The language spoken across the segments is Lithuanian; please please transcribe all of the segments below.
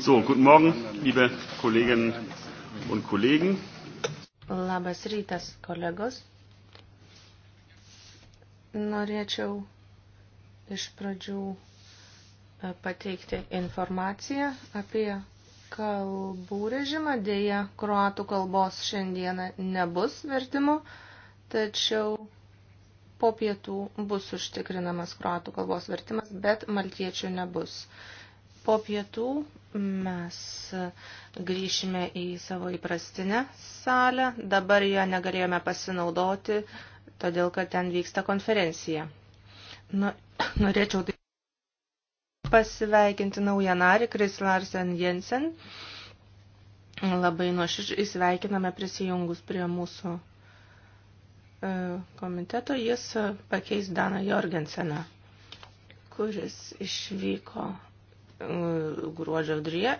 So, guten Morgen, liebe Kolleginnen und Kollegen. Labas rytas, kolegos. Norėčiau iš pradžių e, pateikti informaciją apie kalbų režimą. Dėja, kroatų kalbos šiandieną nebus vertimo, tačiau po pietų bus užtikrinamas kroatų kalbos vertimas, bet maltiečių nebus. Uh, Po pietų mes grįšime į savo įprastinę salę. Dabar ją negalėjome pasinaudoti, todėl kad ten vyksta konferencija. Nu, norėčiau tai pasveikinti naują narį, Kris Larsen Jensen. Labai nuoširdžiai sveikiname prisijungus prie mūsų e, komiteto. Jis pakeis Daną Jorgenseną, kuris išvyko Mm, gruodžio viduryje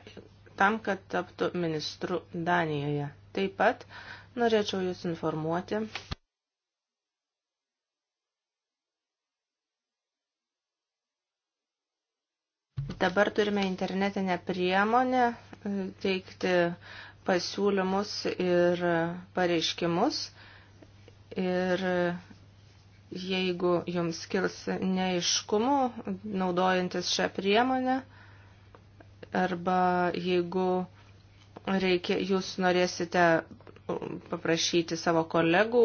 tam, kad taptų ministru Danijoje. Taip pat norėčiau Jūs informuoti. Dabar turime internetinę priemonę e, teikti pasiūlymus ir pareiškimus. Ir jeigu jums kils neiškumų naudojantis šią priemonę, arba jeigu reikia, jūs norėsite paprašyti savo kolegų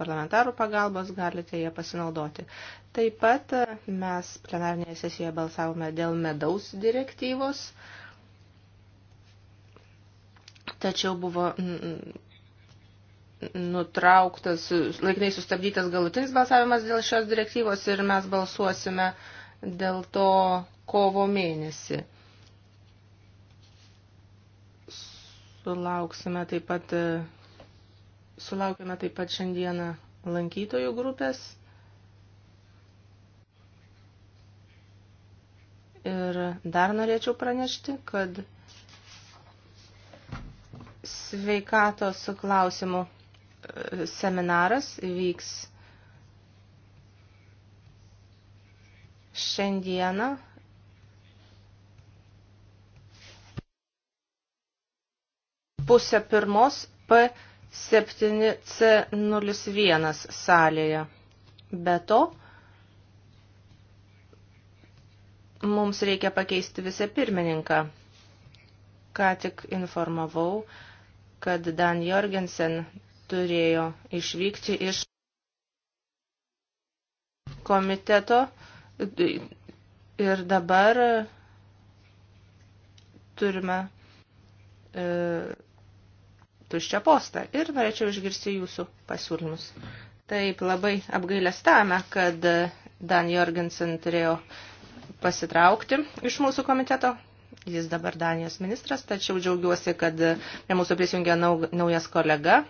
parlamentarų pagalbos, galite jie pasinaudoti. Taip pat e, mes plenarnėje sesijoje balsavome dėl medaus direktyvos, tačiau buvo nutrauktas, laikinai sustabdytas galutinis balsavimas dėl šios direktyvos ir mes balsuosime dėl to kovo mėnesį. Sulauksime taip pat, sulaukime taip pat šiandieną lankytojų grupės. Ir dar norėčiau pranešti, kad sveikatos klausimų e, seminaras vyks šiandieną pusę pirmos P7C01 salėje. Be to, mums reikia pakeisti visą pirmininką. Ką tik informavau, kad Dan Jorgensen turėjo išvykti iš komiteto ir dabar turime e, tuščią postą ir norėčiau išgirsti jūsų pasiūlymus. Taip, labai apgailestame, kad Dan Jorgensen turėjo pasitraukti iš mūsų komiteto. Jis dabar Danijos ministras, tačiau džiaugiuosi, kad prie mūsų prisijungia naujas kolega.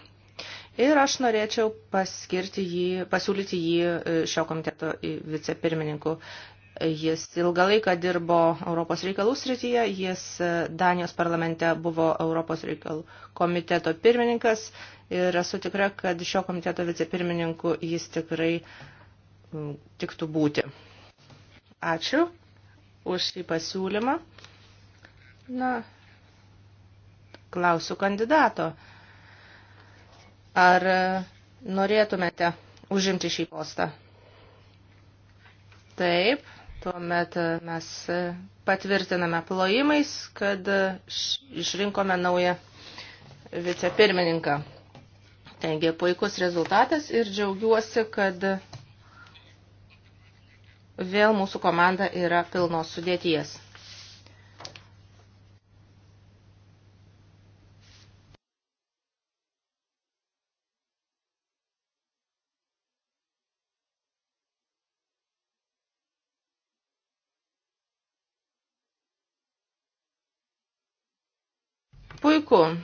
Ir aš norėčiau paskirti jį, pasiūlyti jį e, šio komiteto vicepirmininku Jis ilgą laiką dirbo Europos reikalų srityje, jis e, Danijos parlamente buvo Europos reikalų komiteto pirmininkas ir esu tikra, kad šio komiteto vicepirmininku jis tikrai tiktų būti. Ačiū už šį pasiūlymą. Na, klausiu kandidato. Ar e, norėtumėte užimti šį postą? Taip. Tuomet e, mes e, patvirtiname plojimais, kad e, išrinkome naują vicepirmininką. Taigi puikus rezultatas ir džiaugiuosi, kad vėl mūsų komanda yra pilnos sudėties. laiku.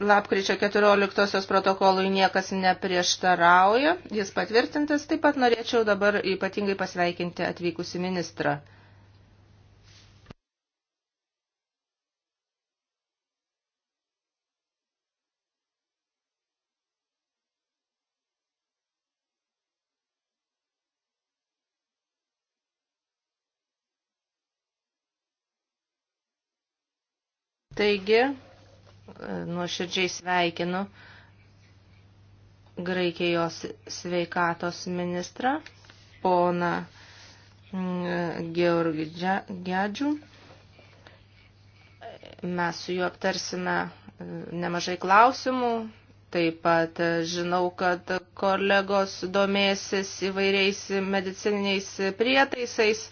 Lapkričio 14 protokolui niekas neprieštarauja, jis patvirtintas, taip pat norėčiau dabar ypatingai pasveikinti atvykusi ministrą. Taigi, e, nuoširdžiai sveikinu Graikijos sveikatos ministrą, poną Georgi Gedžių. Mes su juo aptarsime e, nemažai klausimų. Taip pat e, žinau, kad kolegos domėsis įvairiais medicininiais prietaisais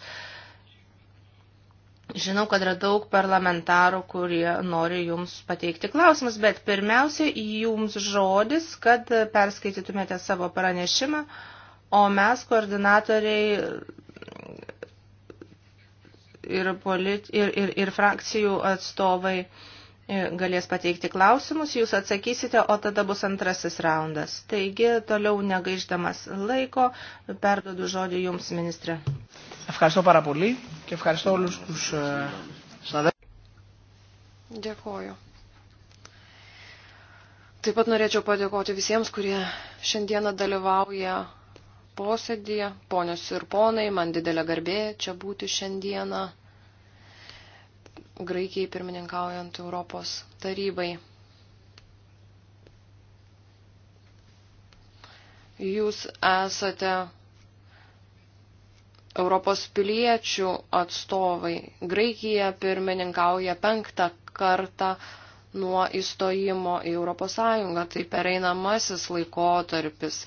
Žinau, kad yra daug parlamentarų, kurie nori jums pateikti klausimus, bet pirmiausia, jums žodis, kad perskaitytumėte savo pranešimą, o mes, koordinatoriai ir, politi, ir, ir, ir frakcijų atstovai, galės pateikti klausimus, jūs atsakysite, o tada bus antrasis raundas. Taigi, toliau negaiždamas laiko, perdodu žodį jums, ministrė. Ευχαριστώ πάρα πολύ και ευχαριστώ όλους τους συναδέλφους. Dėkoju. Taip pat norėčiau padėkoti visiems, kurie šiandieną dalyvauja posėdėje. Ponios ir ponai, man didelė garbė čia būti šiandieną Graikijai pirmininkaujant Europos tarybai. Jūs esate Europos piliečių atstovai. Graikija pirmininkauja penktą kartą nuo įstojimo į Europos Sąjungą, tai pereinamasis laikotarpis.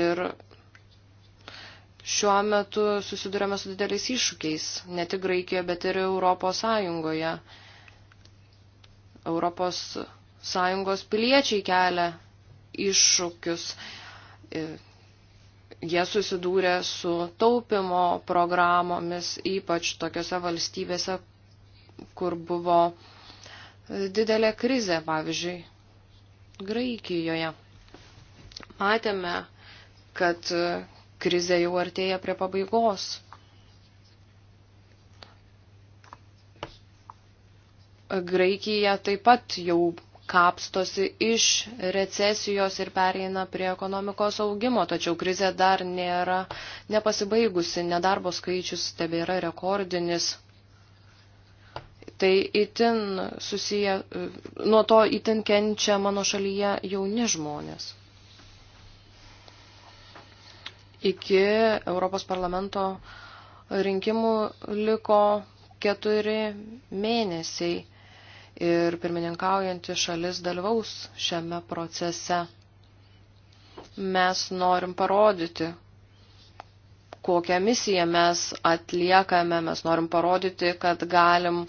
Ir šiuo metu susidurėme su dideliais iššūkiais, ne tik Graikijoje, bet ir Europos Sąjungoje. Europos Sąjungos piliečiai kelia iššūkius jie susidūrė su taupimo programomis, ypač tokiose valstybėse, kur buvo didelė krizė, pavyzdžiui, Graikijoje. Matėme, kad krizė jau artėja prie pabaigos. Graikija taip pat jau kapstosi iš recesijos ir pereina prie ekonomikos augimo, tačiau krizė dar nėra nepasibaigusi, nedarbo skaičius tebėra rekordinis. Tai itin susiję, nuo to itin kenčia mano šalyje jauni žmonės. Iki Europos parlamento rinkimų liko keturi mėnesiai ir pirmininkaujanti šalis dalyvaus šiame procese. Mes norim parodyti, kokią misiją mes atliekame, mes norim parodyti, kad galim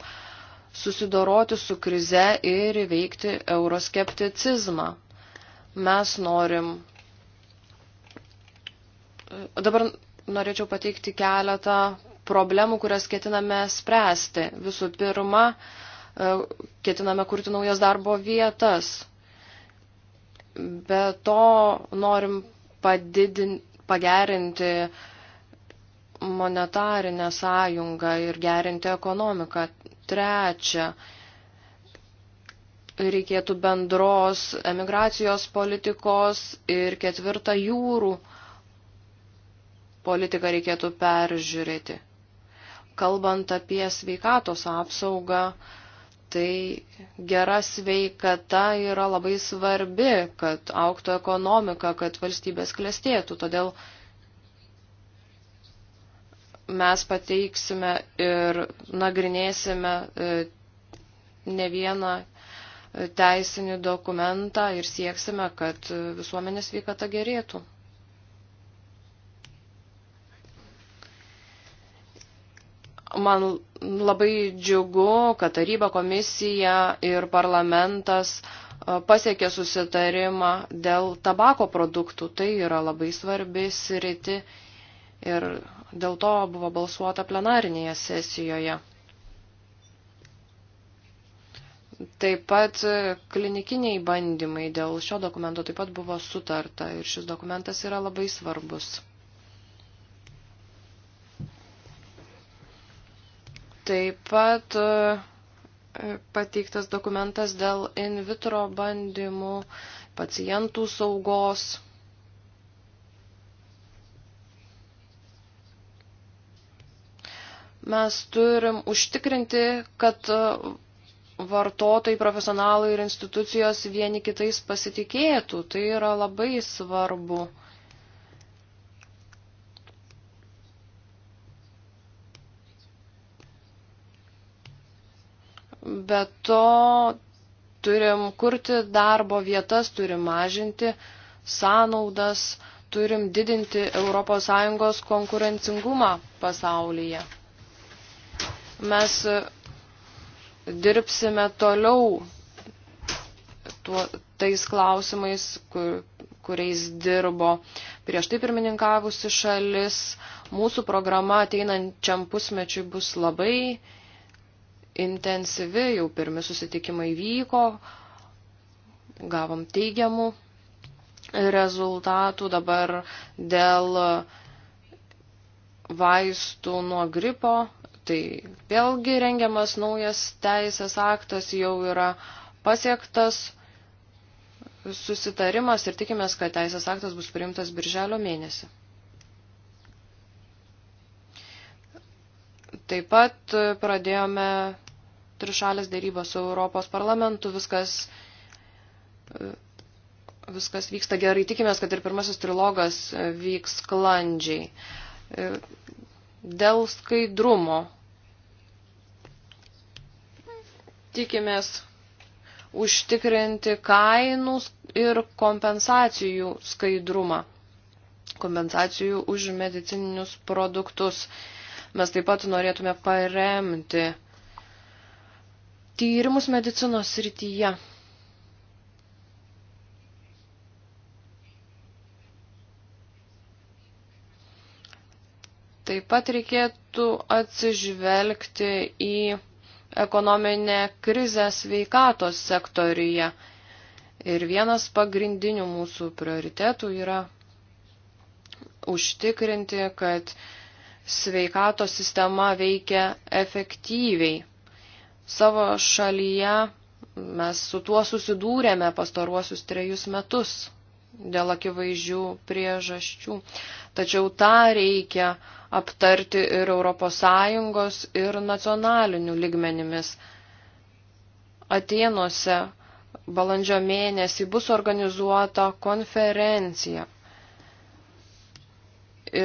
susidoroti su krize ir įveikti euroskepticizmą. Mes norim. Dabar norėčiau pateikti keletą problemų, kurias ketiname spręsti. Visų pirma, E, ketiname kurti naujas darbo vietas. Be to norim padidin, pagerinti monetarinę sąjungą ir gerinti ekonomiką. Trečia, reikėtų bendros emigracijos politikos ir ketvirta jūrų politiką reikėtų peržiūrėti. Kalbant apie sveikatos apsaugą, tai gera sveikata yra labai svarbi, kad auktų ekonomika, kad valstybės klestėtų. Todėl mes pateiksime ir nagrinėsime e, ne vieną e, teisinį dokumentą ir sieksime, kad e, visuomenės sveikata gerėtų. Man labai džiugu, kad taryba komisija ir parlamentas e, pasiekė susitarimą dėl tabako produktų. Tai yra labai svarbi sriti ir dėl to buvo balsuota plenarinėje sesijoje. Taip pat e, klinikiniai bandymai dėl šio dokumento taip pat buvo sutarta ir šis dokumentas yra labai svarbus. Taip pat e, pateiktas dokumentas dėl in vitro bandymų, pacientų saugos. Mes turim užtikrinti, kad vartotojai, profesionalai ir institucijos vieni kitais pasitikėtų. Tai yra labai svarbu. Be to turim kurti darbo vietas, turim mažinti sąnaudas, turim didinti ES konkurencingumą pasaulyje. Mes dirbsime toliau tuo, tais klausimais, kur, kuriais dirbo prieš tai pirmininkavusi šalis. Mūsų programa ateinančiam pusmečiui bus labai intensyvi, jau pirmi susitikimai vyko, gavom teigiamų rezultatų dabar dėl vaistų nuo gripo. Tai vėlgi rengiamas naujas teisės aktas jau yra pasiektas susitarimas ir tikimės, kad teisės aktas bus priimtas birželio mėnesį. Taip pat e, pradėjome trišalės dėrybos su Europos parlamentu, viskas, e, viskas vyksta gerai. Tikimės, kad ir pirmasis trilogas e, vyks sklandžiai. Dėl skaidrumo tikimės užtikrinti kainų ir kompensacijų skaidrumą, kompensacijų už medicininius produktus. Mes taip pat norėtume paremti tyrimus medicinos srityje. Taip pat reikėtų atsižvelgti į ekonominę krizę sveikatos sektoriuje. Ir vienas pagrindinių mūsų prioritetų yra užtikrinti, kad uh, sveikato sistema veikia efektyviai. Savo šalyje mes su tuo susidūrėme pastaruosius trejus metus dėl akivaizdžių priežasčių. Tačiau tą reikia aptarti ir ES ir nacionalinių lygmenimis. Atėnuose balandžio mėnesį bus organizuota konferencija.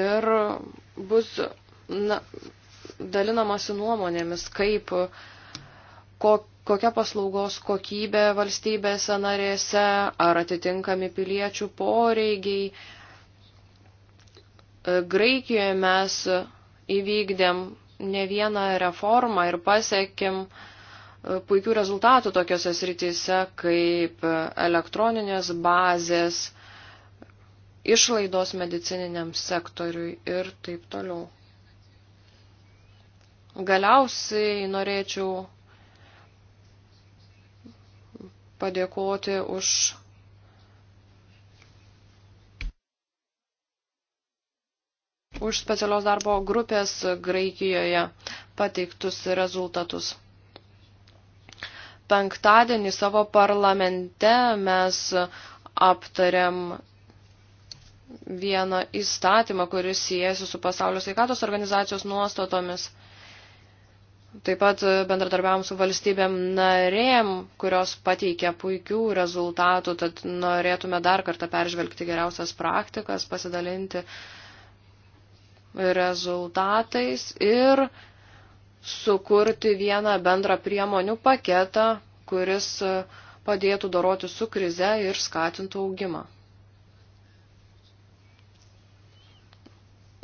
Ir bus na, dalinamasi nuomonėmis, kaip kokia kokia paslaugos kokybė valstybėse narėse, ar atitinkami piliečių poreigiai. Graikijoje mes įvykdėm ne vieną reformą ir pasiekėm e, puikių rezultatų tokiuose srityse kaip elektroninės bazės, išlaidos medicininiam sektoriui ir taip toliau. Galiausiai norėčiau padėkoti už už specialios darbo grupės Graikijoje pateiktus rezultatus. Penktadienį savo parlamente mes aptariam vieną įstatymą, kuris siejasi su pasaulio sveikatos organizacijos nuostatomis. Taip pat e, bendradarbiavom su valstybėm narėm, kurios pateikia puikių rezultatų, tad norėtume dar kartą peržvelgti geriausias praktikas, pasidalinti rezultatais ir sukurti vieną bendrą priemonių paketą, kuris e, padėtų doroti su krize ir skatintų augimą.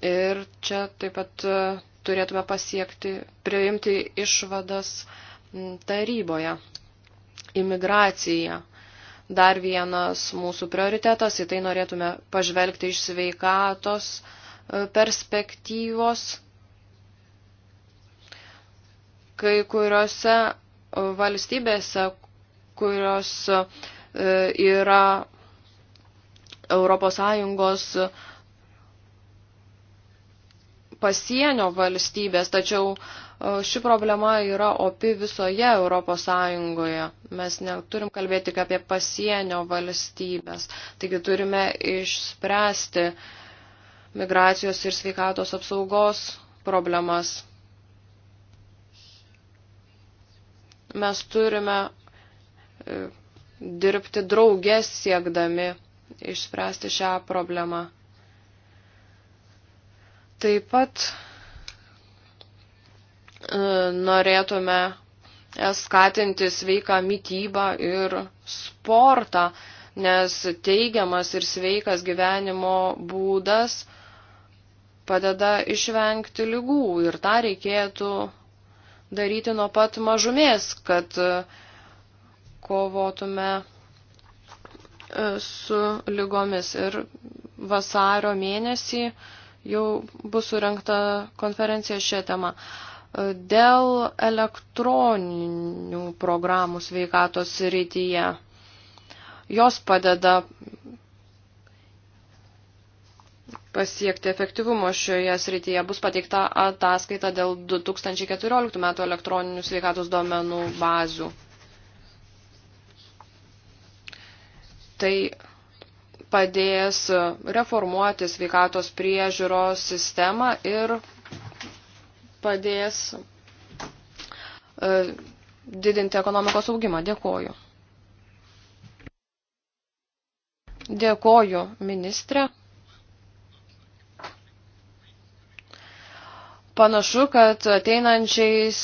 Ir čia taip pat e, turėtume pasiekti, priimti išvadas taryboje. Imigracija. Dar vienas mūsų prioritetas, į tai norėtume pažvelgti iš sveikatos e, perspektyvos. Kai kuriuose valstybėse, kurios e, yra Europos Sąjungos pasienio valstybės, tačiau e, ši problema yra opi visoje Europos Sąjungoje. Mes neturim kalbėti tik apie pasienio valstybės. Taigi turime išspręsti migracijos ir sveikatos apsaugos problemas. Mes turime e, dirbti draugės siekdami išspręsti šią problemą. Taip pat e, norėtume e, skatinti sveiką mytybą ir sportą, nes teigiamas ir sveikas gyvenimo būdas padeda išvengti lygų ir tą reikėtų daryti nuo pat mažumės, kad e, kovotume su lygomis. Ir vasario mėnesį uh, jau bus surinkta konferencija šią temą. Dėl elektroninių programų sveikatos rytyje. Jos padeda pasiekti efektyvumo šioje srityje. Bus pateikta ataskaita dėl 2014 metų elektroninių sveikatos duomenų bazių. Tai padės reformuoti sveikatos priežiūros sistemą ir padės e, didinti ekonomikos augimą. Dėkoju. Dėkoju, ministrė. Panašu, kad ateinančiais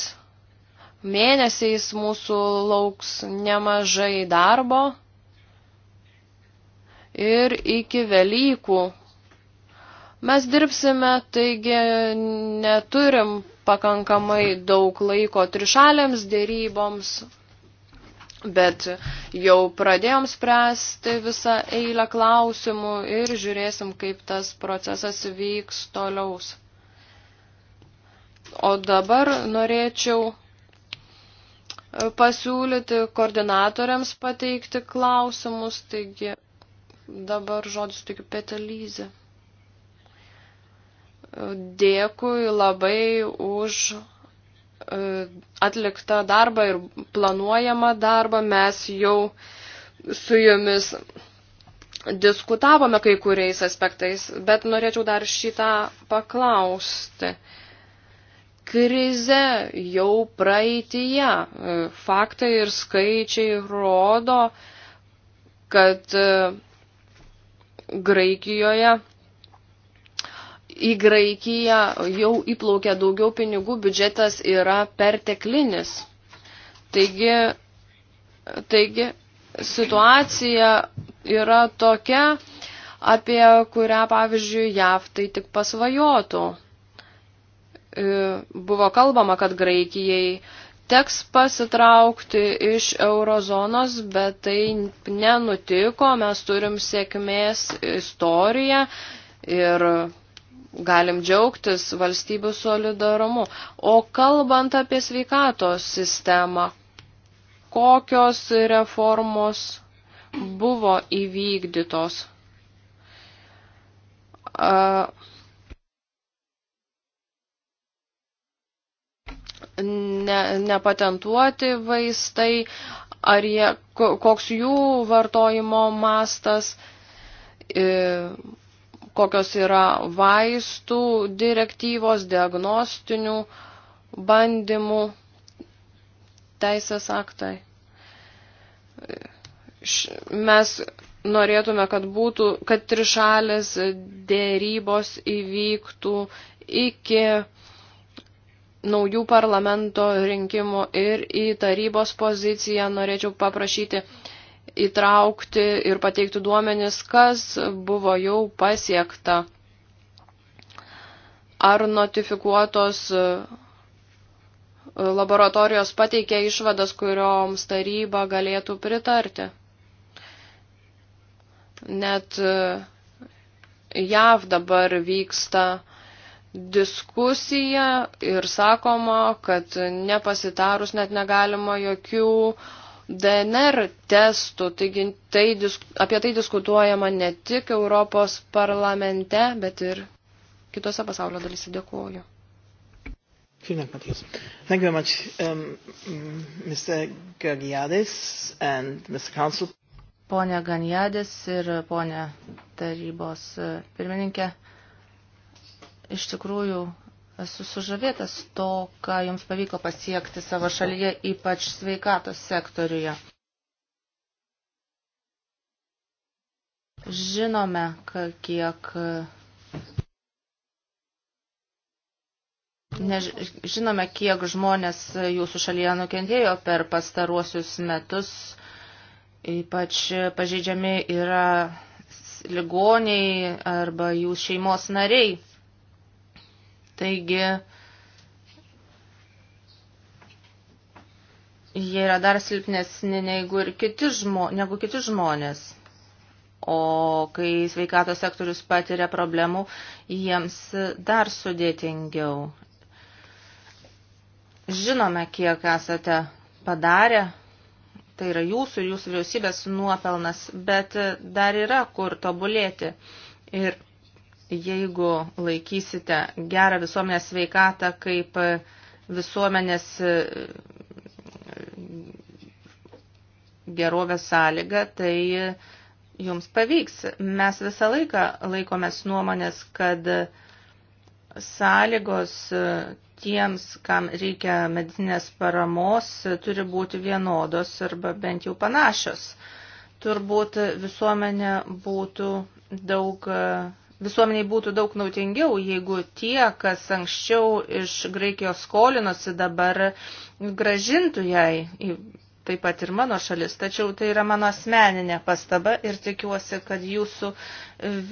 mėnesiais mūsų lauks nemažai darbo ir iki Velykų. Mes dirbsime, taigi neturim pakankamai daug laiko trišalėms dėryboms, Bet jau pradėjom spręsti visą eilę klausimų ir žiūrėsim, kaip tas procesas vyks toliaus. O dabar norėčiau pasiūlyti koordinatoriams pateikti klausimus, taigi Dabar žodis tokiu petelyzė. Dėkui labai už e, atliktą darbą ir planuojamą darbą. Mes jau su jumis diskutavome kai kuriais aspektais, bet norėčiau dar šitą paklausti. Krize jau praeitie. E, faktai ir skaičiai rodo, kad e, Graikijoje į Graikiją jau įplaukia daugiau pinigų, biudžetas yra perteklinis. Taigi, taigi situacija yra tokia, apie kurią, pavyzdžiui, JAV tai tik pasvajotų. E, buvo kalbama, kad Graikijai teks pasitraukti iš eurozonos, bet tai nenutiko, mes turim sėkmės istoriją ir galim džiaugtis valstybių solidarumu. O kalbant apie sveikatos sistemą, kokios reformos buvo įvykdytos? A, ne, nepatentuoti vaistai, ar jie, koks jų vartojimo mastas, kokios yra vaistų direktyvos, diagnostinių bandymų teisės aktai. Mes norėtume, kad būtų, kad trišalės dėrybos įvyktų iki naujų parlamento rinkimų ir į tarybos poziciją norėčiau paprašyti įtraukti ir pateikti duomenis, kas buvo jau pasiekta. Ar notifikuotos e, laboratorijos pateikė išvadas, kurioms taryba galėtų pritarti. Net e, JAV dabar vyksta diskusija ir sakoma, kad nepasitarus net negalima jokių DNR testų. Taigi tai, apie tai diskutuojama ne tik Europos parlamente, bet ir kitose pasaulio dalyse. Dėkuoju. Vielen Dank, Matthias. Thank you very much, um, Mr. Gagiadis and Mr. Council. Pone Ganjadis ir pone tarybos uh, pirmininkė. Uh, iš tikrųjų esu sužavėtas to, ką jums pavyko pasiekti savo šalyje, ypač sveikatos sektoriuje. Žinome, kiek. Než, žinome, kiek žmonės jūsų šalyje nukentėjo per pastaruosius metus, ypač pažeidžiami yra ligoniai arba jų šeimos nariai. Taigi, jie yra dar silpnesni negu, ir kiti žmo, negu kiti žmonės. O kai sveikatos sektorius patiria problemų, jiems dar sudėtingiau. Žinome, kiek esate padarę, tai yra jūsų ir jūsų vyriausybės nuopelnas, bet dar yra kur tobulėti. Ir jeigu laikysite gerą visuomenės sveikatą kaip e, visuomenės e, gerovės sąlygą, tai e, jums pavyks. Mes visą laiką laikomės nuomonės, kad sąlygos tiems, kam reikia medicinės paramos, turi būti vienodos arba bent jau panašios. Turbūt visuomenė būtų daug Visuomeniai būtų daug nautingiau, jeigu tie, kas anksčiau iš Graikijos skolinosi, dabar gražintų jai, taip pat ir mano šalis. Tačiau tai yra mano asmeninė pastaba ir tikiuosi, kad jūsų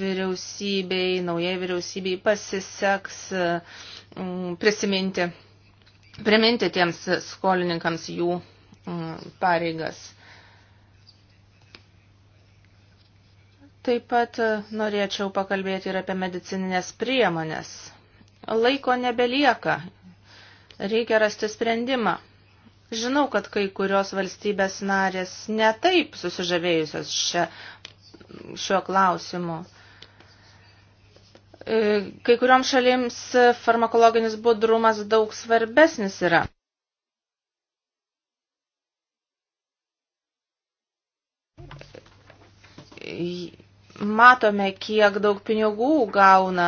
vyriausybei, naujai vyriausybei pasiseks mm, prisiminti, priminti tiems skolininkams jų mm, pareigas. Taip pat norėčiau pakalbėti ir apie medicininės priemonės. Laiko nebelieka. Reikia rasti sprendimą. Žinau, kad kai kurios valstybės narės netaip susižavėjusios šia, šiuo klausimu. E, kai kuriuom šalims farmakologinis budrumas daug svarbesnis yra matome, kiek daug pinigų gauna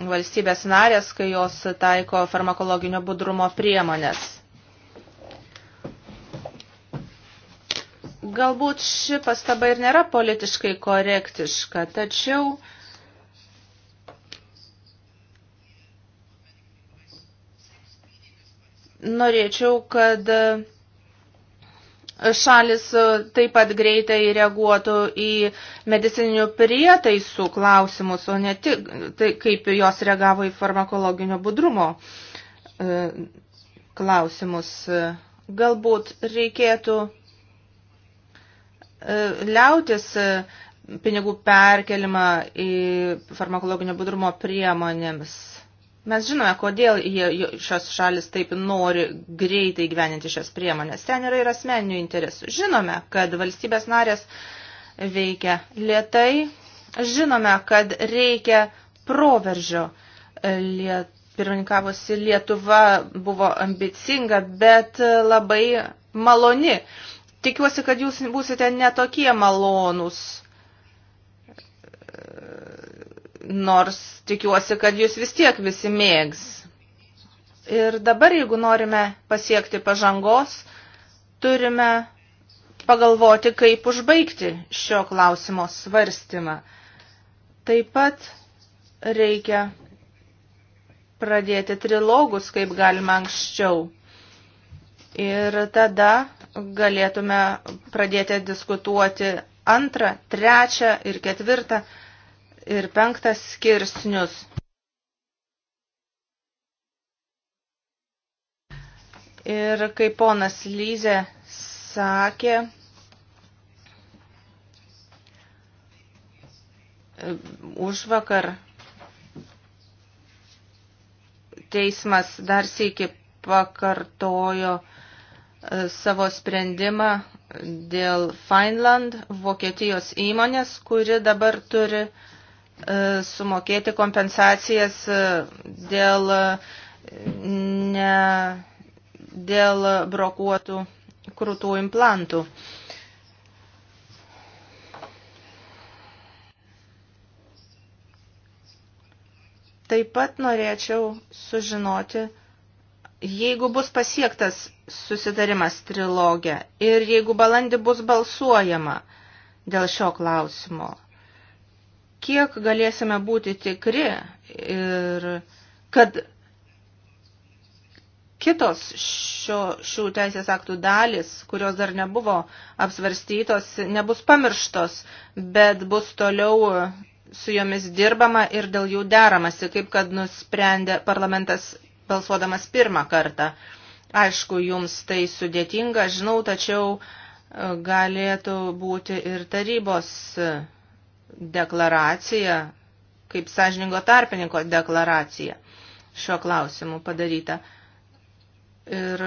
valstybės narės, kai jos taiko farmakologinio budrumo priemonės. Galbūt ši pastaba ir nėra politiškai korektiška, tačiau norėčiau, kad šalis e, taip pat greitai reaguotų į medicininių prietaisų klausimus, o ne tik tai, kaip jos reagavo į farmakologinio budrumo e, klausimus. Galbūt reikėtų e, liautis pinigų perkelimą į farmakologinio budrumo priemonėms Mes žinome, kodėl jie, šios šalis taip nori greitai gyveninti šias priemonės. Ten yra ir asmeninių interesų. Žinome, kad valstybės narės veikia lietai. Žinome, kad reikia proveržio. Liet... Pirmininkavusi Lietuva buvo ambicinga, bet labai maloni. Tikiuosi, kad jūs būsite netokie malonūs nors tikiuosi, kad jūs vis tiek visi mėgs. Ir dabar, jeigu norime pasiekti pažangos, turime pagalvoti, kaip užbaigti šio klausimo svarstymą. Taip pat reikia pradėti trilogus, kaip galima anksčiau. Ir tada galėtume pradėti diskutuoti antrą, trečią ir ketvirtą ir penktas skirsnius. Ir kaip ponas Lyze sakė, už vakar teismas dar sėki pakartojo e, savo sprendimą dėl Finland, Vokietijos įmonės, kuri dabar turi uh, E, sumokėti kompensacijas e, dėl, e, ne, dėl brokuotų krūtų implantų. Taip pat norėčiau sužinoti, jeigu bus pasiektas susitarimas trilogė ir jeigu balandį bus balsuojama dėl šio klausimo – kiek galėsime būti tikri ir kad kitos šio, šių teisės aktų dalis, kurios dar nebuvo apsvarstytos, nebus pamirštos, bet bus toliau su jomis dirbama ir dėl jų deramasi, kaip kad nusprendė parlamentas balsuodamas pirmą kartą. Aišku, jums tai sudėtinga, žinau, tačiau e, galėtų būti ir tarybos deklaracija, kaip sąžiningo tarpininko deklaracija šiuo klausimu padaryta. Ir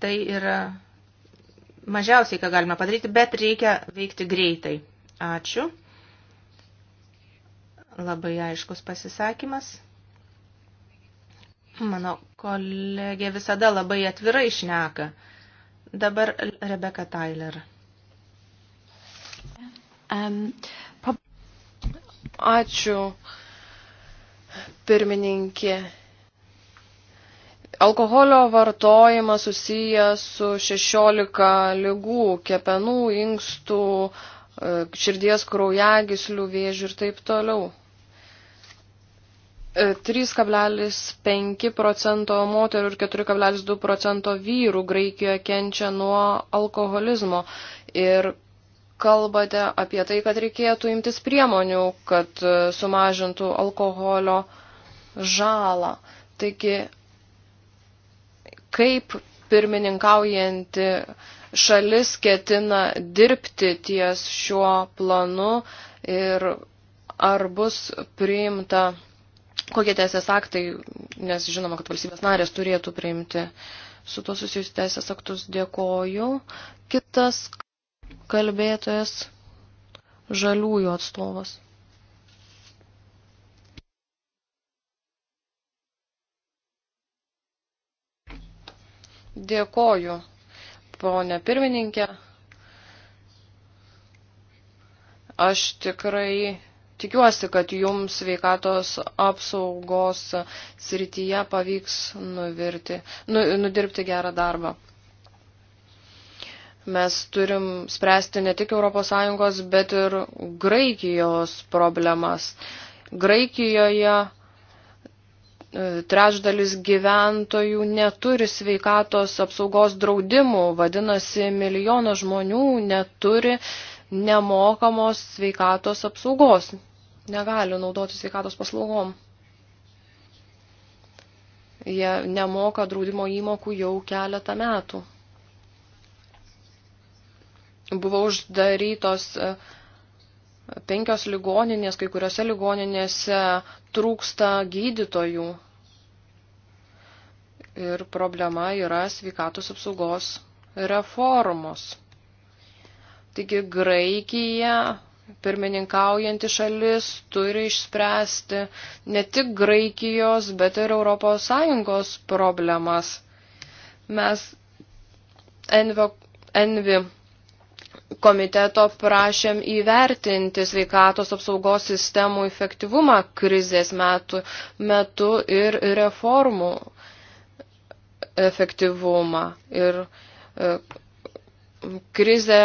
tai yra mažiausiai, ką galima padaryti, bet reikia veikti greitai. Ačiū. Labai aiškus pasisakymas. Mano kolegė visada labai atvirai išneka. Dabar Rebeka Tyler. Um, Ačiū, pirmininkė. Alkoholio vartojimas susijęs su 16 lygų, kepenų, inkstų, e, širdies kraujagislių vėžių ir taip toliau. 3,5 e, procento moterų ir 4,2 procento vyrų Graikijoje kenčia nuo alkoholizmo. Ir kalbate apie tai, kad reikėtų imtis priemonių, kad e, sumažintų alkoholio žalą. Taigi, kaip pirmininkaujanti šalis ketina dirbti ties šiuo planu ir ar bus priimta kokie teisės aktai, nes žinoma, kad valstybės narės turėtų priimti su to susijusius teisės aktus. Dėkoju. Kitas kalbėtojas žaliųjų atstovas. Dėkoju, ponė pirmininkė. Aš tikrai tikiuosi, kad jums sveikatos apsaugos srityje pavyks nuvirti, nu, nudirbti gerą darbą mes turim spręsti ne tik ES, bet ir Graikijos problemas. Graikijoje e, trečdalis gyventojų neturi sveikatos apsaugos draudimų, vadinasi, milijonas žmonių neturi nemokamos sveikatos apsaugos, negali naudoti sveikatos paslaugom. Jie nemoka draudimo įmokų jau keletą metų buvo uždarytos e, penkios ligoninės, kai kuriuose ligoninėse trūksta gydytojų. Ir problema yra sveikatos apsaugos reformos. Taigi Graikija, pirmininkaujanti šalis, turi išspręsti ne tik Graikijos, bet ir ES problemas. Mes Envi komiteto prašėm įvertinti sveikatos apsaugos sistemų efektyvumą krizės metų, metu ir reformų efektyvumą. Ir e, krizė,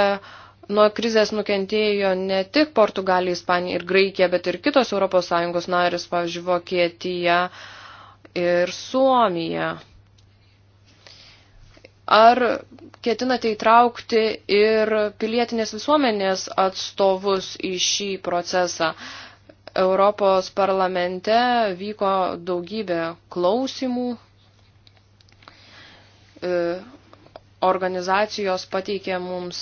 nuo krizės nukentėjo ne tik Portugalija, Ispanija ir Graikija, bet ir kitos ES narės, pavyzdžiui, Vokietija ir Suomija. Ar ketinate įtraukti ir pilietinės visuomenės atstovus į šį procesą? Europos parlamente vyko daugybė klausimų, e, organizacijos pateikė mums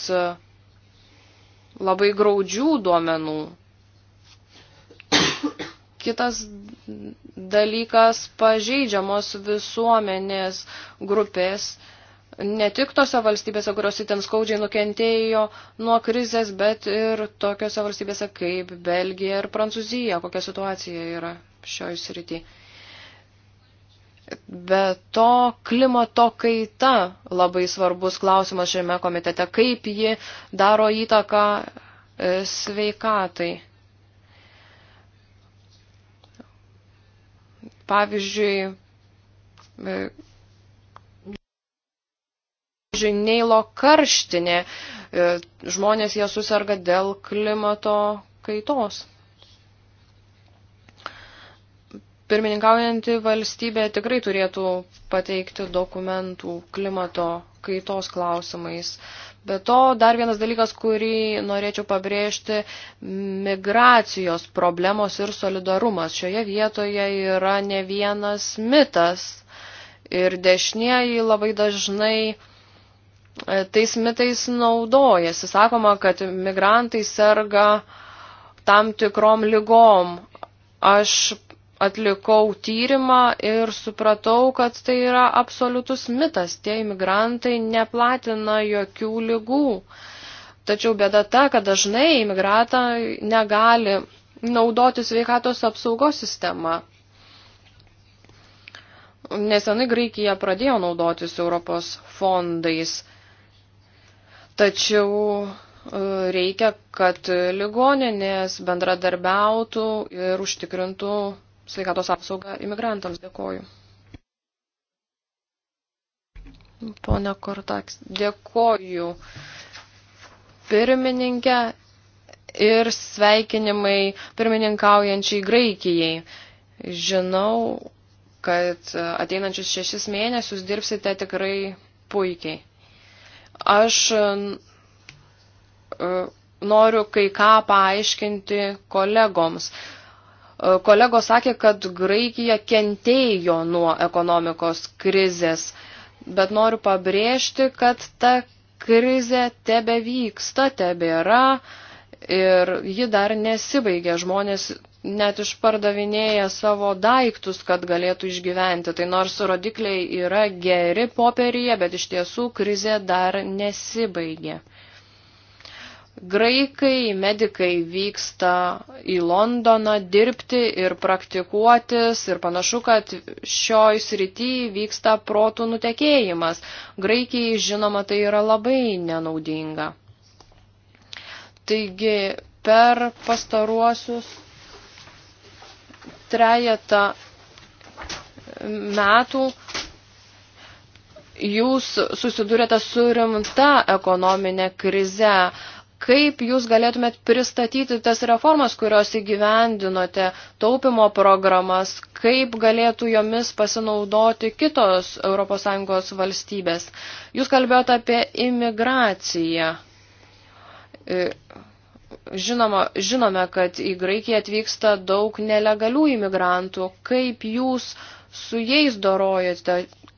labai graudžių duomenų. Kitas dalykas pažeidžiamos visuomenės grupės ne tik tose valstybėse, kurios itin skaudžiai nukentėjo nuo krizės, bet ir tokiose valstybėse kaip Belgija ir Prancūzija, kokia situacija yra šioj srity. Be to, klimato kaita labai svarbus klausimas šiame komitete, kaip ji daro įtaką e, sveikatai. Pavyzdžiui, e, pavyzdžiui, Neilo karštinė. E, žmonės jie susirga dėl klimato kaitos. Pirmininkaujanti valstybė tikrai turėtų pateikti dokumentų klimato kaitos klausimais. Be to, dar vienas dalykas, kurį norėčiau pabrėžti, migracijos problemos ir solidarumas. Šioje vietoje yra ne vienas mitas ir dešinieji labai dažnai E, tais mitais naudojasi. Sakoma, kad migrantai serga tam tikrom lygom. Aš atlikau tyrimą ir supratau, kad tai yra absoliutus mitas. Tie imigrantai neplatina jokių lygų. Tačiau bėda ta, kad dažnai imigratai negali naudoti sveikatos apsaugos sistemą. Nesenai Graikija pradėjo naudotis Europos fondais Tačiau e, reikia, kad ligoninės bendradarbiautų ir užtikrintų sveikatos apsaugą imigrantams. Dėkoju. Pone Kortaks, dėkoju pirmininkę ir sveikinimai pirmininkaujančiai Graikijai. Žinau, kad ateinančius šešis mėnesius dirbsite tikrai puikiai. Aš e, noriu kai ką paaiškinti kolegoms. E, kolegos sakė, kad Graikija kentėjo nuo ekonomikos krizės, bet noriu pabrėžti, kad ta krizė tebe vyksta, tebe yra ir ji dar nesibaigė. Žmonės net išpardavinėja savo daiktus, kad galėtų išgyventi. Tai nors rodikliai yra geri popieryje, bet iš tiesų krizė dar nesibaigė. Graikai, medikai vyksta į Londoną dirbti ir praktikuotis ir panašu, kad šioj srity vyksta protų nutekėjimas. Graikijai, žinoma, tai yra labai nenaudinga. Taigi per pastaruosius trejetą metų jūs susidūrėte su rimta ekonominė krize. Kaip jūs galėtumėt pristatyti tas reformas, kurios įgyvendinote, taupimo programas, kaip galėtų jomis pasinaudoti kitos ES valstybės? Jūs kalbėjote apie imigraciją. E, Žinoma, žinome, kad į Graikiją atvyksta daug nelegalių imigrantų. Kaip jūs su jais dorojate?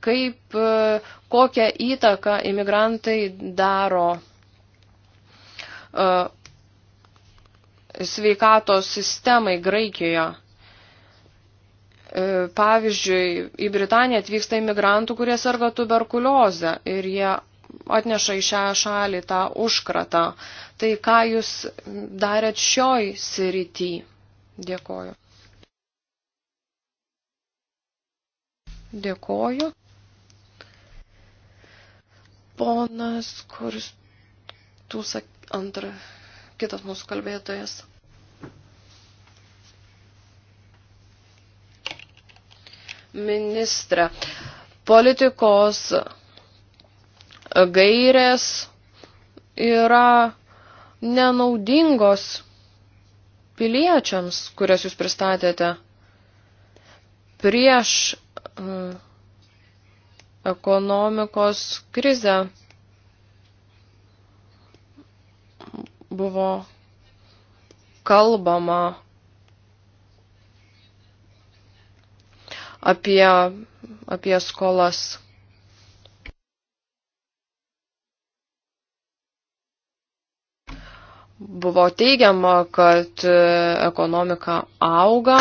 Kaip, e, kokią įtaką imigrantai daro uh, sveikatos sistemai Graikijoje? E, pavyzdžiui, į Britaniją atvyksta imigrantų, kurie serga tuberkuliozę ir jie atneša į šią šalį tą užkratą. Tai ką jūs darėt šioj srity? Dėkoju. Dėkoju. Ponas, kuris tu sak antra, kitas mūsų kalbėtojas. Ministrė, politikos gairės yra nenaudingos piliečiams, kurias jūs pristatėte. Prieš mm, ekonomikos krizę buvo kalbama apie, apie skolas. buvo teigiama, kad e, ekonomika auga,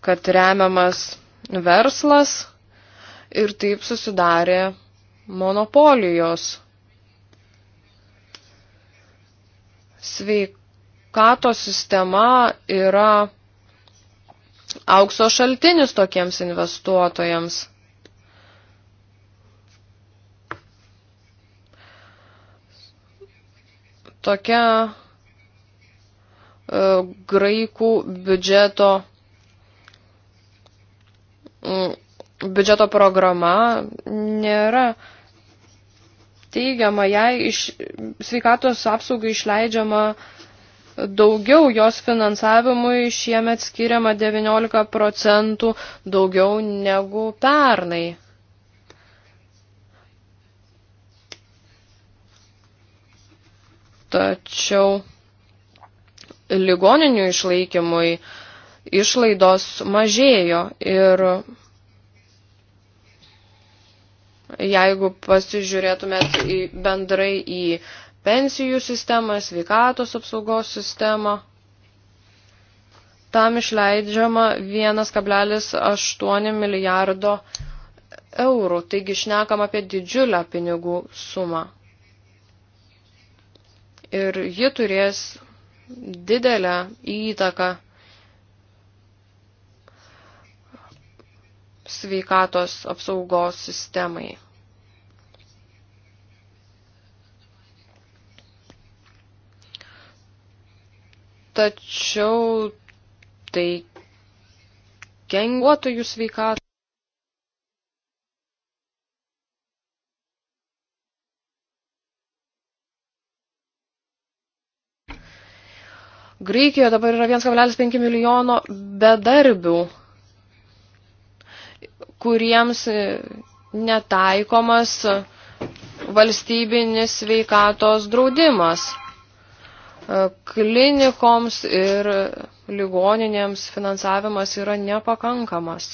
kad remiamas verslas ir taip susidarė monopolijos. Sveikato sistema yra aukso šaltinis tokiems investuotojams. tokia e, graikų biudžeto, mm, biudžeto programa nėra teigiama, jei iš sveikatos apsaugai išleidžiama daugiau jos finansavimui šiemet skiriama 19 procentų daugiau negu pernai. tačiau ligoninių išlaikymui išlaidos mažėjo ir jeigu pasižiūrėtumėt į, bendrai į pensijų sistemą, sveikatos apsaugos sistemą, tam išleidžiama 1,8 milijardo eurų, taigi šnekam apie didžiulę pinigų sumą ir ji turės didelę įtaką sveikatos apsaugos sistemai. Tačiau tai kenguotojų sveikatos. Graikijoje dabar yra 1,5 milijono bedarbių, kuriems e, netaikomas valstybinis sveikatos draudimas e, klinikoms ir ligoninėms finansavimas yra nepakankamas.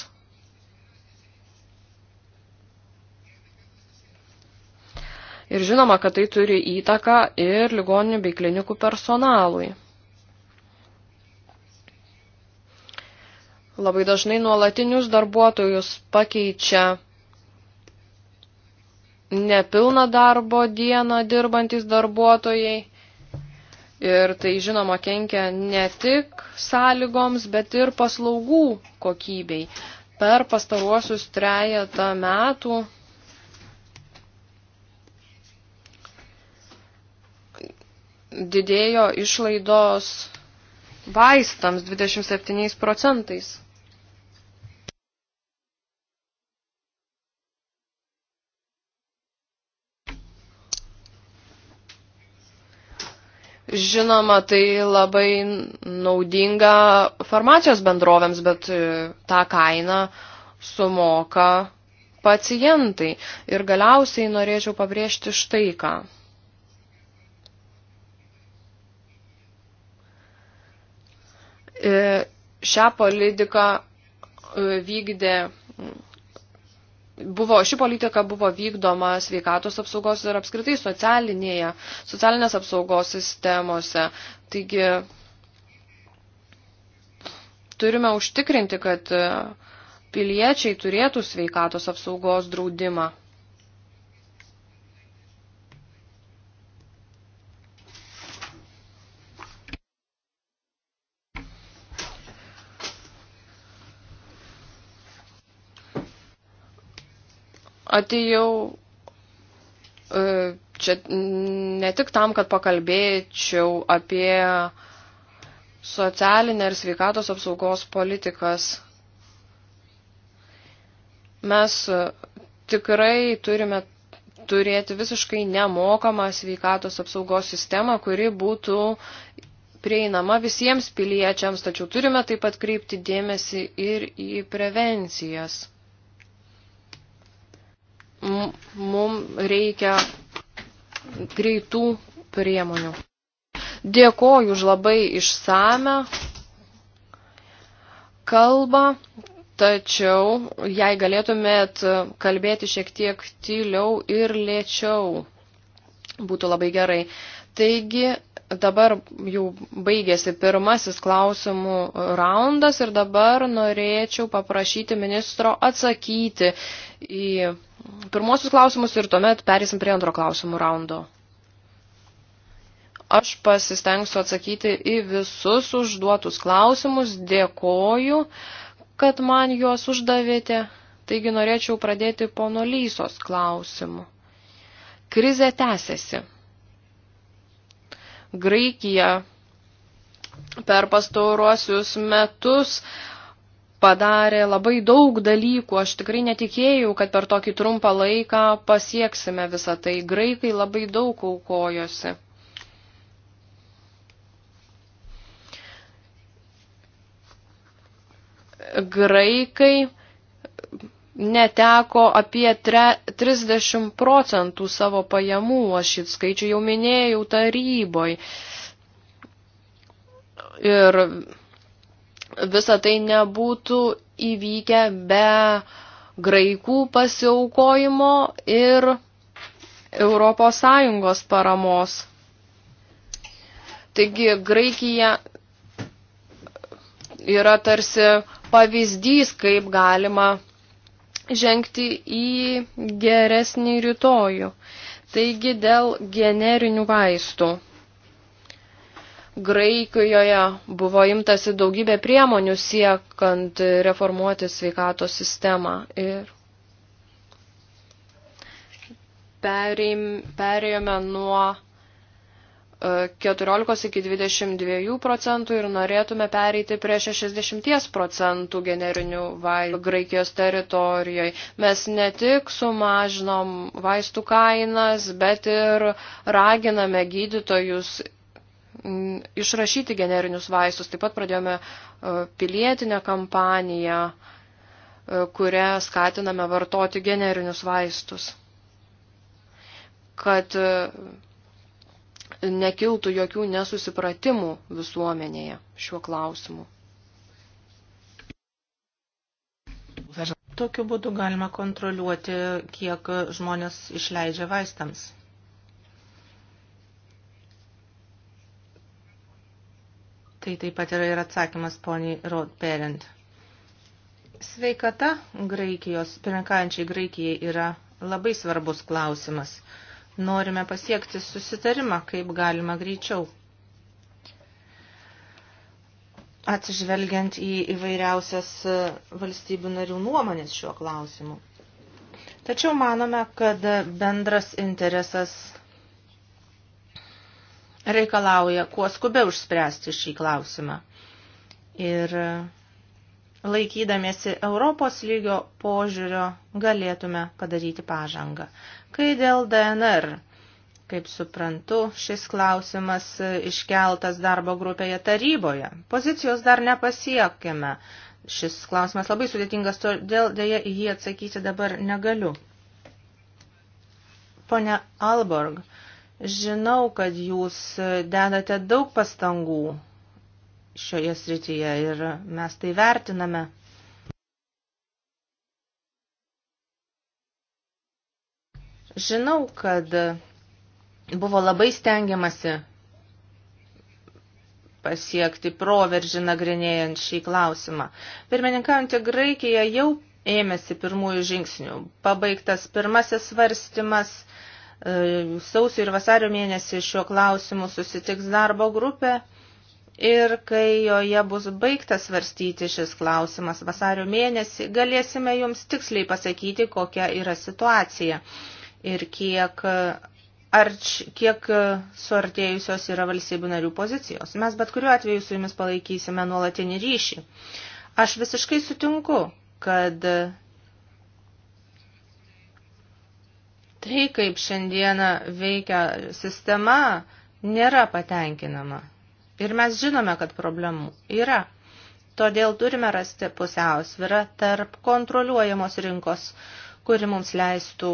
Ir žinoma, kad tai turi įtaką ir ligoninių bei klinikų personalui. Labai dažnai nuolatinius darbuotojus pakeičia nepilną darbo dieną dirbantis darbuotojai. Ir tai žinoma kenkia ne tik sąlygoms, bet ir paslaugų kokybei. Per pastaruosius trejetą metų didėjo išlaidos vaistams 27 procentais. Žinoma, tai labai naudinga farmacijos bendrovėms, bet e, tą kainą sumoka pacientai. Ir galiausiai norėčiau pabrėžti štai ką. E, šią politiką e, vykdė Buvo, ši politika buvo vykdoma sveikatos apsaugos ir apskritai socialinėje, socialinės apsaugos sistemose. Taigi turime užtikrinti, kad piliečiai turėtų sveikatos apsaugos draudimą. atėjau e, čia ne tik tam, kad pakalbėčiau apie socialinę ir sveikatos apsaugos politikas. Mes e, tikrai turime turėti visiškai nemokamą sveikatos apsaugos sistemą, kuri būtų prieinama visiems piliečiams, tačiau turime taip pat kreipti dėmesį ir į prevencijas mums reikia greitų priemonių. Dėkoju už labai išsame kalbą, tačiau jei galėtumėt kalbėti šiek tiek tyliau ir lėčiau, būtų labai gerai. Taigi, dabar jau baigėsi pirmasis klausimų raundas ir dabar norėčiau paprašyti ministro atsakyti į pirmosius klausimus ir tuomet perėsim prie antro klausimų raundo. Aš pasistengsiu atsakyti į visus užduotus klausimus. Dėkoju, kad man juos uždavėte. Taigi norėčiau pradėti pono Lysos klausimu. Krize tęsiasi. Graikija per pastaruosius metus uh, padarė labai daug dalykų. Aš tikrai netikėjau, kad per tokį trumpą laiką pasieksime visą tai. Graikai labai daug aukojosi. Graikai neteko apie tre, 30 procentų savo pajamų, aš šit skaičių jau minėjau taryboj. Ir visa tai nebūtų įvykę be graikų pasiaukojimo ir Europos Sąjungos paramos. Taigi Graikija yra tarsi pavyzdys, kaip galima žengti į geresnį rytojų. Taigi dėl generinių vaistų. Graikijoje buvo imtasi daugybė priemonių siekant reformuoti sveikatos sistemą ir perėjome nuo 14 e, iki 22 procentų ir norėtume pereiti prie 60 procentų generinių vaistų Graikijos teritorijoje. Mes ne tik sumažinom vaistų kainas, bet ir raginame gydytojus Mm, išrašyti generinius vaistus. Taip pat pradėjome e, pilietinę kampaniją, e, kurią skatiname vartoti generinius vaistus, kad e, nekiltų jokių nesusipratimų visuomenėje šiuo klausimu. Tokiu būdu galima kontroliuoti, kiek žmonės išleidžia vaistams. Tai taip pat yra ir atsakymas poniai Rod Parent. Sveikata Graikijos, pirmininkančiai Graikijai yra labai svarbus klausimas. Norime pasiekti susitarimą, kaip galima greičiau. Atsižvelgiant į įvairiausias e, valstybių narių nuomonės šiuo klausimu. Tačiau manome, kad bendras interesas reikalauja kuo skubiau išspręsti šį klausimą. Ir laikydamėsi Europos lygio požiūrio galėtume padaryti pažangą. Kai dėl DNR, kaip suprantu, šis klausimas iškeltas darbo grupėje taryboje, pozicijos dar nepasiekėme. Šis klausimas labai sudėtingas, todėl dėja į jį atsakyti dabar negaliu. Pone Alborg Žinau, kad jūs dedate daug pastangų šioje srityje ir mes tai vertiname. Žinau, kad buvo labai stengiamasi pasiekti proveržį nagrinėjant šį klausimą. Pirmininkaujantį Graikiją jau ėmėsi pirmųjų žingsnių. Pabaigtas pirmasis svarstymas E, sausio ir vasario mėnesį šiuo klausimu susitiks darbo grupė ir kai joje bus baigtas svarstyti šis klausimas vasario mėnesį, galėsime jums tiksliai pasakyti, kokia yra situacija ir kiek ar kiek suartėjusios yra valstybių narių pozicijos. Mes bet kuriuo atveju su jumis palaikysime nuolatinį ryšį. Aš visiškai sutinku, kad Tai, kaip šiandieną veikia sistema, nėra patenkinama. Ir mes žinome, kad problemų yra. Todėl turime rasti pusiausvirą tarp kontroliuojamos rinkos, kuri mums leistų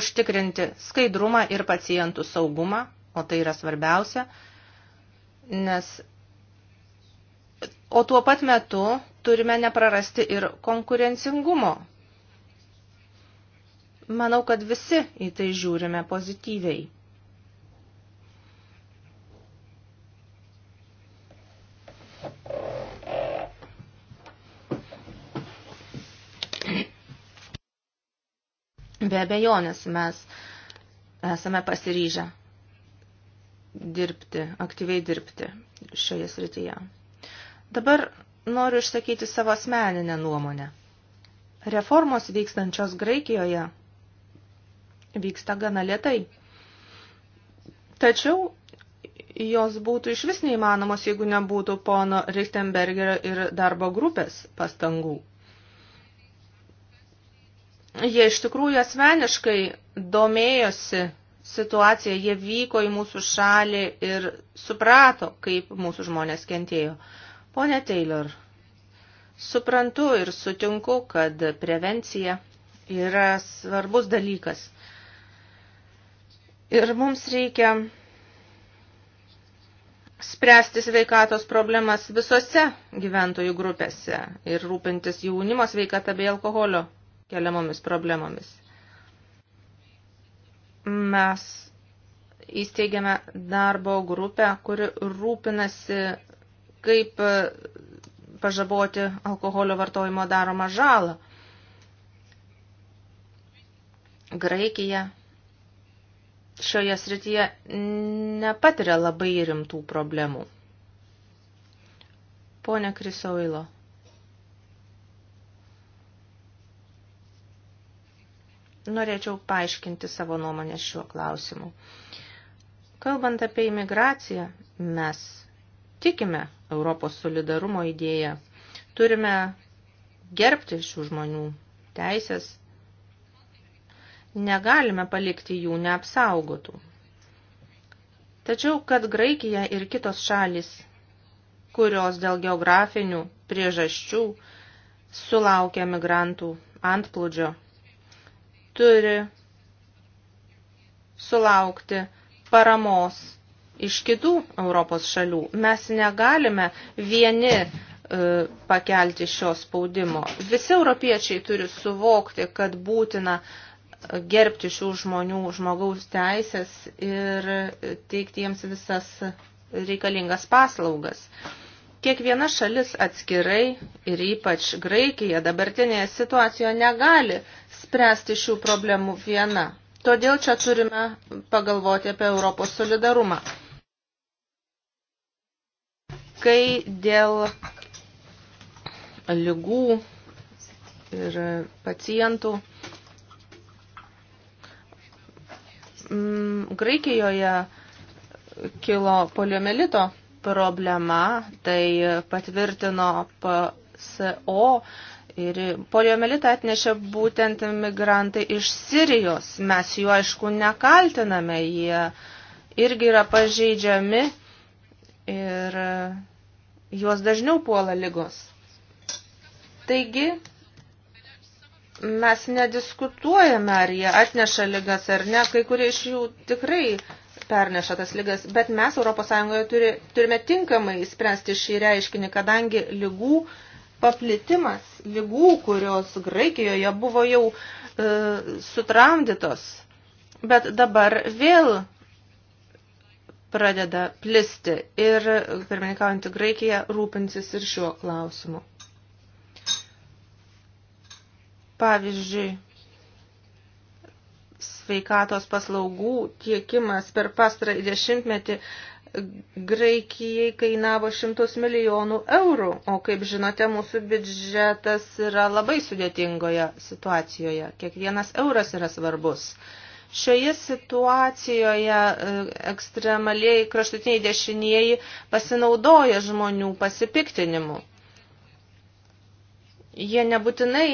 užtikrinti skaidrumą ir pacientų saugumą, o tai yra svarbiausia, nes o tuo pat metu turime neprarasti ir konkurencingumo Manau, kad visi į tai žiūrime pozityviai. Be abejonės mes esame pasiryžę dirbti, aktyviai dirbti šioje srityje. Dabar noriu išsakyti savo asmeninę nuomonę. Reformos vykstančios Graikijoje vyksta gana lietai. Tačiau jos būtų iš vis neįmanomos, jeigu nebūtų pono Richtenbergerio ir darbo grupės pastangų. Jie iš tikrųjų asmeniškai domėjosi situaciją, jie vyko į mūsų šalį ir suprato, kaip mūsų žmonės kentėjo. Pone Taylor, suprantu ir sutinku, kad prevencija yra svarbus dalykas – Ir mums reikia spręsti sveikatos problemas visose gyventojų grupėse ir rūpintis jaunimo sveikata bei alkoholio keliamomis problemomis. Mes įsteigėme darbo grupę, kuri rūpinasi, kaip pažaboti alkoholio vartojimo daromą žalą. Graikija šioje srityje nepatiria labai rimtų problemų. Pone Krisoilo. Norėčiau paaiškinti savo nuomonę šiuo klausimu. Kalbant apie imigraciją, mes tikime Europos solidarumo idėją. Turime gerbti šių žmonių teisės, Negalime palikti jų neapsaugotų. Tačiau, kad Graikija ir kitos šalis, kurios dėl geografinių priežasčių sulaukia migrantų antplūdžio, turi sulaukti paramos iš kitų Europos šalių. Mes negalime vieni e, pakelti šio spaudimo. Visi europiečiai turi suvokti, kad būtina e, gerbti šių žmonių žmogaus teisės ir teikti jiems visas reikalingas paslaugas. Kiekviena šalis atskirai ir ypač Graikija dabartinėje situacijoje negali spręsti šių problemų viena. Todėl čia turime pagalvoti apie Europos solidarumą. Kai dėl lygų ir pacientų mm, Graikijoje kilo poliomelito problema, tai patvirtino PSO ir poliomelitą atnešė būtent migrantai iš Sirijos. Mes jų aišku nekaltiname, jie irgi yra pažeidžiami ir juos dažniau puola lygos. Taigi, mes nediskutuojame, ar jie atneša lygas ar ne, kai kurie iš jų tikrai perneša tas lygas, bet mes ES turi, turime tinkamai įspręsti šį reiškinį, kadangi lygų paplitimas, lygų, kurios Graikijoje buvo jau e, sutramdytos, bet dabar vėl pradeda plisti ir pirmininkaujantį Graikiją rūpinsis ir šiuo klausimu. Pavyzdžiui, sveikatos paslaugų tiekimas per pastarąjį dešimtmetį Graikijai kainavo šimtus milijonų eurų, o kaip žinote, mūsų biudžetas yra labai sudėtingoje situacijoje. Kiekvienas euras yra svarbus. Šioje situacijoje e, ekstremaliai kraštutiniai dešinieji pasinaudoja žmonių pasipiktinimu. Jie nebūtinai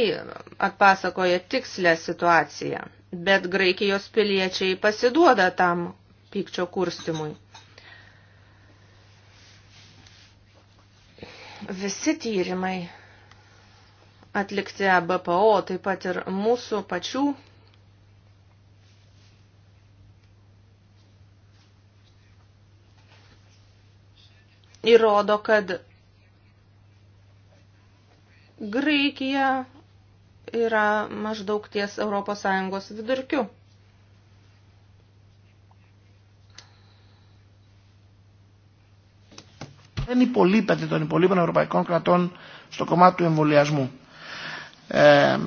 atpasakoja tikslę situaciją, bet Graikijos piliečiai pasiduoda tam pykčio kurstimui. Visi tyrimai atlikti BPO, taip pat ir mūsų pačių įrodo, kad Graikija yra maždaug ties ES vidurkiu. δεν υπολείπεται των υπολείπων ευρωπαϊκών κρατών στο κομμάτι του εμβολιασμού. Ε,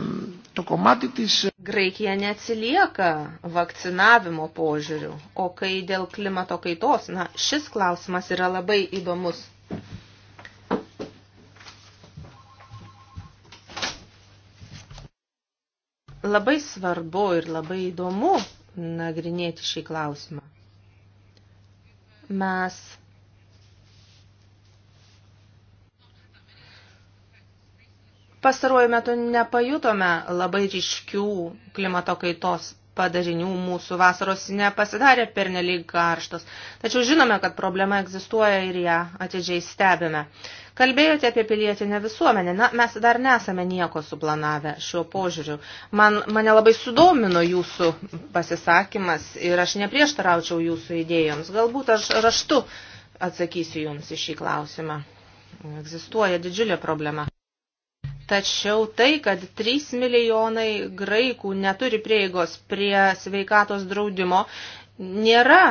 το κομμάτι της... Graikija neatsilieka vakcinavimo požiūriu, o kai dėl klimato kaitos, na, šis klausimas yra labai įdomus. Labai svarbu ir labai įdomu nagrinėti šį klausimą. Mes pastaruoju metu nepajutome labai ryškių klimato kaitos padarinių mūsų vasaros nepasidarė pernelyg karštos. Tačiau žinome, kad problema egzistuoja ir ją atidžiai stebime. Kalbėjote apie pilietinę visuomenę. Na, mes dar nesame nieko suplanavę šiuo požiūriu. Man, mane labai sudomino jūsų pasisakymas ir aš neprieštaraučiau jūsų idėjoms. Galbūt aš raštu atsakysiu jums į šį klausimą. Egzistuoja didžiulė problema. Tačiau tai, kad 3 milijonai graikų neturi prieigos prie sveikatos draudimo, nėra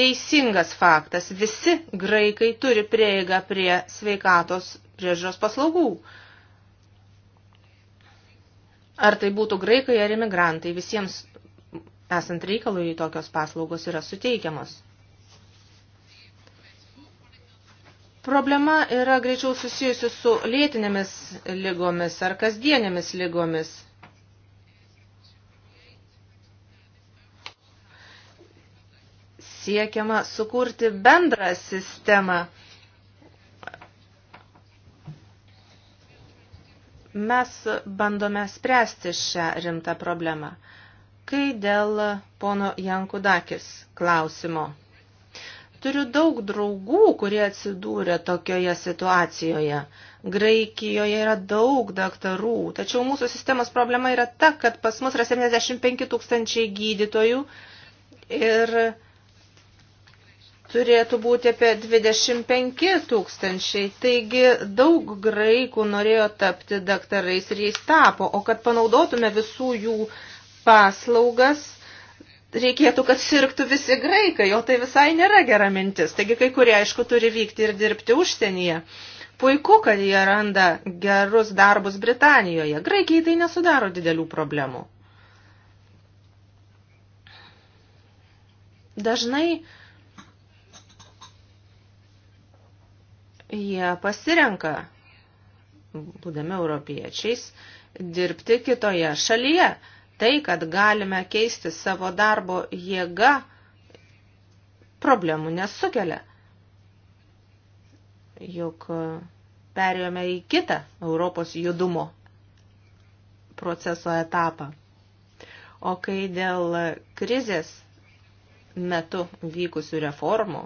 teisingas faktas. Visi graikai turi prieigą prie sveikatos priežiūros paslaugų. Ar tai būtų graikai ar imigrantai, visiems esant reikalui tokios paslaugos yra suteikiamos. Problema yra greičiau susijusi su lėtinėmis lygomis ar kasdienėmis lygomis. Siekiama sukurti bendrą sistemą. Mes bandome spręsti šią rimtą problemą. Kai dėl pono Jankudakis klausimo. Turiu daug draugų, kurie atsidūrė tokioje situacijoje. Graikijoje yra daug daktarų, tačiau mūsų sistemos problema yra ta, kad pas mus yra 75 tūkstančiai gydytojų ir turėtų būti apie 25 tūkstančiai. Taigi daug graikų norėjo tapti daktarais ir jais tapo, o kad panaudotume visų jų paslaugas – reikėtų, kad sirgtų visi graikai, o tai visai nėra gera mintis. Taigi kai kurie, aišku, turi vykti ir dirbti užsienyje. Puiku, kad jie randa gerus darbus Britanijoje. Graikijai tai nesudaro didelių problemų. Dažnai jie pasirenka, būdami europiečiais, dirbti kitoje šalyje tai, kad galime keisti savo darbo jėgą, problemų nesukelia. Juk perėjome į kitą Europos judumo proceso etapą. O kai dėl krizės metu vykusių reformų,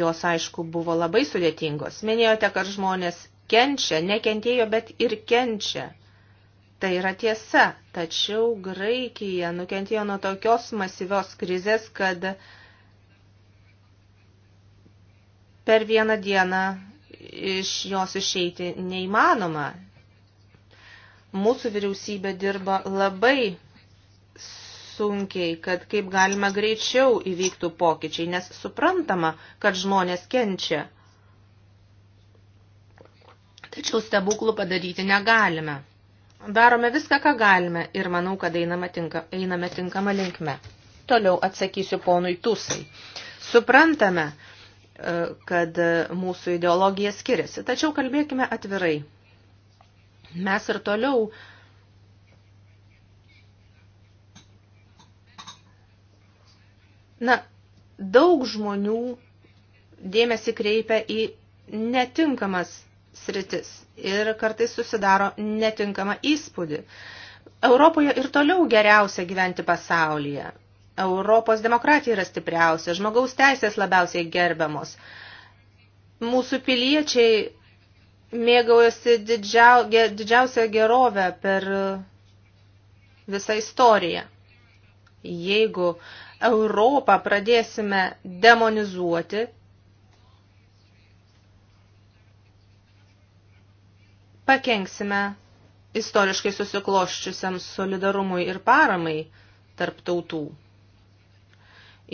jos aišku buvo labai sudėtingos. Minėjote, kad žmonės kenčia, nekentėjo, bet ir kenčia – Tai yra tiesa, tačiau Graikija nukentėjo nuo tokios masyvios krizės, kad per vieną dieną iš jos išeiti neįmanoma. Mūsų vyriausybė dirba labai sunkiai, kad kaip galima greičiau įvyktų pokyčiai, nes suprantama, kad žmonės kenčia. Tačiau stebuklų padaryti negalime darome viską, ką galime ir manau, kad einame, tinka, einame tinkamą linkme. Toliau atsakysiu ponui Tusai. Suprantame, e, kad mūsų ideologija skiriasi, tačiau kalbėkime atvirai. Mes ir toliau Na, daug žmonių dėmesį kreipia į netinkamas sritis ir kartais susidaro netinkama įspūdį. Europoje ir toliau geriausia gyventi pasaulyje. Europos demokratija yra stipriausia, žmogaus teisės labiausiai gerbiamos. Mūsų piliečiai mėgaujasi didžiau, didžiausią gerovę per visą istoriją. Jeigu Europą pradėsime demonizuoti, pakenksime istoriškai susikloščiusiam solidarumui ir paramai tarp tautų.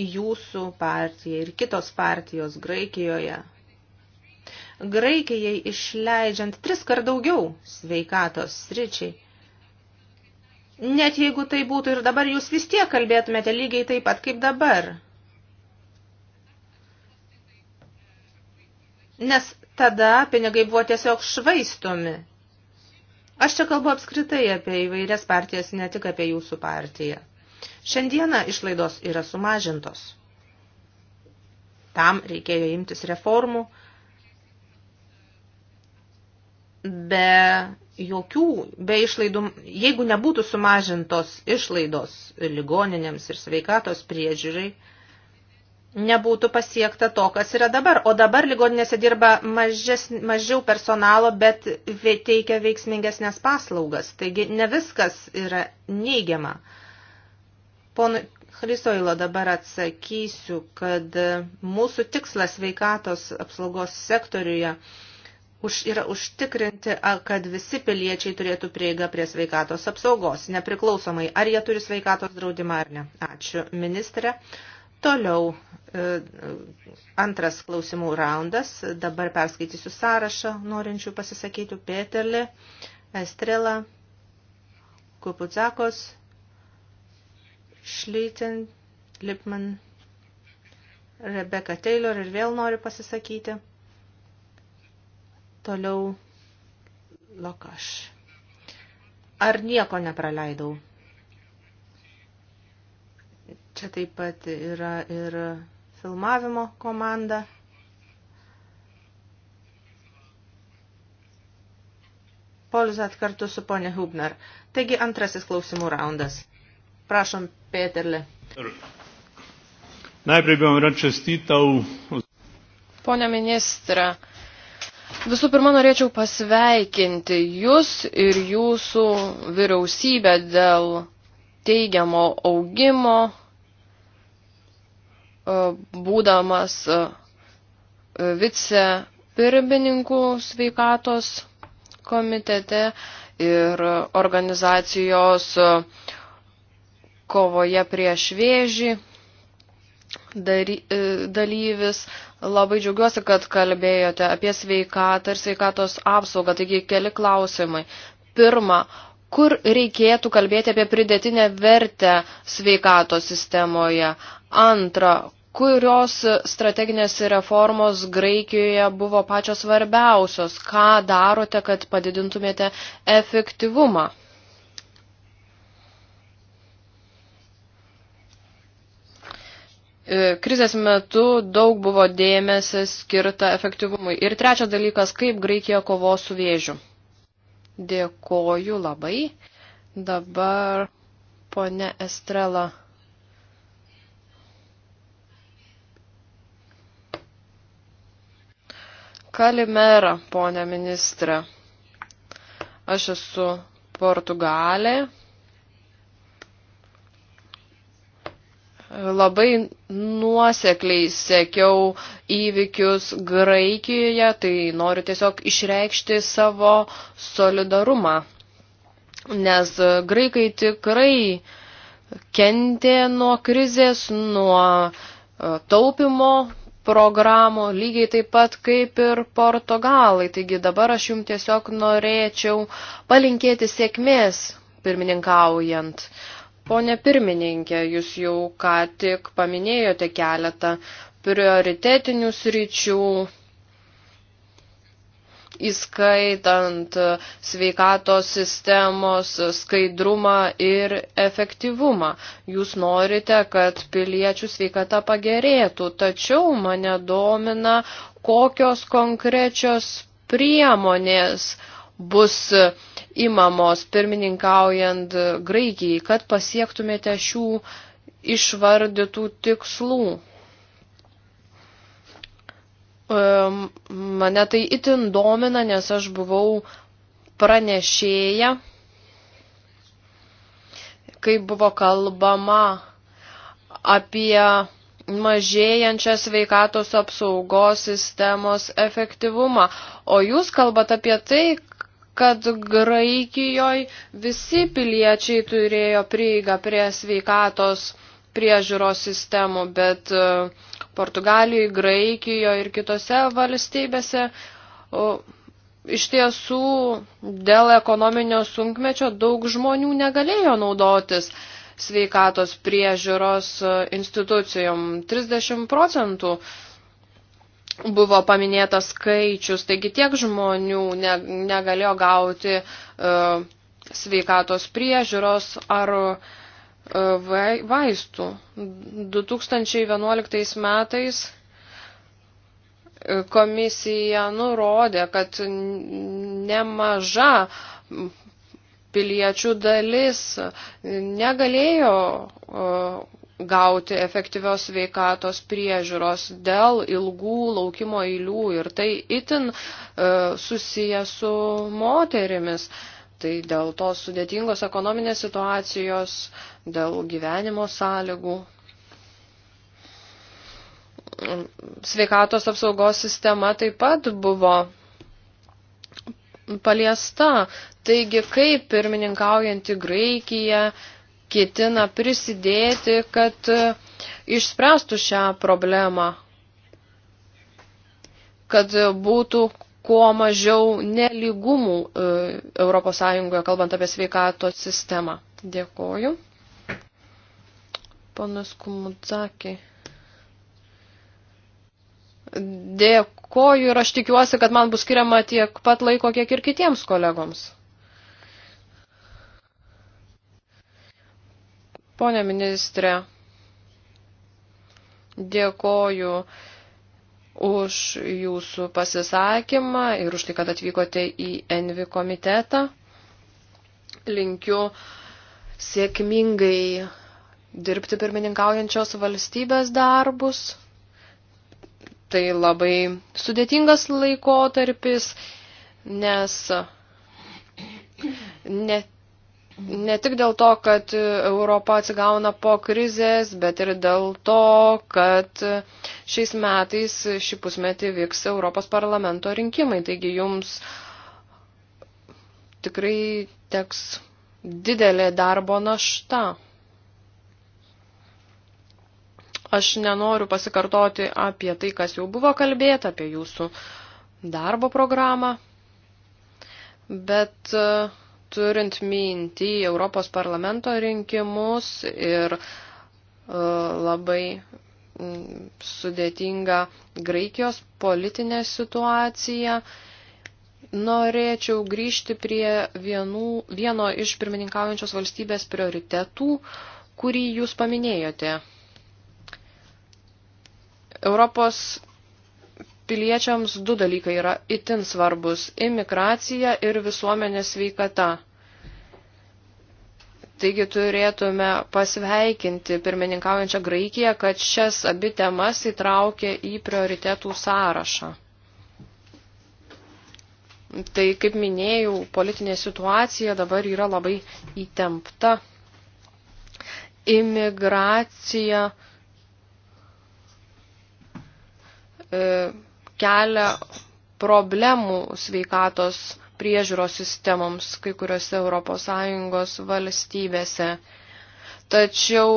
Jūsų partija ir kitos partijos Graikijoje. Graikijai išleidžiant tris kart daugiau sveikatos sričiai. Net jeigu tai būtų ir dabar, jūs vis tiek kalbėtumėte lygiai taip pat kaip dabar. Nes tada pinigai buvo tiesiog švaistomi. Aš čia kalbu apskritai apie įvairias partijas, ne tik apie jūsų partiją. Šiandieną išlaidos yra sumažintos. Tam reikėjo imtis reformų be jokių, be išlaidų, jeigu nebūtų sumažintos išlaidos ligoninėms ir sveikatos priežiūrai, nebūtų pasiekta to, kas yra dabar. O dabar ligoninėse dirba mažes, mažiau personalo, bet teikia veiksmingesnės paslaugas. Taigi ne viskas yra neigiama. Ponu Hristoilo dabar atsakysiu, kad mūsų tikslas veikatos apsaugos sektoriuje už, yra užtikrinti, kad visi piliečiai turėtų prieigą prie sveikatos apsaugos, nepriklausomai ar jie turi sveikatos draudimą ar ne. Ačiū, ministrė. Toliau e, antras klausimų raundas. Dabar perskaitysiu sąrašą norinčių pasisakyti. Peterli, Estrela, Kupudzakos, Šlyten, Lipman, Rebecca Taylor ir vėl noriu pasisakyti. Toliau Lokaš. Ar nieko nepraleidau? Čia taip pat yra ir filmavimo komanda. Polzat kartu su ponė Hubner. Taigi antrasis klausimų raundas. Prašom, Peterle. Najprej bi vam rad čestital. Pone ministra, visų pirma norėčiau pasveikinti jūs ir jūsų vyriausybę dėl teigiamo augimo E, būdamas e, vice pirmininkų sveikatos komitete ir organizacijos e, kovoje prieš vėžį dalyvis. Labai džiaugiuosi, kad kalbėjote apie sveikatą ir sveikatos apsaugą. Taigi keli klausimai. Pirma, kur reikėtų kalbėti apie pridėtinę vertę sveikato sistemoje. Antra, kurios strateginės reformos Graikijoje buvo pačios svarbiausios, ką darote, kad padidintumėte efektyvumą. E, krizės metu daug buvo dėmesio skirta efektyvumui. Ir trečias dalykas, kaip Graikija kovo su vėžiu. Dėkoju labai. Dabar ponė Estrela. Kalimera, ponė ministra. Aš esu Portugalė, labai nuosekliai sekiau įvykius Graikijoje, tai noriu tiesiog išreikšti savo solidarumą. Nes graikai tikrai kentė nuo krizės, nuo e, taupimo programų, lygiai taip pat kaip ir portugalai. Taigi dabar aš jums tiesiog norėčiau palinkėti sėkmės pirmininkaujant. Uh, Pone pirmininkė, jūs jau ką tik paminėjote keletą prioritetinių sričių, įskaitant sveikatos sistemos skaidrumą ir efektyvumą. Jūs norite, kad piliečių sveikata pagerėtų, tačiau mane domina, kokios konkrečios priemonės uh, bus imamos pirmininkaujant Graikijai, kad pasiektumėte šių išvardytų tikslų. Mane tai itin domina, nes aš buvau pranešėja, kai buvo kalbama apie mažėjančią sveikatos apsaugos sistemos efektyvumą. O jūs kalbate apie tai, kad Graikijoje visi piliečiai turėjo prieigą prie sveikatos priežiūros sistemų, bet e, Portugalijoje, Graikijoje ir kitose valstybėse iš tiesų dėl ekonominio sunkmečio daug žmonių negalėjo naudotis sveikatos priežiūros e, institucijom. 30 procentų buvo paminėtas skaičius, taigi tiek žmonių negalėjo gauti e, sveikatos priežiūros ar e, vaistų. 2011 metais e, komisija nurodė, kad nemaža piliečių dalis negalėjo gauti efektyvios veikatos priežiūros dėl ilgų laukimo eilių ir tai itin e, susiję su moterimis. Tai dėl tos sudėtingos ekonominės situacijos, dėl gyvenimo sąlygų. Sveikatos apsaugos sistema taip pat buvo paliesta. Taigi, kaip pirmininkaujanti Graikija ketina prisidėti, kad e, išspręstų šią problemą, kad būtų kuo mažiau neligumų ES, kalbant apie sveikato sistemą. Dėkoju. Panas Kumudzakė. Dėkoju ir aš tikiuosi, kad man bus skiriama tiek pat laiko, kiek ir kitiems kolegoms. Pone ministre, dėkoju už jūsų pasisakymą ir už tai, kad atvykote į Envi komitetą. Linkiu sėkmingai dirbti pirmininkaujančios valstybės darbus. Tai labai sudėtingas laikotarpis, nes ne Ne tik dėl to, kad Europa atsigauna po krizės, bet ir dėl to, kad šiais metais šį pusmetį vyks Europos parlamento rinkimai. Taigi jums tikrai teks didelė darbo našta. Aš nenoriu pasikartoti apie tai, kas jau buvo kalbėta, apie jūsų darbo programą, bet uh, turint mintį Europos parlamento rinkimus ir e, labai sudėtinga Graikijos politinė situacija. Norėčiau grįžti prie vienų, vieno iš pirmininkaujančios valstybės prioritetų, kurį jūs paminėjote. Europos piliečiams du dalykai yra itin svarbus - imigracija ir visuomenės sveikata. Taigi turėtume pasveikinti pirmininkaujančią Graikiją, kad šias abi temas įtraukė į prioritetų sąrašą. Tai, kaip minėjau, politinė situacija dabar yra labai įtempta. Imigracija. E, kelia problemų sveikatos priežiūros sistemoms kai kuriuose ES valstybėse. Tačiau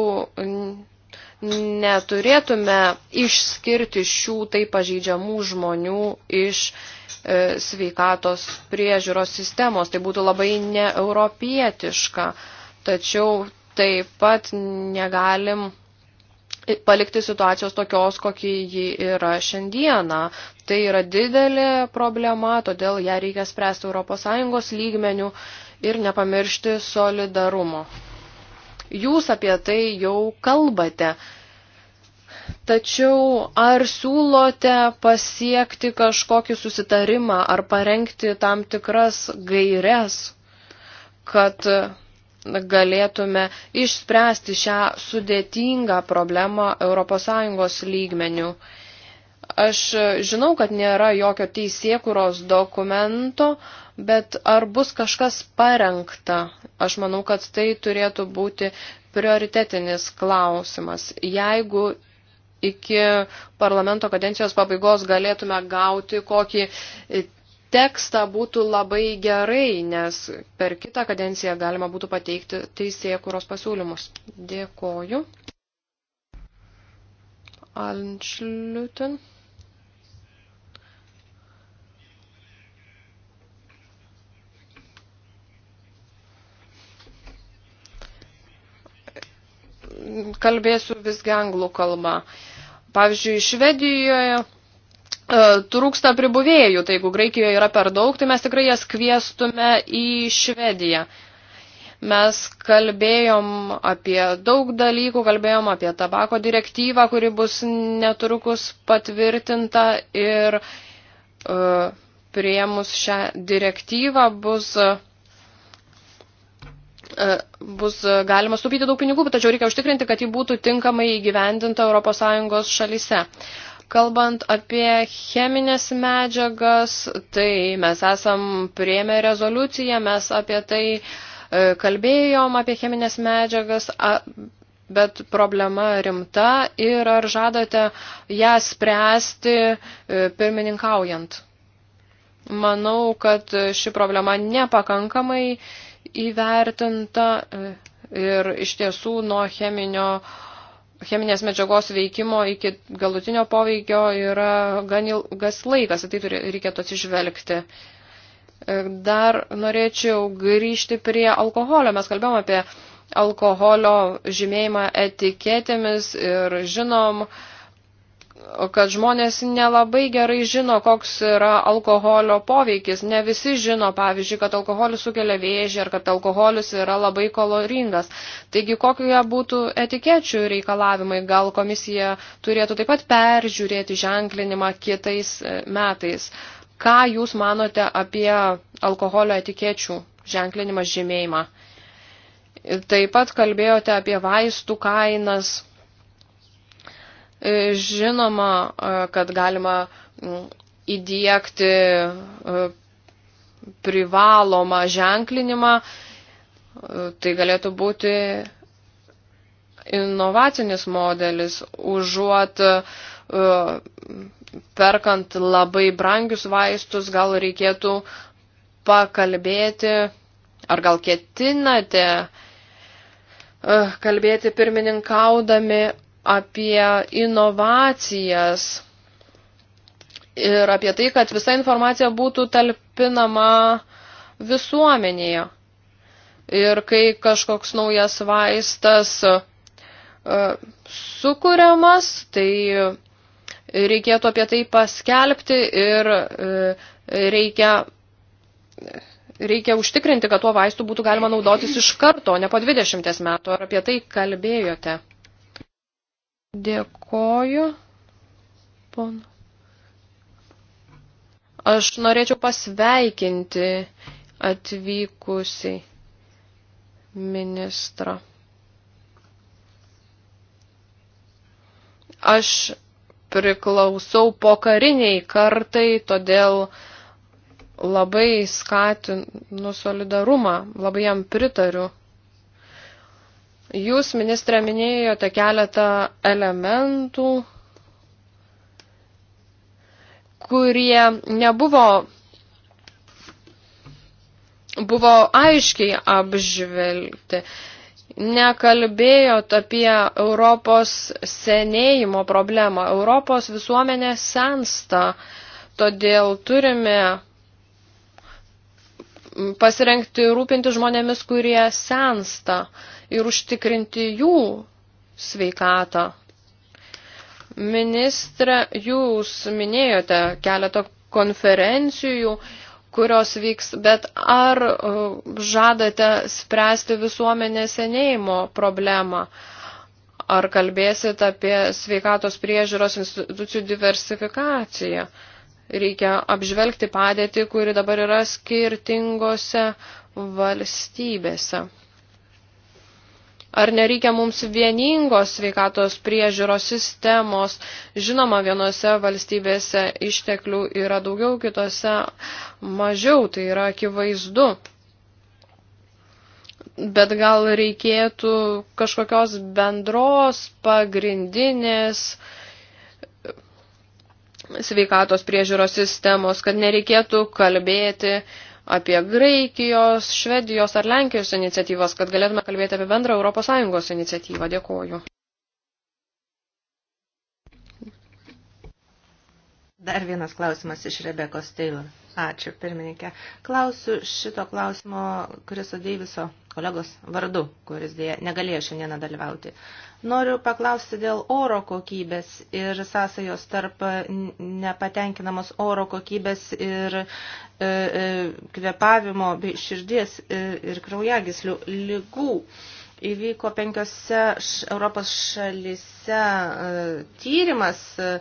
neturėtume išskirti šių taip pažeidžiamų žmonių iš e, sveikatos priežiūros sistemos. Tai būtų labai neeuropietiška. Tačiau taip pat negalim palikti situacijos tokios, kokia ji yra šiandieną. Tai yra didelė problema, todėl ją reikia spręsti ES lygmenių ir nepamiršti solidarumo. Jūs apie tai jau kalbate. Tačiau ar siūlote pasiekti kažkokį susitarimą ar parengti tam tikras gairias, kad galėtume išspręsti šią sudėtingą problemą ES lygmenių. Aš žinau, kad nėra jokio teisėkuros dokumento, bet ar bus kažkas parengta? Aš manau, kad tai turėtų būti prioritetinis klausimas. Jeigu iki parlamento kadencijos pabaigos galėtume gauti kokį tekstą būtų labai gerai, nes per kitą kadenciją galima būtų pateikti teisėje kuros pasiūlymus. Dėkoju. Anšliutin. Kalbėsiu visgi anglų kalbą. Pavyzdžiui, Švedijoje E, trūksta pribuvėjų, tai jeigu Graikijoje yra per daug, tai mes tikrai jas kviestume į Švediją. Mes kalbėjom apie daug dalykų, kalbėjom apie tabako direktyvą, kuri bus netrukus patvirtinta ir uh, e, prieimus šią direktyvą bus, uh, bus galima stupyti daug pinigų, tačiau reikia užtikrinti, kad ji būtų tinkamai įgyvendinta ES šalyse. Uh, Kalbant apie cheminės medžiagas, tai mes esam prieėmę rezoliuciją, mes apie tai e, kalbėjom, apie cheminės medžiagas, bet problema rimta ir ar žadote ją spręsti e, pirmininkaujant? Manau, kad ši problema nepakankamai įvertinta e, ir iš tiesų nuo cheminio uh, cheminės medžiagos veikimo iki galutinio poveikio yra gan ilgas laikas, tai turi, reikėtų atsižvelgti. E, dar norėčiau grįžti prie alkoholio. Mes kalbėjom apie alkoholio žymėjimą etiketėmis ir žinom, uh, kad žmonės nelabai gerai žino, koks yra alkoholio poveikis. Ne visi žino, pavyzdžiui, kad alkoholis sukelia vėžį ar kad alkoholis yra labai koloringas. Taigi, kokie būtų etikečių reikalavimai, gal komisija turėtų taip pat peržiūrėti ženklinimą kitais e, metais. Ką Jūs manote apie alkoholio etikečių ženklinimą žymėjimą? Taip pat kalbėjote apie vaistų kainas E, žinoma, e, kad galima įdėkti e, privalomą ženklinimą, tai galėtų būti inovacinis modelis, užuot perkant labai brangius vaistus, gal reikėtų pakalbėti, ar gal ketinate kalbėti pirmininkaudami apie inovacijas ir apie tai, kad visa informacija būtų talpinama visuomenėje. Ir kai kažkoks naujas vaistas e, sukūriamas, tai reikėtų apie tai paskelbti ir e, reikia, reikia užtikrinti, kad tuo vaistu būtų galima naudotis iš karto, ne po 20 metų. Ar apie tai kalbėjote? Dėkoju, pon. Aš norėčiau pasveikinti atvykusiai ministrą. Aš priklausau pokariniai kartai, todėl labai skatinu solidarumą, labai jam pritariu. Jūs, ministrė, minėjote keletą elementų, kurie nebuvo buvo aiškiai apžvelgti. Nekalbėjot apie Europos senėjimo problemą. Europos visuomenė sensta, todėl turime pasirengti rūpinti žmonėmis, kurie sensta. Uh, ir užtikrinti jų sveikatą. Ministre, jūs minėjote keletą konferencijų, kurios vyks, bet ar uh, žadate spręsti visuomenės senėjimo problemą? Ar kalbėsit apie sveikatos priežiūros institucijų diversifikaciją? Reikia apžvelgti padėtį, kuri dabar yra skirtingose valstybėse. Ar nereikia mums vieningos sveikatos priežiūros sistemos? Žinoma, vienose valstybėse išteklių yra daugiau, kitose mažiau, tai yra akivaizdu. Bet gal reikėtų kažkokios bendros, pagrindinės, sveikatos priežiūros sistemos, kad nereikėtų kalbėti apie Graikijos, Švedijos ar Lenkijos iniciatyvas, kad galėtume kalbėti apie bendrą ES iniciatyvą. Dėkuoju. Dar vienas klausimas iš Rebekos Taylor. Ačiū, pirmininkė. Klausiu šito klausimo Kriso Deiviso kolegos vardu, kuris dėja negalėjo šiandieną dalyvauti. Noriu paklausti dėl oro kokybės ir sąsajos tarp nepatenkinamos oro kokybės ir e, e, kvepavimo bei širdies e, ir kraujagyslių lygų. Įvyko penkiose Europos šalise e, tyrimas. E,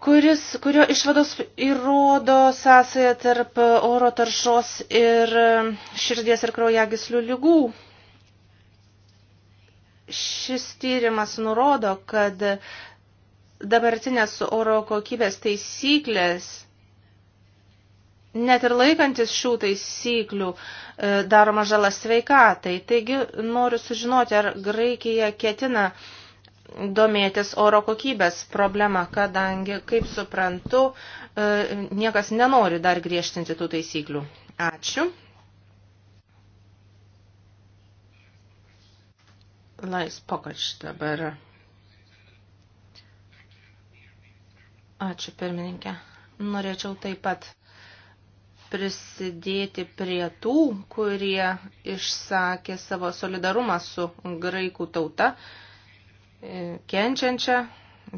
kuris, kurio išvados įrodo sąsąją tarp oro taršos ir širdies ir kraujagyslių lygų. Šis tyrimas nurodo, kad dabartinės oro kokybės taisyklės, net ir laikantis šių taisyklių, e, daroma žala sveikatai. Taigi noriu sužinoti, ar Graikija ketina uh, domėtis oro kokybės problema, kadangi, kaip suprantu, e, niekas nenori dar griežtinti tų taisyklių. Ačiū. Lais pokač dabar. Ačiū, pirmininkė. Norėčiau taip pat prisidėti prie tų, kurie išsakė savo solidarumą su graikų tauta. Uh, kenčiančią,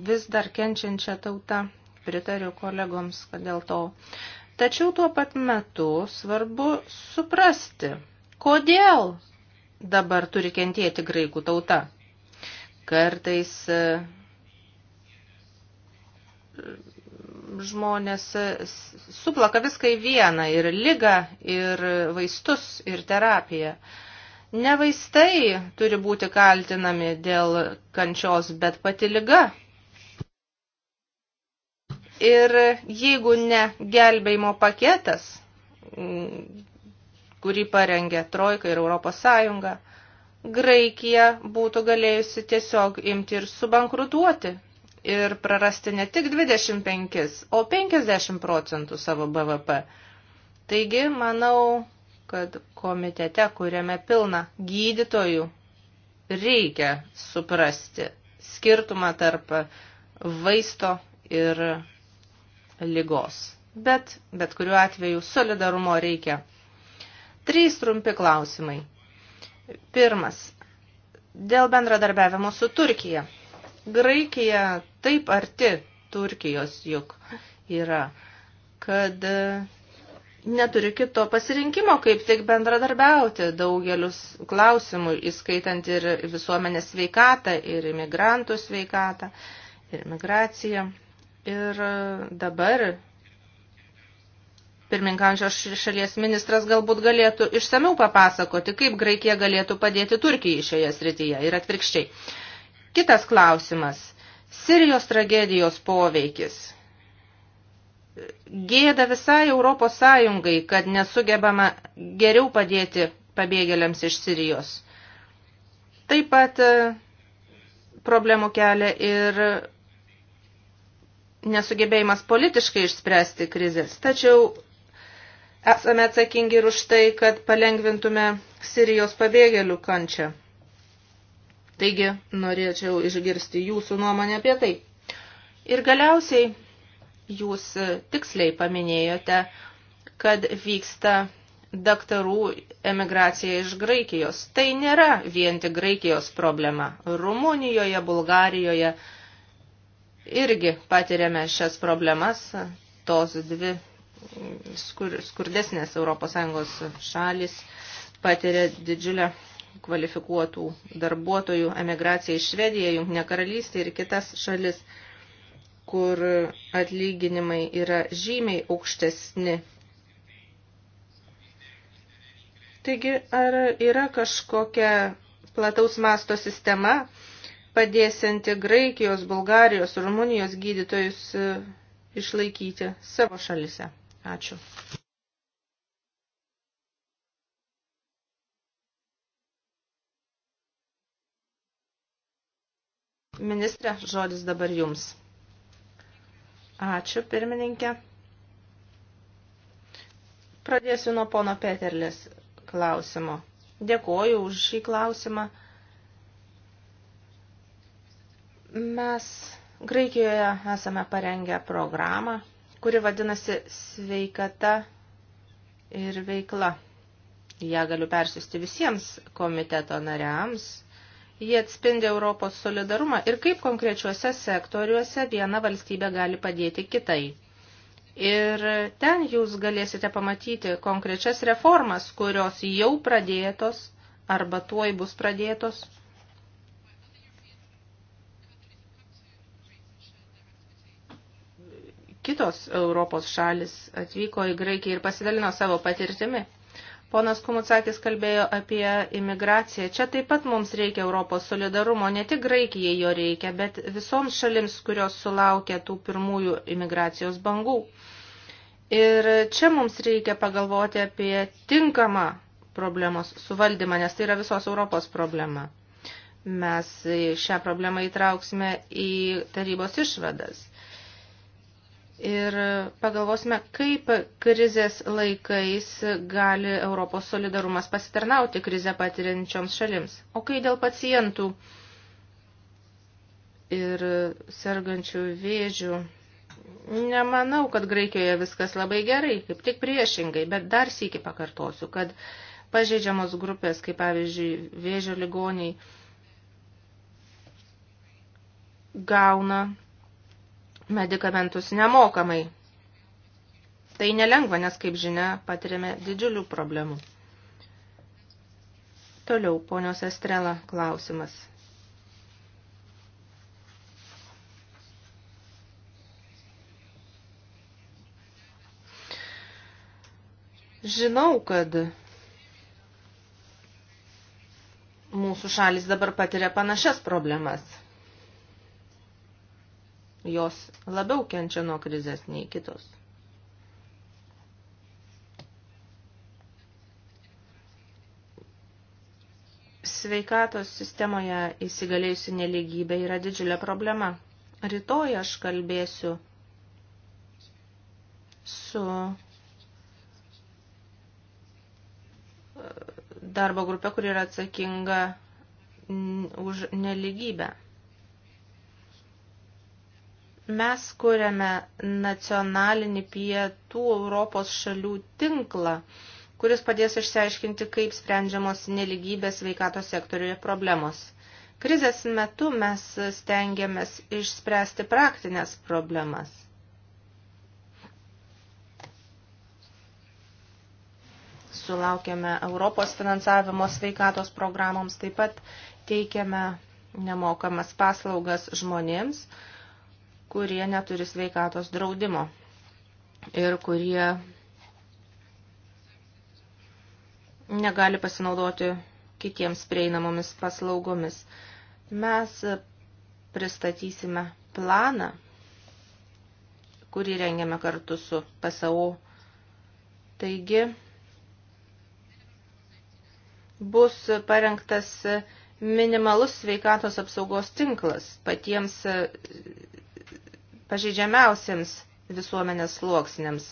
vis dar kenčiančią tautą. Pritariu kolegoms, kad dėl to. Tačiau tuo pat metu svarbu suprasti, kodėl dabar turi kentėti graikų tauta. Kartais e, žmonės e, suplaka viską į vieną ir lygą, ir vaistus, ir terapiją. Ne vaistai turi būti kaltinami dėl kančios, bet pati lyga. Ir jeigu ne gelbėjimo paketas, kurį parengė Trojka ir Europos Sąjunga, Graikija būtų galėjusi tiesiog imti ir subankrutuoti ir prarasti ne tik 25, o 50 procentų savo BVP. Taigi, manau, kad komitete, kuriame pilna gydytojų, reikia suprasti skirtumą tarp vaisto ir lygos. Bet, bet kuriuo atveju, solidarumo reikia. Trys trumpi klausimai. Pirmas. Dėl bendradarbiavimo su Turkija. Graikija taip arti Turkijos juk yra, kad neturi kito pasirinkimo, kaip tik bendradarbiauti daugelius klausimų, įskaitant ir visuomenės sveikatą, ir imigrantų sveikatą, ir migraciją. Ir dabar pirmininkančios šalies ministras galbūt galėtų išsamiau papasakoti, kaip Graikija galėtų padėti Turkijai šioje srityje ir atvirkščiai. Kitas klausimas. Sirijos tragedijos poveikis gėda visai Europos Sąjungai, kad nesugebama geriau padėti pabėgėliams iš Sirijos. Taip pat e, problemų kelia ir nesugebėjimas politiškai išspręsti krizės. Tačiau esame atsakingi ir už tai, kad palengvintume Sirijos pabėgėlių kančią. Taigi norėčiau išgirsti jūsų nuomonę apie tai. Ir galiausiai jūs e, tiksliai paminėjote, kad vyksta daktarų emigracija iš Graikijos. Tai nėra vien tik Graikijos problema. Rumunijoje, Bulgarijoje irgi patiriame šias problemas, tos dvi skur, skurdesnės ES šalis patiria didžiulę kvalifikuotų darbuotojų emigraciją į Švediją, Junktinę karalystę ir kitas šalis kur atlyginimai yra žymiai aukštesni. Taigi, ar yra kažkokia plataus masto sistema, padėsianti Graikijos, Bulgarijos, Rumunijos gydytojus e, išlaikyti savo šalise? Ačiū. Ministre, žodis dabar jums. Ačiū, pirmininkė. Pradėsiu nuo pono Peterlės klausimo. Dėkoju už šį klausimą. Mes Graikijoje esame parengę programą, kuri vadinasi sveikata ir veikla. Ja galiu persiusti visiems komiteto nariams Jie atspindi Europos solidarumą ir kaip konkrečiuose sektoriuose viena valstybė gali padėti kitai. Ir ten jūs galėsite pamatyti konkrečias reformas, kurios jau pradėtos arba tuoj bus pradėtos. Kitos Europos šalis atvyko į Graikiją ir pasidalino savo patirtimi. Ponas Kumutsakis kalbėjo apie imigraciją. Čia taip pat mums reikia Europos solidarumo, ne tik Graikijai jo reikia, bet visoms šalims, kurios sulaukia tų pirmųjų imigracijos bangų. Ir čia mums reikia pagalvoti apie tinkamą problemos suvaldymą, nes tai yra visos Europos problema. Mes šią problemą įtrauksime į tarybos išvadas ir pagalvosime, kaip krizės laikais gali Europos solidarumas pasitarnauti krizę patiriančioms šalims. O kai dėl pacientų ir sergančių vėžių, nemanau, kad Graikijoje viskas labai gerai, kaip tik priešingai, bet dar sėki pakartosiu, kad pažeidžiamos grupės, kaip pavyzdžiui vėžio ligoniai, gauna medikamentus nemokamai. Tai nelengva, nes, kaip žinia, patiriame didžiulių problemų. Toliau, ponios Estrela, klausimas. Žinau, kad mūsų šalis dabar patiria panašias problemas – jos labiau kenčia nuo krizės nei kitos. Sveikatos sistemoje įsigalėjusi neligybė yra didžiulė problema. Rytoj aš kalbėsiu su e, darbo grupė, kuri yra atsakinga už neligybę. Mes kuriame nacionalinį pietų Europos šalių tinklą, kuris padės išsiaiškinti, kaip sprendžiamos neligybės veikato sektoriuje problemos. Krizės metu mes stengiamės išspręsti praktinės problemas. Sulaukėme Europos finansavimo sveikatos programoms, taip pat teikiame nemokamas paslaugas žmonėms – kurie neturi sveikatos draudimo ir kurie negali pasinaudoti kitiems prieinamomis paslaugomis. Mes pristatysime planą, kurį rengiame kartu su PSO. Taigi, bus parengtas minimalus sveikatos apsaugos tinklas patiems pažeidžiamiausiams visuomenės sluoksniams.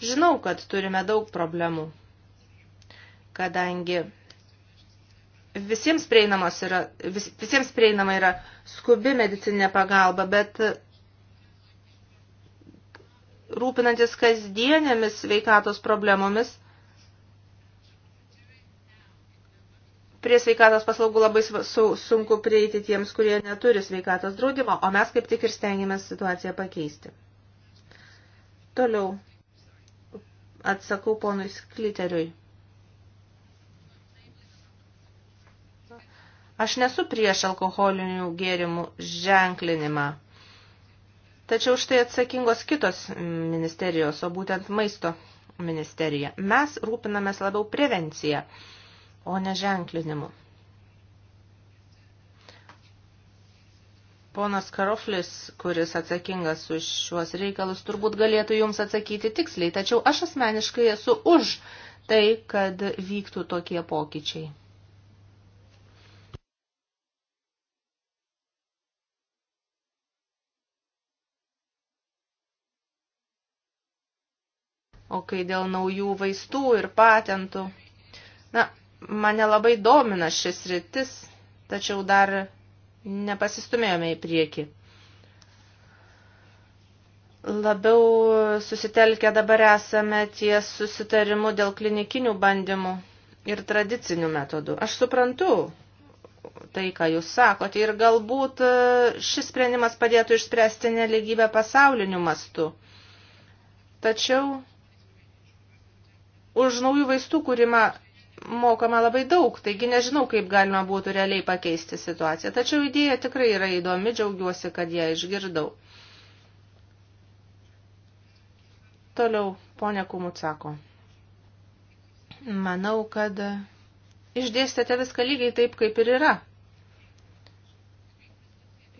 Žinau, kad turime daug problemų, kadangi visiems, prieinamos yra, vis, visiems prieinama yra skubi medicinė pagalba, bet rūpinantis kasdienėmis sveikatos problemomis – prie sveikatos paslaugų labai sunku prieiti tiems, kurie neturi sveikatos draudimo, o mes kaip tik ir stengiamės situaciją pakeisti. Toliau atsakau ponui Skliteriui. Aš nesu prieš alkoholinių gėrimų ženklinimą. Tačiau štai atsakingos kitos ministerijos, o būtent maisto ministerija. Mes rūpinamės labiau prevenciją o ne ženklinimu. Ponas Karoflis, kuris atsakingas už šiuos reikalus, turbūt galėtų jums atsakyti tiksliai, tačiau aš asmeniškai esu už tai, kad vyktų tokie pokyčiai. O kai dėl naujų vaistų ir patentų, na, mane labai domina šis rytis, tačiau dar nepasistumėjome į priekį. Labiau susitelkę dabar esame ties susitarimu dėl klinikinių bandymų ir tradicinių metodų. Aš suprantu tai, ką jūs sakote, ir galbūt e, šis sprendimas padėtų išspręsti neligybę pasauliniu mastu. Tačiau už naujų vaistų kūrimą mokama labai daug, taigi nežinau, kaip galima būtų realiai pakeisti situaciją. Tačiau idėja tikrai yra įdomi, džiaugiuosi, kad ją išgirdau. Toliau, ponė Kumut sako. Manau, kad išdėstėte viską lygiai taip, kaip ir yra.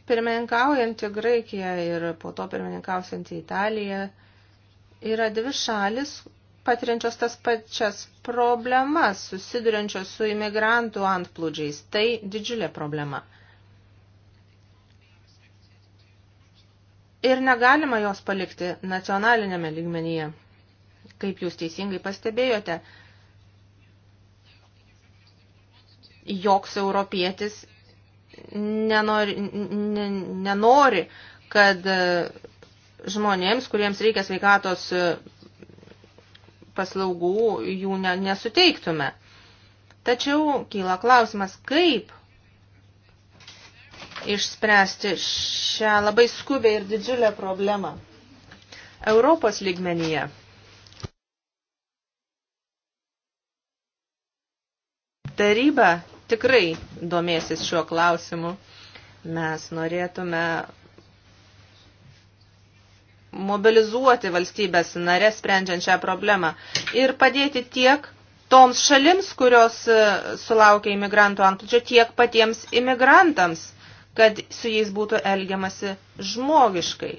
Pirmininkaujantį Graikiją ir po to pirmininkausiantį Italiją yra dvi šalis, patiriančios tas pačias problemas, susiduriančios su imigrantų antplūdžiais. Tai didžiulė problema. Ir negalima jos palikti nacionalinėme lygmenyje. Kaip jūs teisingai pastebėjote, joks europietis nenori, nenori kad žmonėms, kuriems reikia sveikatos paslaugų jų ne, nesuteiktume. Tačiau kyla klausimas, kaip išspręsti šią labai skubę ir didžiulę problemą Europos lygmenyje. Taryba tikrai domėsis šiuo klausimu. Mes norėtume mobilizuoti valstybės narės sprendžiant šią problemą ir padėti tiek toms šalims, kurios e, sulaukia imigrantų antplūdžio, tiek patiems imigrantams, kad su jais būtų elgiamasi žmogiškai.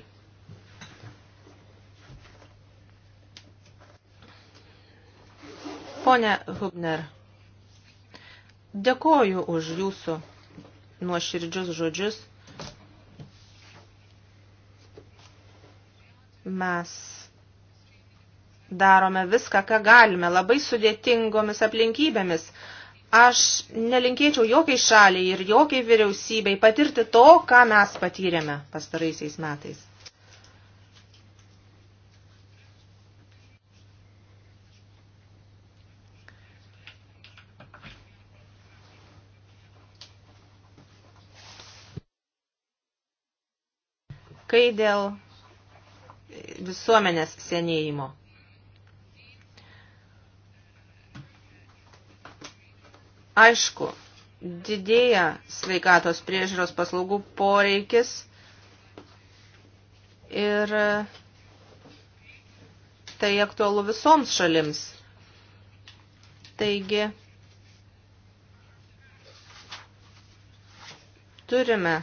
Pone Hubner, dėkoju už jūsų nuoširdžius žodžius Mes darome viską, ką galime, labai sudėtingomis aplinkybėmis. Aš nelinkėčiau jokiai šaliai ir jokiai vyriausybei patirti to, ką mes patyrėme pastaraisiais metais. Kai dėl visuomenės senėjimo. Aišku, didėja sveikatos priežiūros paslaugų poreikis ir tai aktualu visoms šalims. Taigi, turime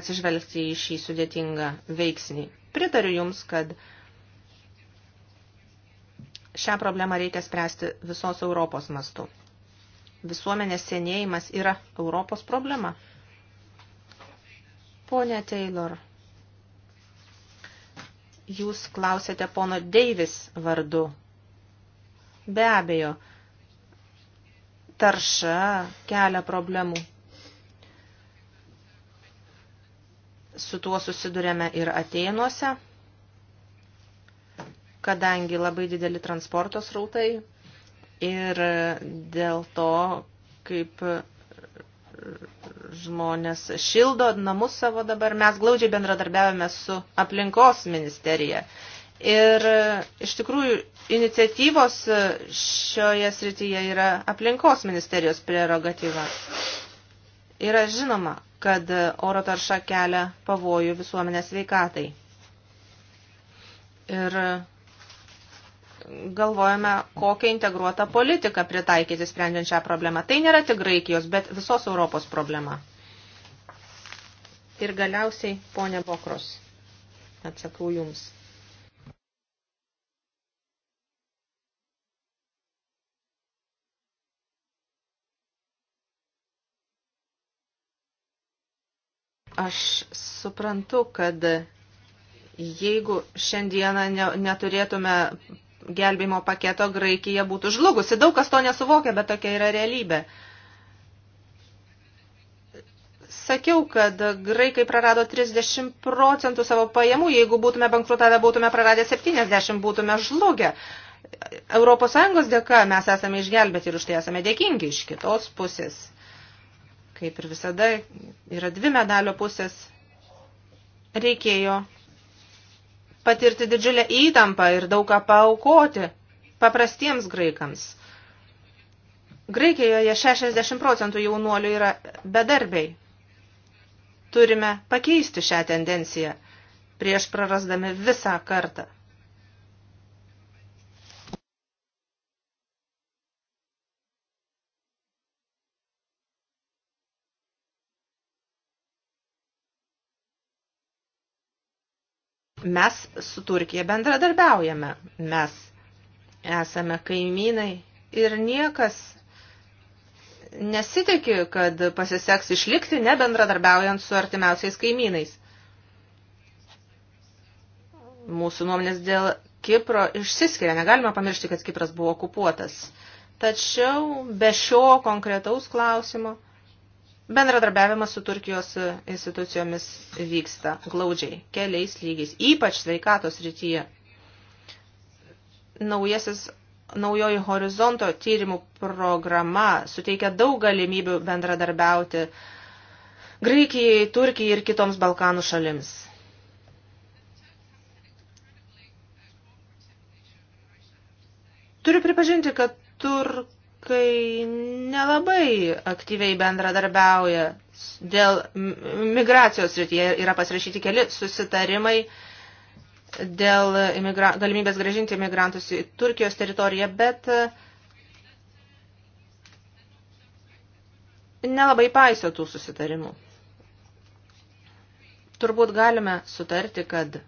atsižvelgti į šį sudėtingą veiksnį pritariu Jums, kad šią problemą reikia spręsti visos Europos mastu. Visuomenės senėjimas yra Europos problema. Pone Taylor, jūs klausėte pono Deivis vardu. Be abejo, tarša kelia problemų. Su tuo susidurėme ir Ateinuose, kadangi labai dideli transporto srautai ir dėl to, kaip žmonės šildo namus savo dabar, mes glaudžiai bendradarbiavome su aplinkos ministerija. Ir iš tikrųjų iniciatyvos šioje srityje yra aplinkos ministerijos prerogatyva. Yra žinoma, kad oro tarša kelia pavojų visuomenės veikatai. Ir galvojame, kokią integruotą politiką pritaikyti sprendžiant šią problemą. Tai nėra tik Graikijos, bet visos Europos problema. Ir galiausiai, ponė Bokros, atsakau jums. Aš suprantu, kad jeigu šiandieną ne, neturėtume gelbimo paketo, Graikija būtų žlugusi. Daug kas to nesuvokia, bet tokia yra realybė. Sakiau, kad graikai prarado 30 procentų savo pajamų, jeigu būtume bankrutavę, būtume praradę 70, būtume žlugę. Europos Sąjungos dėka mes esame išgelbėti ir už tai esame dėkingi iš kitos pusės kaip ir visada, yra dvi medalio pusės, reikėjo patirti didžiulę įtampą ir daug ką paaukoti paprastiems graikams. Graikijoje 60 procentų jaunuolių yra bedarbiai. Turime pakeisti šią tendenciją prieš prarasdami visą kartą. Mes su Turkija bendradarbiaujame, mes esame kaimynai ir niekas nesitikė, kad pasiseks išlikti nebendradarbiaujant su artimiausiais kaimynais. Mūsų nuomonės dėl Kipro išsiskiria, negalima pamiršti, kad Kipras buvo okupuotas. Tačiau be šio konkretaus klausimo Bendradarbiavimas su Turkijos institucijomis vyksta glaudžiai, keliais lygiais, ypač sveikatos rytyje. Naujasis, naujoji horizonto tyrimų programa suteikia daug galimybių bendradarbiauti Graikijai, Turkijai ir kitoms Balkanų šalims. Turiu pripažinti, kad Turkija bankai nelabai aktyviai bendradarbiauja dėl migracijos srityje yra pasirašyti keli susitarimai dėl imigra... galimybės gražinti imigrantus į Turkijos teritoriją, bet e, nelabai paiso tų susitarimų. Turbūt galime sutarti, kad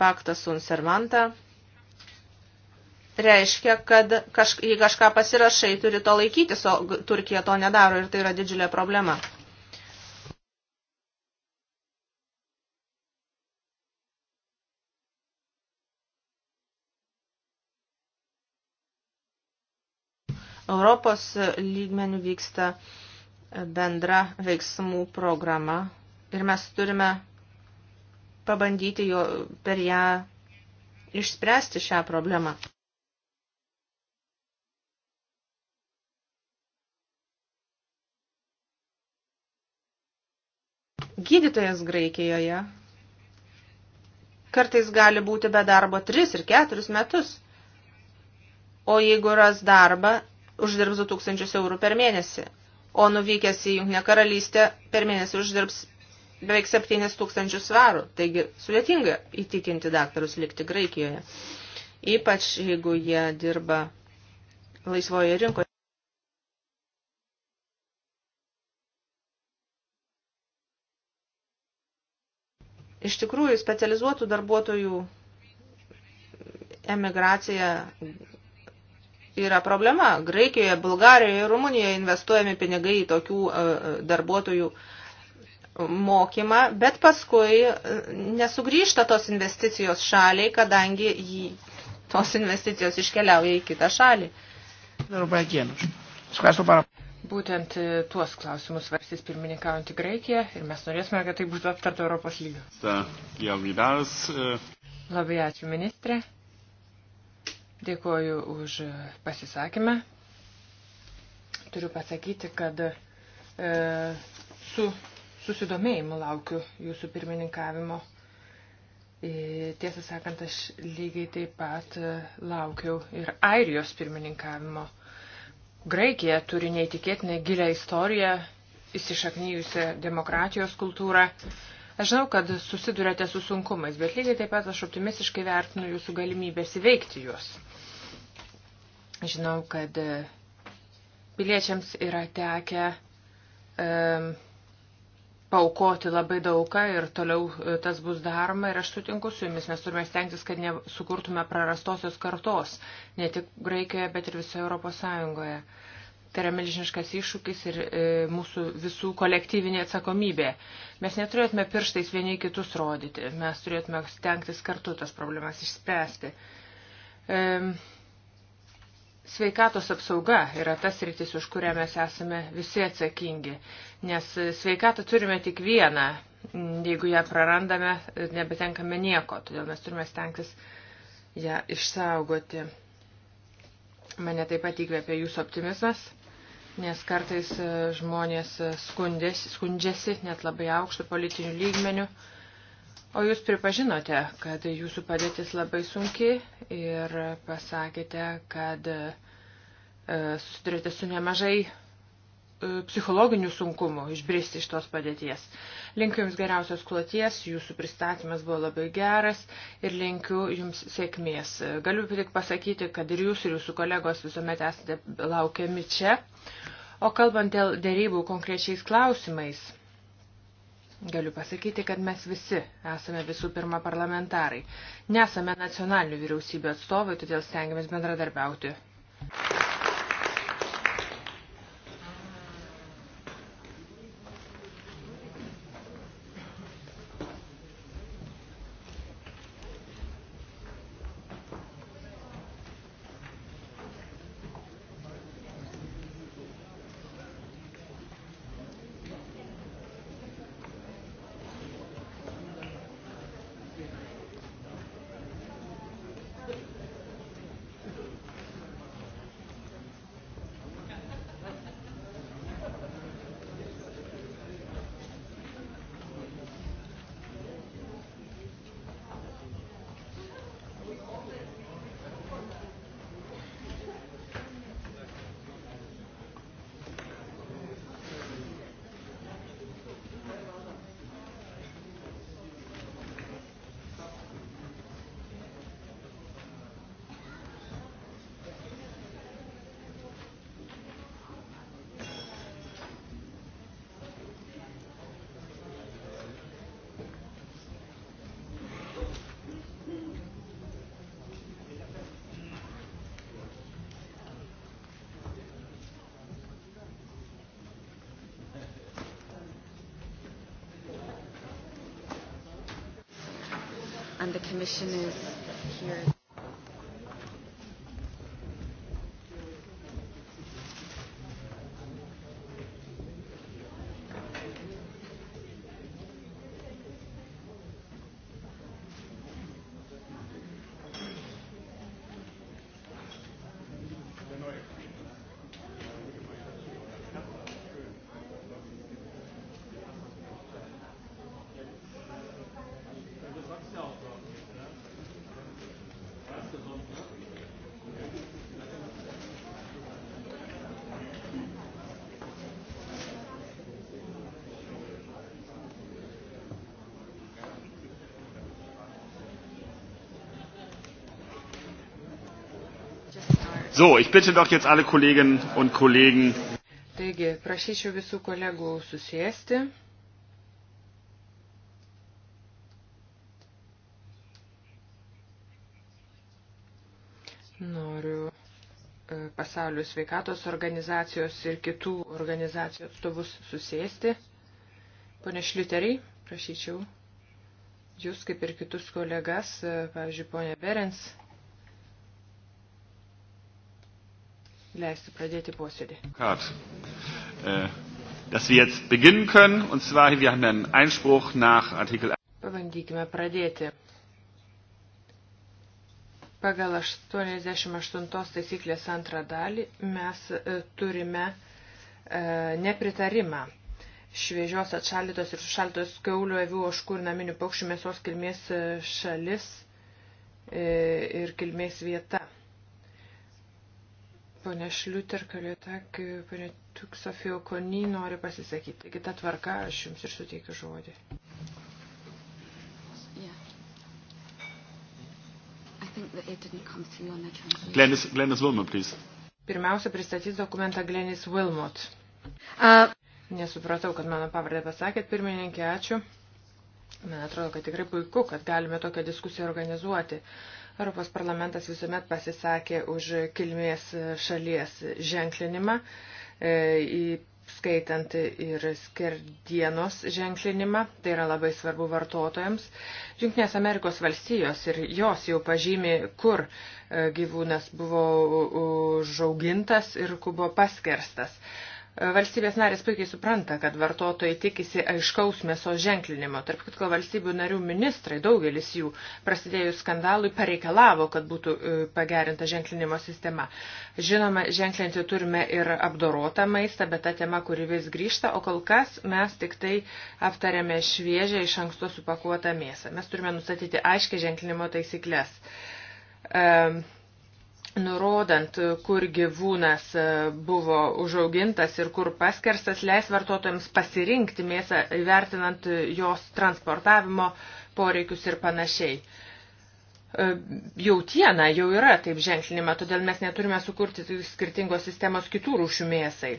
paktas un servanta – reiškia, kad kažk, jei kažką pasirašai, turi to laikytis, o Turkija to nedaro ir tai yra didžiulė problema. Europos lygmenių vyksta bendra veiksmų programa ir mes turime pabandyti jo, per ją išspręsti šią problemą. gydytojas Graikijoje kartais gali būti be darbo 3 ir 4 metus. O jeigu ras darbą, uždirbs 2000 eurų per mėnesį. O nuvykęs į Junknę karalystę per mėnesį uždirbs beveik 7000 svarų. Taigi sudėtinga įtikinti daktarus likti Graikijoje. Ypač jeigu jie dirba laisvoje rinkoje. iš tikrųjų specializuotų darbuotojų emigracija yra problema. Graikijoje, Bulgarijoje, Rumunijoje investuojami pinigai į tokių e, e, darbuotojų mokymą, bet paskui e, nesugrįžta tos investicijos šaliai, kadangi jį, tos investicijos iškeliauja į kitą šalį. Darbą dienos. Ευχαριστώ πάρα πολύ. Būtent e, tuos klausimus svarstys pirmininkaujantį Graikiją ir mes norėsime, kad tai būtų aptarta Europos lygio. E. Labai ačiū, ministrė. Dėkuoju už pasisakymą. Turiu pasakyti, kad e, su susidomėjimu laukiu jūsų pirmininkavimo. E, tiesą sakant, aš lygiai taip pat e, laukiau ir Airijos pirmininkavimo Graikija turi neįtikėtinę gilę istoriją, įsišaknyjusią demokratijos kultūrą. Aš žinau, kad susidurėte su sunkumais, bet lygiai taip pat aš optimistiškai vertinu jūsų galimybės įveikti juos. Žinau, kad piliečiams yra tekę um, e, paukoti labai daugą ir toliau e, tas bus daroma ir aš sutinku su jumis, mes turime stengtis, kad nesukurtume prarastosios kartos, ne tik Graikijoje, bet ir visoje Europos Sąjungoje. Tai yra milžiniškas iššūkis ir e, mūsų visų kolektyvinė atsakomybė. Mes neturėtume pirštais vieni kitus rodyti, mes turėtume stengtis kartu tas problemas išspręsti. E, Sveikatos apsauga yra tas rytis, už kurią mes esame visi atsakingi, nes sveikatą turime tik vieną, jeigu ją prarandame, nebetenkame nieko, todėl mes turime stengtis ją išsaugoti. Mane taip pat įkvėpia jūsų optimizmas, nes kartais žmonės skundės, skundžiasi net labai aukštų politinių lygmenių O jūs pripažinote, kad jūsų padėtis labai sunki ir pasakėte, kad e, susidurėte su nemažai e, psichologinių sunkumų išbristi iš tos padėties. Linkiu Jums geriausios kloties, Jūsų pristatymas buvo labai geras ir linkiu Jums sėkmės. E, galiu tik pasakyti, kad ir Jūs, ir Jūsų kolegos visuomet esate laukiami čia. O kalbant dėl dėrybų konkrečiais klausimais, Galiu pasakyti, kad mes visi esame visų pirma parlamentarai. Nesame nacionalinių vyriausybių atstovai, todėl stengiamės bendradarbiauti. commission is here. So, ich bitte doch jetzt alle Kolleginnen und Kollegen. Taigi, prašyčiau visų kolegų susėsti. Noriu e, pasaulio sveikatos organizacijos ir kitų organizacijų atstovus susėsti. Pone Šliuteriai, prašyčiau jūs kaip ir kitus kolegas, e, pavyzdžiui, ponė Berens, leisti pradėti posėdį. Kad, äh, dass wir jetzt beginnen können, und zwar, wir haben einen Einspruch nach Artikel Pabandykime pradėti. Pagal 88 taisyklės antrą dalį mes e, turime e, nepritarimą šviežios atšaldytos ir sušaldytos kaulių, avių, oškų ir naminių paukščių mėsos kilmės e, šalis e, ir kilmės vieta ponė Šliuter, Kalieta, ponė Tuk Sofija Kony nori pasisakyti. Kita tvarka, aš jums ir suteikiu žodį. Glenis, Glenis Wilmot, please. Pirmiausia, pristatys dokumentą Glenis Wilmot. Uh. Nesupratau, kad mano pavardę pasakėt, pirmininkė, ačiū. Man atrodo, kad tikrai puiku, kad galime tokią diskusiją organizuoti. Europos parlamentas visuomet pasisakė už kilmės šalies ženklinimą, e, skaitant ir skerdienos ženklinimą, tai yra labai svarbu vartotojams. Junktinės Amerikos valstijos ir jos jau pažymi, kur e, gyvūnas buvo užaugintas ir kur buvo paskerstas. Valstybės narės puikiai supranta, kad vartotojai tikisi aiškaus mėsos ženklinimo. Tarp kitko valstybių narių ministrai, daugelis jų, prasidėjus skandalui, pareikalavo, kad būtų e, pagerinta ženklinimo sistema. Žinoma, ženklinti turime ir apdorotą maistą, bet ta tema, kuri vis grįžta, o kol kas mes tik tai aptarėme šviežią iš anksto supakuotą mėsą. Mes turime nustatyti aiškiai ženklinimo taisyklės. Um, nurodant, kur gyvūnas e, buvo užaugintas ir kur paskerstas, leis vartotojams pasirinkti mėsą, vertinant jos transportavimo poreikius ir panašiai. E, jautiena jau yra taip ženklinima, todėl mes neturime sukurti skirtingos sistemos kitų rūšių mėsai.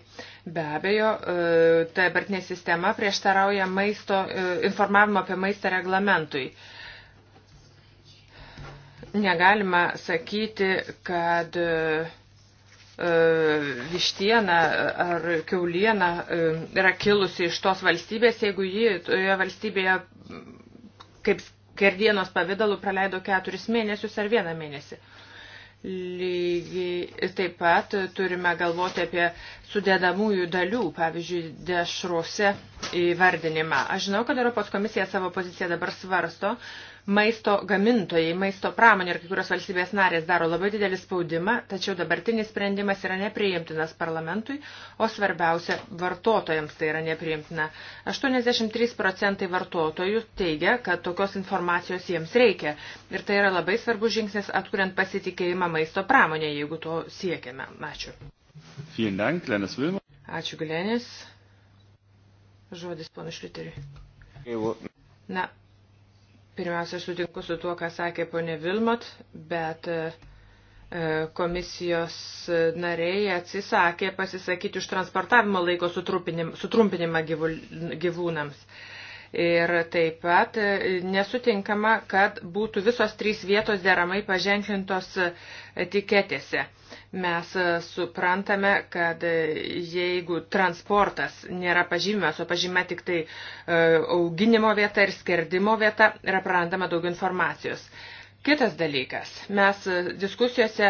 Be abejo, e, ta bertinė sistema prieštarauja maisto, informavimo apie maistą reglamentui negalima sakyti, kad e, e, vištiena ar keuliena e, yra kilusi iš tos valstybės, jeigu ji toje valstybėje kaip skerdienos pavydalu praleido keturis mėnesius ar vieną mėnesį. Lygiai taip pat turime galvoti apie sudėdamųjų dalių, pavyzdžiui, dešrose įvardinimą. Aš žinau, kad Europos komisija savo poziciją dabar svarsto, Maisto gamintojai, maisto pramonė ir kai kurios valstybės narės daro labai didelį spaudimą, tačiau dabartinis sprendimas yra nepriimtinas parlamentui, o svarbiausia, vartotojams tai yra nepriimtina. 83 procentai vartotojų teigia, kad tokios informacijos jiems reikia ir tai yra labai svarbus žingsnis atkuriant pasitikėjimą maisto pramonė, jeigu to siekiame. Ačiū. Dank, Ačiū, Glenis. Žodis panu Šliteriui. Na, Pirmiausia, sutinku su tuo, ką sakė ponė Vilmot, bet e, e, komisijos nariai atsisakė pasisakyti už transportavimo laiko sutrumpinimą gyvūnams. Ir taip pat e, nesutinkama, kad būtų visos trys vietos deramai paženklintos etiketėse. Mes e, suprantame, kad e, jeigu transportas nėra pažymimas, o pažymė tik tai e, auginimo vieta ir skerdimo vieta, yra prarandama daug informacijos. Kitas dalykas. Mes diskusijose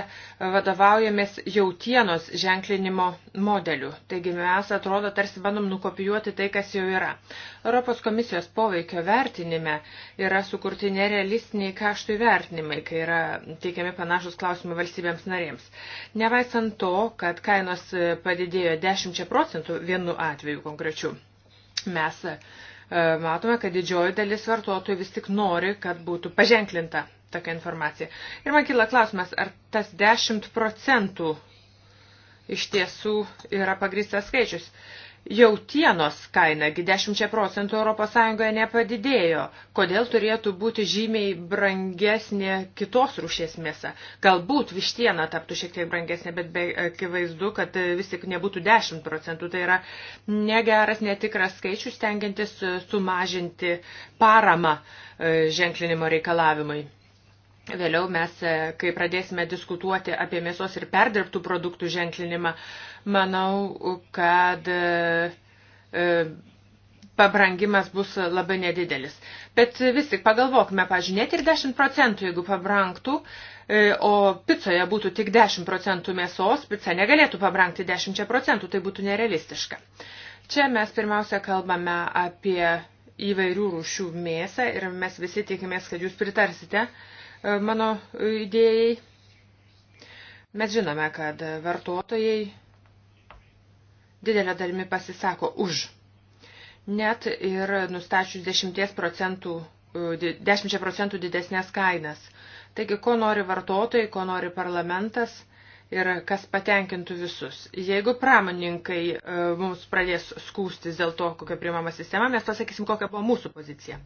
vadovaujamės jautienos ženklinimo modeliu. Taigi mes atrodo tarsi bandom nukopijuoti tai, kas jau yra. Europos komisijos poveikio vertinime yra sukurti nerealistiniai kaštų įvertinimai, kai yra teikiami panašus klausimai valstybėms narėms. Nevaisant to, kad kainos padidėjo 10 procentų vienu atveju konkrečiu. Mes e, matome, kad didžioji dalis vartotojų vis tik nori, kad būtų paženklinta tokia informacija. Ir man kyla klausimas, ar tas 10 procentų iš tiesų yra pagristas skaičius. Jautienos kainagi 10 procentų ES nepadidėjo. Kodėl turėtų būti žymiai brangesnė kitos rūšies mėsa? Galbūt vištiena taptų šiek tiek brangesnė, bet be akivaizdu, kad vis tik nebūtų 10 procentų. Tai yra negeras, netikras skaičius, tengiantis sumažinti paramą e, ženklinimo reikalavimai. Vėliau mes, e, kai pradėsime diskutuoti apie mėsos ir perdirbtų produktų ženklinimą, manau, kad e, e, pabrangimas bus labai nedidelis. Bet vis tik pagalvokime, pažinėti ir 10 procentų, jeigu pabrangtų, o picoje būtų tik 10 procentų mėsos, pica negalėtų pabrangti 10 procentų, tai būtų nerealistiška. Čia mes pirmiausia kalbame apie įvairių rūšių mėsą ir mes visi tikimės, kad jūs pritarsite E, mano idėjai. Mes žinome, kad vartotojai didelę dalimi pasisako už. Net ir nustačius 10 procentų, 10 e, procentų didesnės kainas. Taigi, ko nori vartotojai, ko nori parlamentas ir kas patenkintų visus. Jeigu pramoninkai e, mums pradės skūstis dėl to, kokia primama sistema, mes pasakysim, kokia buvo mūsų pozicija.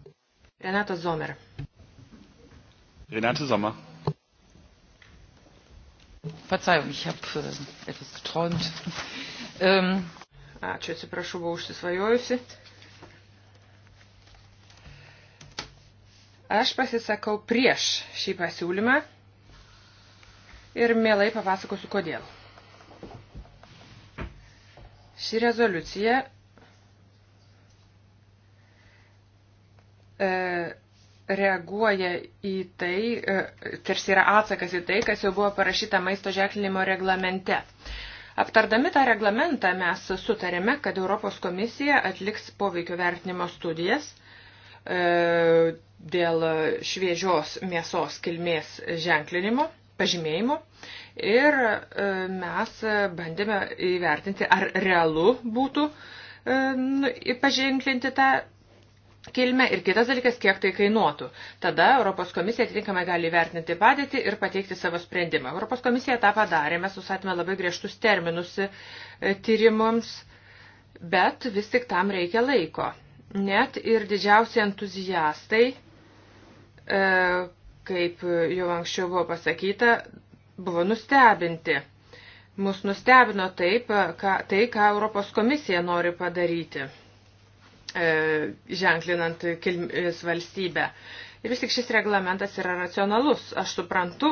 Renata Zomer. Renate Sommer. Verzeihung, ich habe äh, etwas geträumt. Ähm, Ačiū, atsiprašau, buvau užsisvajojusi. Aš pasisakau prieš šį pasiūlymą ir mielai papasakosiu, kodėl. Ši rezoliucija e, reaguoja į tai, e, tarsi yra atsakas į tai, kas jau buvo parašyta maisto ženklinimo reglamente. Aptardami tą reglamentą mes sutarėme, kad Europos komisija atliks poveikio vertinimo studijas e, dėl šviežios mėsos kilmės ženklinimo, pažymėjimo ir e, mes bandėme įvertinti, ar realu būtų e, nu, paženklinti tą kilmę ir kitas dalykas, kiek tai kainuotų. Tada Europos komisija atitinkamai gali vertinti padėtį ir pateikti savo sprendimą. Europos komisija tą padarė, mes susatėme labai griežtus terminus e, tyrimams, bet vis tik tam reikia laiko. Net ir didžiausi entuzijastai, e, kaip jau anksčiau buvo pasakyta, buvo nustebinti. Mus nustebino taip, e, ką, tai, ką Europos komisija nori padaryti. E, ženklinant kilmės e, valstybę. Ir vis tik šis reglamentas yra racionalus. Aš suprantu,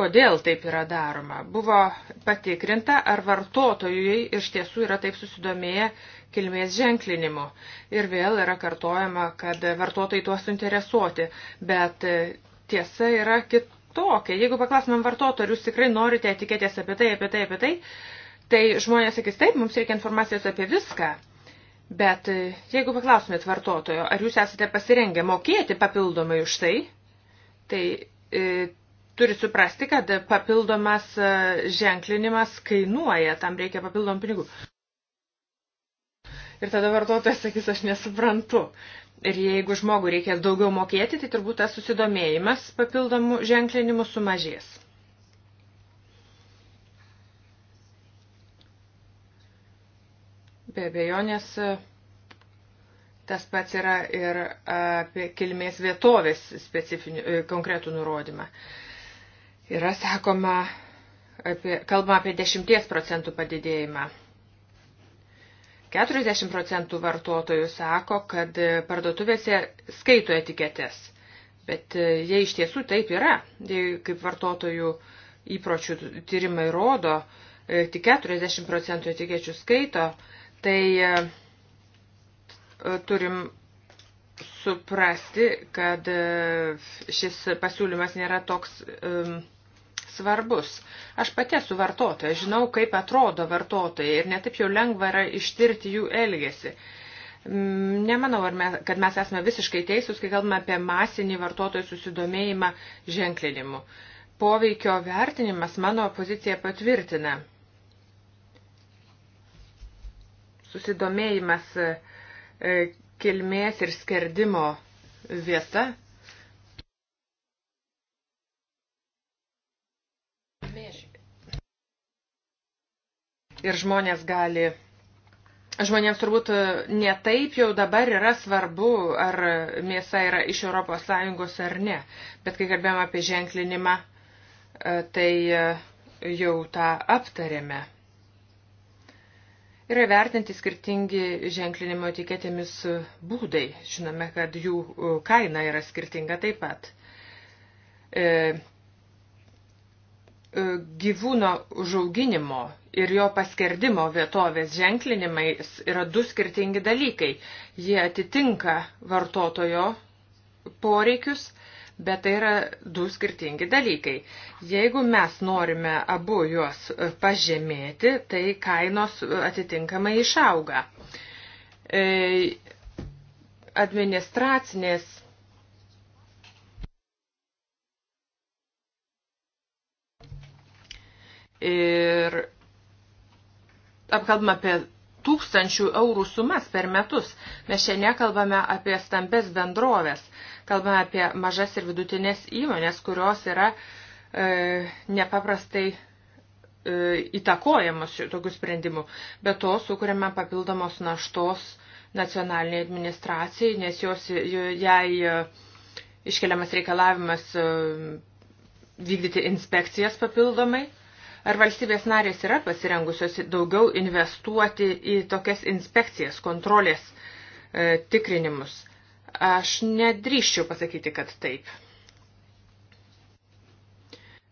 kodėl taip yra daroma. Buvo patikrinta, ar vartotojai iš tiesų yra taip susidomėję kilmės ženklinimu. Ir vėl yra kartojama, kad vartotojai tuo suinteresuoti. Bet e, tiesa yra kitokia. Jeigu paklausimėm vartotojų, jūs tikrai norite etiketės apie tai, apie tai, apie tai, tai žmonės sakys, taip, mums reikia informacijos apie viską. Bet e, jeigu paklausumėt vartotojo, ar jūs esate pasirengę mokėti papildomai už tai, tai e, turi suprasti, kad papildomas e, ženklinimas kainuoja, tam reikia papildomų pinigų. Ir tada vartotojas sakys, aš nesuprantu. Ir jeigu žmogui reikės daugiau mokėti, tai turbūt tas susidomėjimas papildomų ženklinimų sumažės. Be abejonės, tas pats yra ir apie kilmės vietovės e, konkretų nurodymą. Yra sakoma, apie, kalbama apie 10 procentų padidėjimą. 40 procentų vartotojų sako, kad parduotuvėse skaito etiketės. Bet e, jie iš tiesų taip yra. Jei kaip vartotojų įpročių tyrimai rodo, e, tik 40 procentų etikečių skaito, tai e, turim suprasti, kad e, šis pasiūlymas nėra toks um, svarbus. Aš pati esu vartotoja, žinau, kaip atrodo vartotojai ir netaip jau lengva yra ištirti jų elgesį. Mm, nemanau, mes, kad mes esame visiškai teisūs, kai kalbame apie masinį vartotojų susidomėjimą ženklinimu. Poveikio vertinimas mano poziciją patvirtina. susidomėjimas e, e, kilmės ir skerdimo vieta. Ir žmonės gali žmonėms turbūt e, netaip jau dabar yra svarbu, ar mėsa yra iš ES ar ne. Bet kai kalbėjom apie ženklinimą, tai jau tą aptarėme. Yra vertinti skirtingi ženklinimo etiketėmis būdai. Žinome, kad jų e, kaina yra skirtinga taip pat. E, e, gyvūno užauginimo ir jo paskerdimo vietovės ženklinimai yra du skirtingi dalykai. Jie atitinka vartotojo poreikius Bet tai yra du skirtingi dalykai. Jeigu mes norime abu juos e, pažemėti, tai kainos e, atitinkamai išauga. E, administracinės ir apkalbam apie tūkstančių eurų sumas per metus. Mes čia nekalbame apie stambes bendrovės, kalbame apie mažas ir vidutinės įmonės, kurios yra e, nepaprastai e, įtakojamos tokių sprendimų. Be to, sukūrėme papildomos naštos nacionaliniai administracijai, nes jos, jai e, iškeliamas reikalavimas e, vykdyti inspekcijas papildomai. Ar valstybės narės yra pasirengusios daugiau investuoti į tokias inspekcijas, kontrolės e, tikrinimus? Aš nedrįščiau pasakyti, kad taip.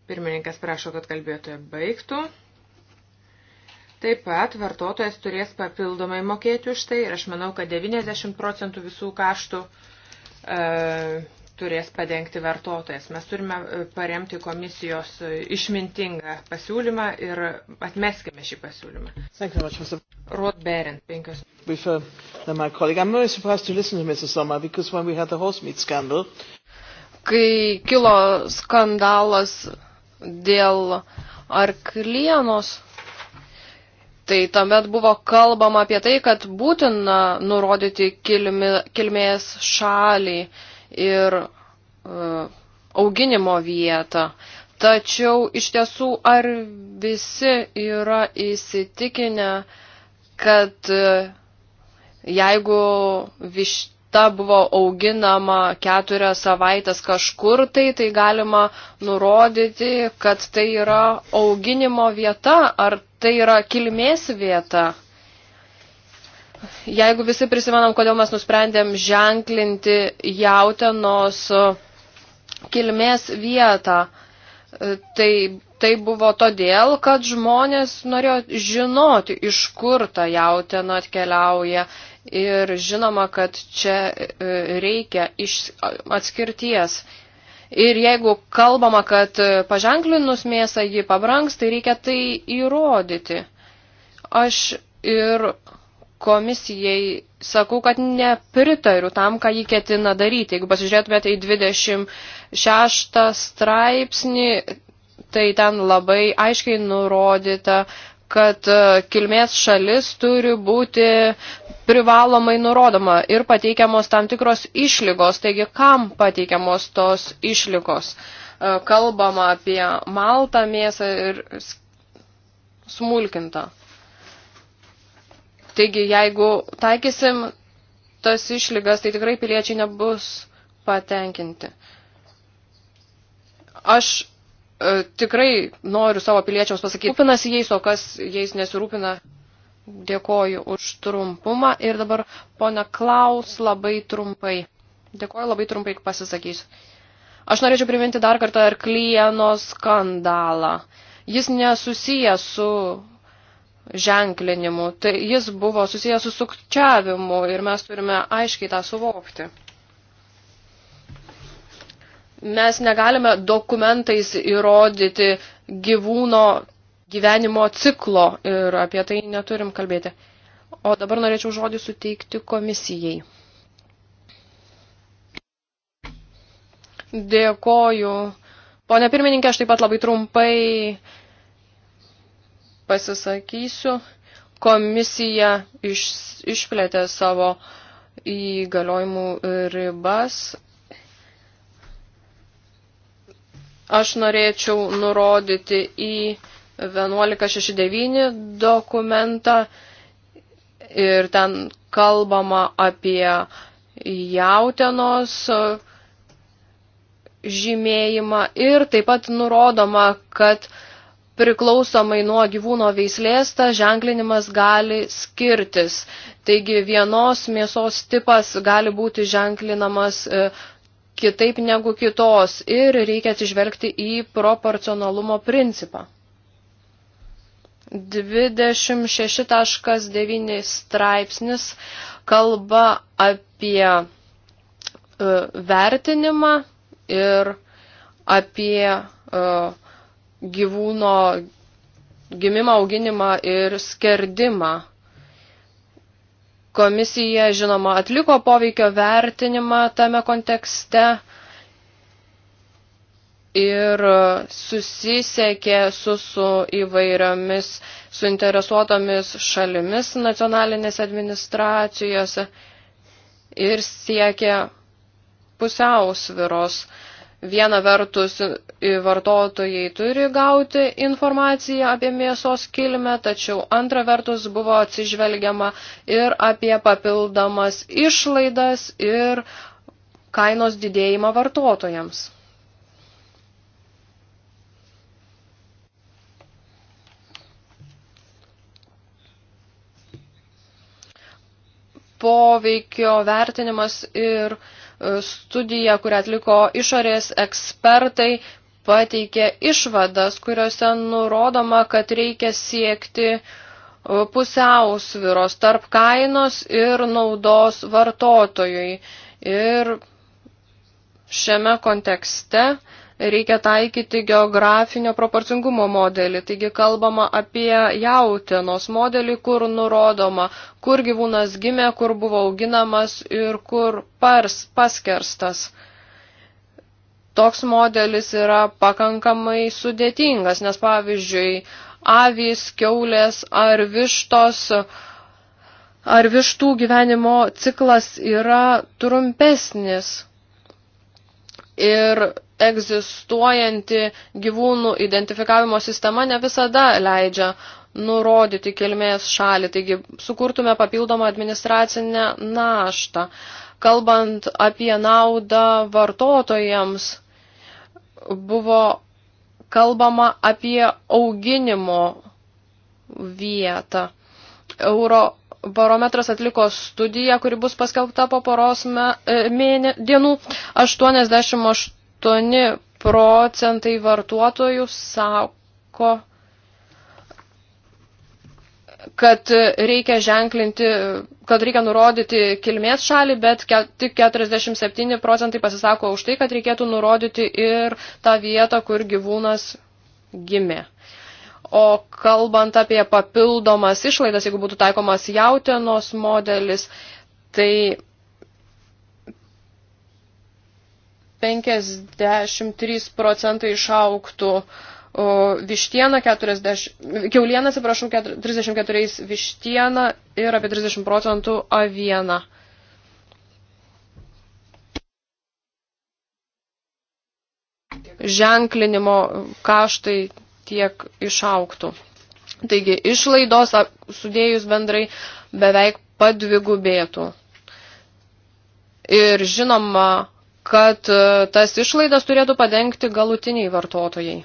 Pirmininkas prašo, kad kalbėtoja baigtų. Taip pat vartotojas turės papildomai mokėti už tai ir aš manau, kad 90 procentų visų kaštų e, turės padengti vartotojas. Mes turime e, paremti komisijos e, išmintingą pasiūlymą ir atmeskime šį pasiūlymą. Rod Berend, penkios. Refer uh, than my colleague. I'm very surprised to listen to Mr. Sommer because when we had the horse meat scandal. Kai kilo skandalas dėl arklienos, tai tuomet buvo kalbama apie tai, kad būtina nurodyti kilmi, kilmės šaliai ir e, auginimo vietą. Tačiau iš tiesų, ar visi yra įsitikinę, kad e, jeigu višta buvo auginama keturias savaitės kažkur tai, tai galima nurodyti, kad tai yra auginimo vieta ar tai yra kilmės vieta. Jeigu visi prisimenam, kodėl mes nusprendėm ženklinti jautienos e, kilmės vietą, e, tai, tai buvo todėl, kad žmonės norėjo žinoti, iš kur ta jautiena atkeliauja. Ir žinoma, kad čia e, reikia iš atskirties. Ir jeigu kalbama, kad paženklinus mėsą ji pabrangs, tai reikia tai įrodyti. Aš ir komisijai sakau, kad nepritariu tam, ką jį ketina daryti. Jeigu pasižiūrėtumėte į 26 straipsnį, tai ten labai aiškiai nurodyta, kad e, kilmės šalis turi būti privalomai nurodoma ir pateikiamos tam tikros išlygos. Taigi, kam pateikiamos tos išlygos? E, kalbama apie maltą mėsą ir smulkintą Taigi, jeigu taikysim tas išlygas, tai tikrai piliečiai nebus patenkinti. Aš e, tikrai noriu savo piliečiams pasakyti, rūpinasi jais, o kas jais nesirūpina. Dėkoju už trumpumą ir dabar pona Klaus labai trumpai. Dėkoju labai trumpai, pasisakysiu. Aš norėčiau priminti dar kartą ir klieno skandalą. Jis nesusijęs su ženklinimu. Tai jis buvo susijęs su sukčiavimu ir mes turime aiškiai tą suvokti. Mes negalime dokumentais įrodyti gyvūno gyvenimo ciklo ir apie tai neturim kalbėti. O dabar norėčiau žodį suteikti komisijai. Dėkoju. Pone pirmininkė, aš taip pat labai trumpai pasisakysiu. Komisija iš, išplėtė savo įgaliojimų ribas. Aš norėčiau nurodyti į 1169 dokumentą ir ten kalbama apie jautenos žymėjimą ir taip pat nurodoma, kad uh, priklausomai nuo gyvūno veislės, ta ženklinimas gali skirtis. Taigi vienos mėsos tipas gali būti ženklinamas e, kitaip negu kitos ir reikia atsižvelgti į proporcionalumo principą. 26.9 straipsnis kalba apie e, vertinimą ir apie uh, gyvūno gimimą, auginimą ir skerdimą. Komisija, žinoma, atliko poveikio vertinimą tame kontekste ir susisiekė su, su įvairiomis suinteresuotomis šalimis nacionalinės administracijose ir siekė pusiausviros. Viena vertus vartotojai turi gauti informaciją apie mėsos kilmę, tačiau antra vertus buvo atsižvelgiama ir apie papildomas išlaidas ir kainos didėjimą vartotojams. Poveikio vertinimas ir uh, studija, kurią atliko išorės ekspertai, pateikė išvadas, kuriuose nurodoma, kad reikia siekti e, pusiausviros tarp kainos ir naudos vartotojui. Ir šiame kontekste uh, reikia taikyti geografinio proporcingumo modelį. Taigi kalbama apie jautienos modelį, kur nurodoma, kur gyvūnas gimė, kur buvo auginamas ir kur pars, paskerstas. Toks modelis yra pakankamai sudėtingas, nes pavyzdžiui, avys, keulės ar vištos ar vištų gyvenimo ciklas yra trumpesnis. Ir egzistuojanti gyvūnų identifikavimo sistema ne visada leidžia nurodyti kilmės šalį, taigi sukurtume papildomą administracinę naštą. Kalbant apie naudą vartotojams, buvo kalbama apie auginimo vietą. Euro barometras atliko studiją, kuri bus paskelbta po poros me, e, mėne, dienų. 88 8 procentai vartotojų sako, kad reikia ženklinti, kad reikia nurodyti kilmės šalį, bet tik 47 procentai pasisako už tai, kad reikėtų nurodyti ir tą vietą, kur gyvūnas gimė. O kalbant apie papildomas išlaidas, jeigu būtų taikomas jautienos modelis, tai 53 procentai išauktų vištieną, 40, keulieną, atsiprašau, 34 vištieną ir apie 30 procentų avieną. Ženklinimo kaštai tiek išauktų. Taigi išlaidos sudėjus bendrai beveik padvigubėtų. Ir žinoma, kad e, tas išlaidas turėtų padengti galutiniai vartotojai.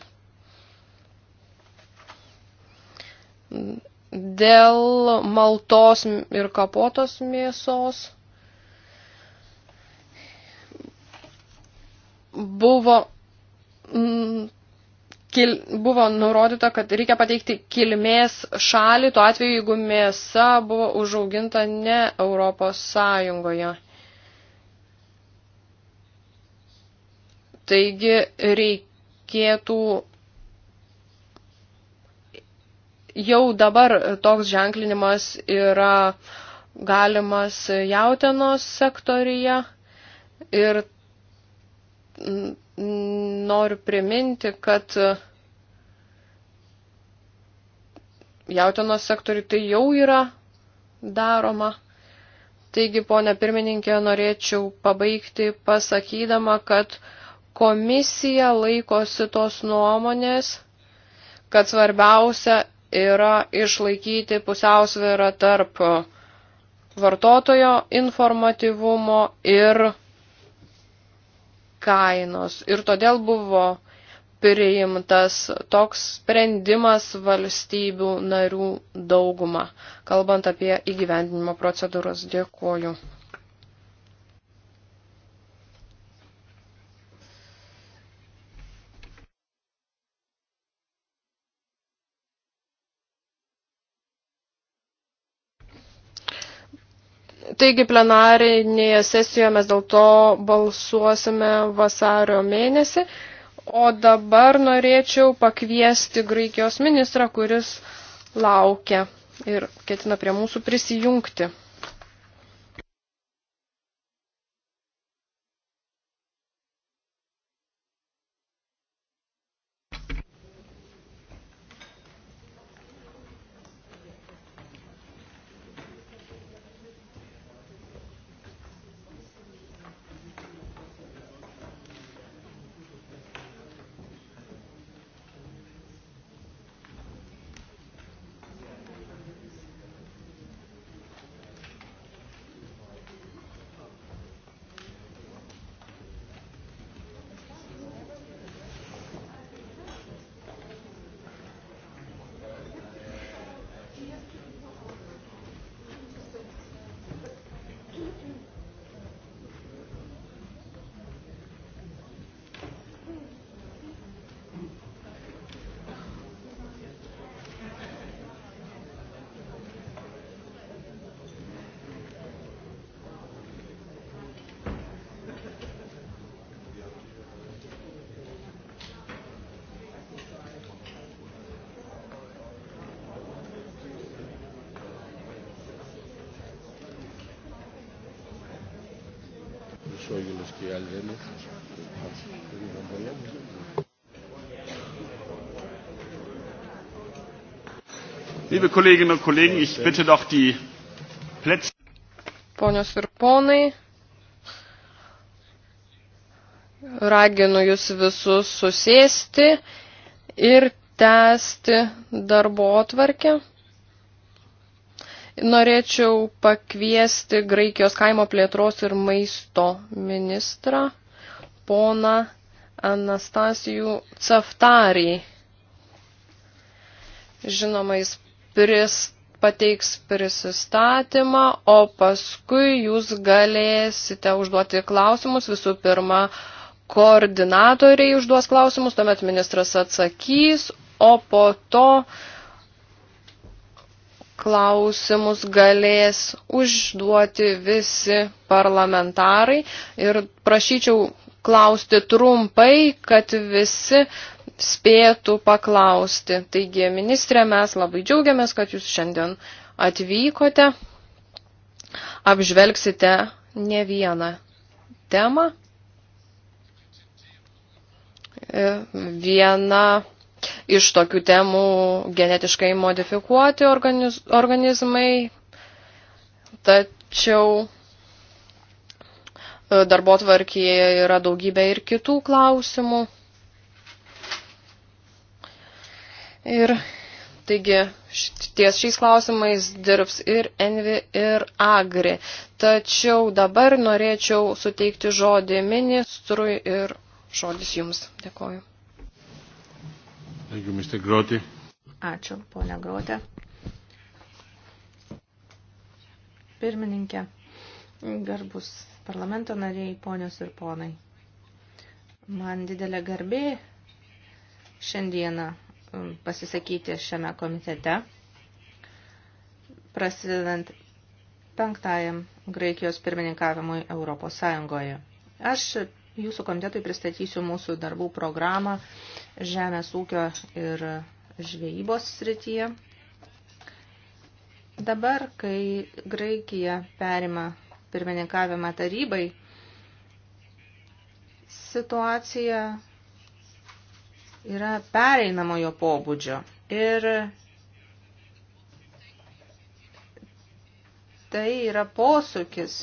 Dėl maltos ir kapotos mėsos buvo, mm, kil, buvo nurodyta, kad reikia pateikti kilmės šalį, tuo atveju, jeigu mėsa buvo užauginta ne Europos Sąjungoje. Taigi reikėtų jau dabar toks ženklinimas yra galimas jautenos sektorija ir noriu priminti, kad jautenos sektoriui tai jau yra daroma. Taigi, ponė pirmininkė, norėčiau pabaigti pasakydama, kad uh, Komisija laikosi tos nuomonės, kad svarbiausia yra išlaikyti pusiausvyrą tarp vartotojo informatyvumo ir kainos. Ir todėl buvo priimtas toks sprendimas valstybių narių daugumą, kalbant apie įgyvendinimo procedūras. Dėkuoju. Taigi plenarinėje sesijoje mes dėl to balsuosime vasario mėnesį, o dabar norėčiau pakviesti Graikijos ministrą, kuris laukia ir ketina prie mūsų prisijungti. αυτό για να σκιάλει ένα. Liebe Kolleginnen und Kollegen, ich bitte doch die Plätze. Ponios ir ponai, raginu jūs visus susėsti ir tęsti darbo atvarkę. Norėčiau pakviesti Graikijos kaimo plėtros ir maisto ministrą, poną Anastasijų Caftarį. Žinoma, jis pris, pateiks prisistatymą, o paskui jūs galėsite užduoti klausimus. Visų pirma, koordinatoriai užduos klausimus, tuomet ministras atsakys, o po to uh, klausimus galės užduoti visi parlamentarai ir prašyčiau klausti trumpai, kad visi spėtų paklausti. Taigi, ministrė, mes labai džiaugiamės, kad jūs šiandien atvykote, apžvelgsite ne vieną temą. Viena iš tokių temų genetiškai modifikuoti organiz, organizmai. Tačiau e, darbo tvarkyje yra daugybė ir kitų klausimų. Ir taigi ties šiais klausimais dirbs ir Envi, ir Agri. Tačiau dabar norėčiau suteikti žodį ministrui ir žodis jums. Dėkoju. Ačiū, ponia Grotė. Pirmininkė, garbus parlamento nariai, ponios ir ponai. Man didelė garbė šiandieną um, pasisakyti šiame komitete, prasidedant penktajam Graikijos pirmininkavimui Europos Sąjungoje. Aš Jūsų komitetui pristatysiu mūsų darbų programą žemės ūkio ir žvejybos srityje. Dabar, kai Graikija perima pirmininkavimą tarybai, situacija yra pereinamojo pobūdžio ir tai yra posūkis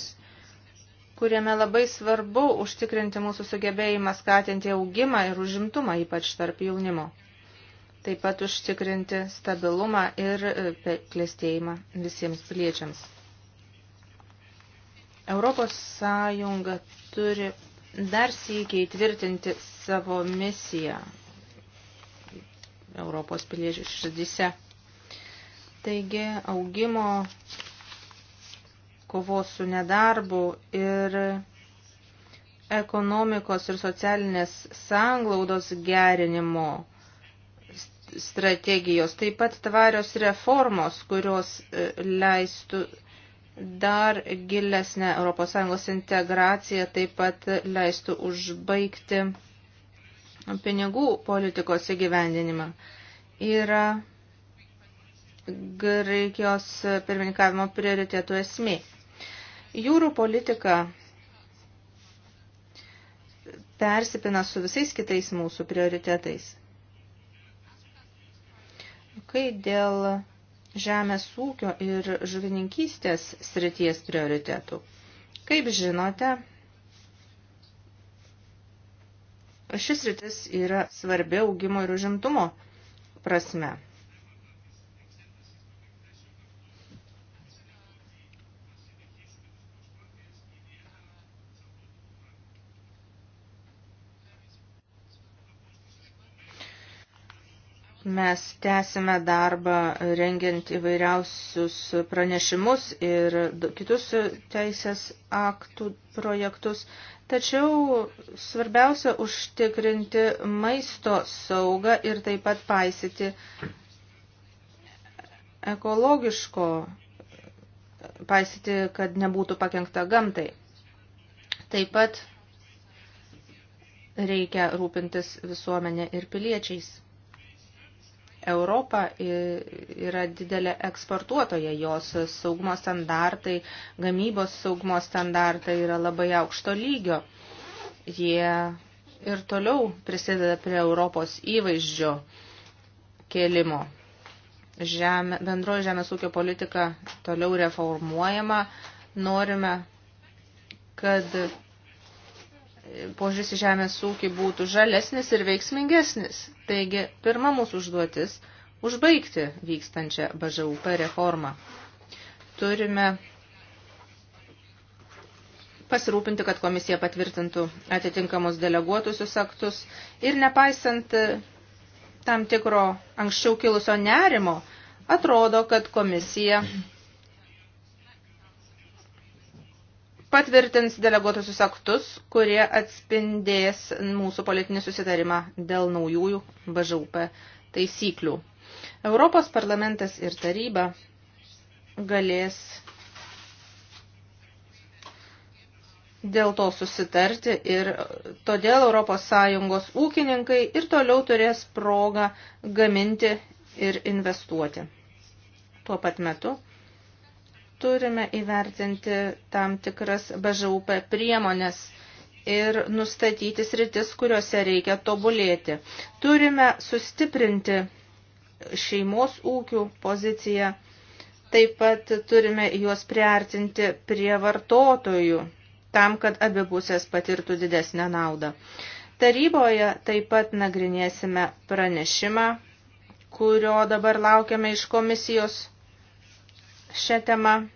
kuriame labai svarbu užtikrinti mūsų sugebėjimą skatinti augimą ir užimtumą, ypač tarp jaunimo. Taip pat užtikrinti stabilumą ir e, klėstėjimą visiems piliečiams. Europos Sąjunga turi dar siekiai įtvirtinti savo misiją Europos piliečių širdise. Taigi augimo kovos su nedarbu ir ekonomikos ir socialinės sanglaudos gerinimo strategijos, taip pat tvarios reformos, kurios e, leistų dar gilesnę ES integraciją, taip pat leistų užbaigti pinigų politikos įgyvendinimą. Yra Graikijos pirmininkavimo prioritėtų esmė. Jūrų politika persipina su visais kitais mūsų prioritetais. Kai dėl žemės ūkio ir žuvininkystės srities prioritetų. Kaip žinote, šis rytis yra svarbi augimo ir užimtumo prasme. Mes tęsime darbą rengiant įvairiausius pranešimus ir kitus teisės aktų projektus, tačiau svarbiausia užtikrinti maisto saugą ir taip pat paisyti ekologiško, paisyti, kad nebūtų pakengta gamtai. Taip pat reikia rūpintis visuomenė ir piliečiais. Europa yra didelė eksportuotoja, jos saugumo standartai, gamybos saugumo standartai yra labai aukšto lygio. Jie ir toliau prisideda prie Europos įvaizdžio kėlimo. Žemė, bendroji žemės ūkio politika toliau reformuojama. Norime, kad požiūris į žemės ūkį būtų žalesnis ir veiksmingesnis. Taigi, pirma mūsų užduotis – užbaigti vykstančią BŽUP reformą. Turime pasirūpinti, kad komisija patvirtintų atitinkamus deleguotusius aktus ir nepaisant e, tam tikro anksčiau kilusio nerimo, atrodo, kad komisija patvirtins deleguotusius aktus, kurie atspindės mūsų politinį susitarimą dėl naujųjų BŽUP taisyklių. Europos parlamentas ir taryba galės dėl to susitarti ir todėl ES ūkininkai ir toliau turės progą gaminti ir investuoti. Tuo pat metu turime įvertinti tam tikras BŽUP priemonės ir nustatyti sritis, kuriuose reikia tobulėti. Turime sustiprinti šeimos ūkių poziciją, taip pat turime juos priartinti prie vartotojų, tam, kad abipusės patirtų didesnę naudą. Taryboje taip pat nagrinėsime pranešimą, kurio dabar laukiame iš komisijos šią temą.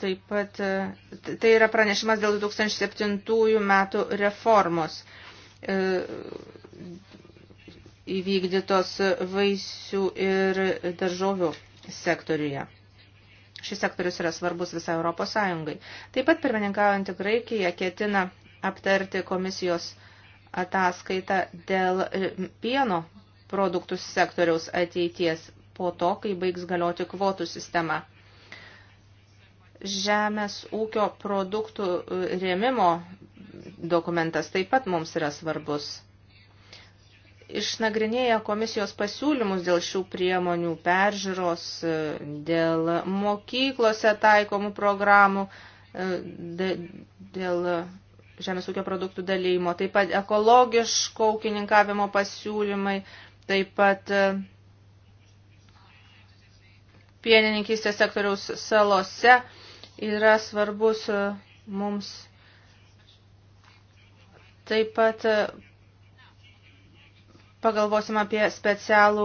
Taip pat tai yra pranešimas dėl 2007 metų reformos e, įvykdytos vaisių ir daržovių sektoriuje. Šis sektorius yra svarbus visai Europos Sąjungai. Taip pat pirmininkaujantį Graikiją ketina aptarti komisijos ataskaitą dėl pieno produktų sektoriaus ateities po to, kai baigs galioti kvotų sistema. Žemės ūkio produktų e, rėmimo dokumentas taip pat mums yra svarbus. Išnagrinėję komisijos pasiūlymus dėl šių priemonių peržiūros, e, dėl mokyklose taikomų programų, e, dėl žemės ūkio produktų dalymo, taip pat ekologiško ūkininkavimo pasiūlymai, Taip pat e, pienininkystės sektoriaus salose yra svarbus e, mums. Taip pat e, pagalvosim apie specialų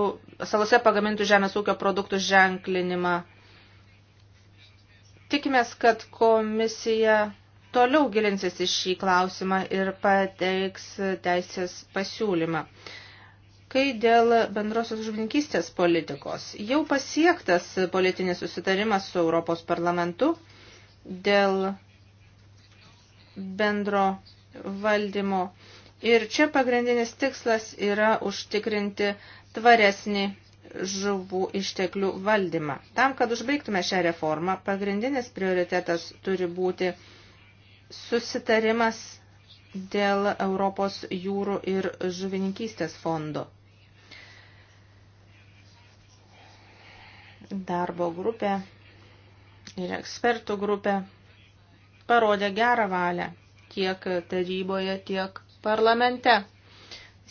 salose pagamintų žemės ūkio produktų ženklinimą. Tikimės, kad komisija toliau gilinsis į šį klausimą ir pateiks teisės pasiūlymą. Kai dėl bendrosios žuvininkystės politikos jau pasiektas politinis susitarimas su Europos parlamentu dėl bendro valdymo. Ir čia pagrindinis tikslas yra užtikrinti tvaresnį žuvų išteklių valdymą. Tam, kad užbaigtume šią reformą, pagrindinis prioritetas turi būti susitarimas dėl Europos jūrų ir žuvininkystės fondo. darbo grupė ir ekspertų grupė parodė gerą valią tiek taryboje, tiek parlamente,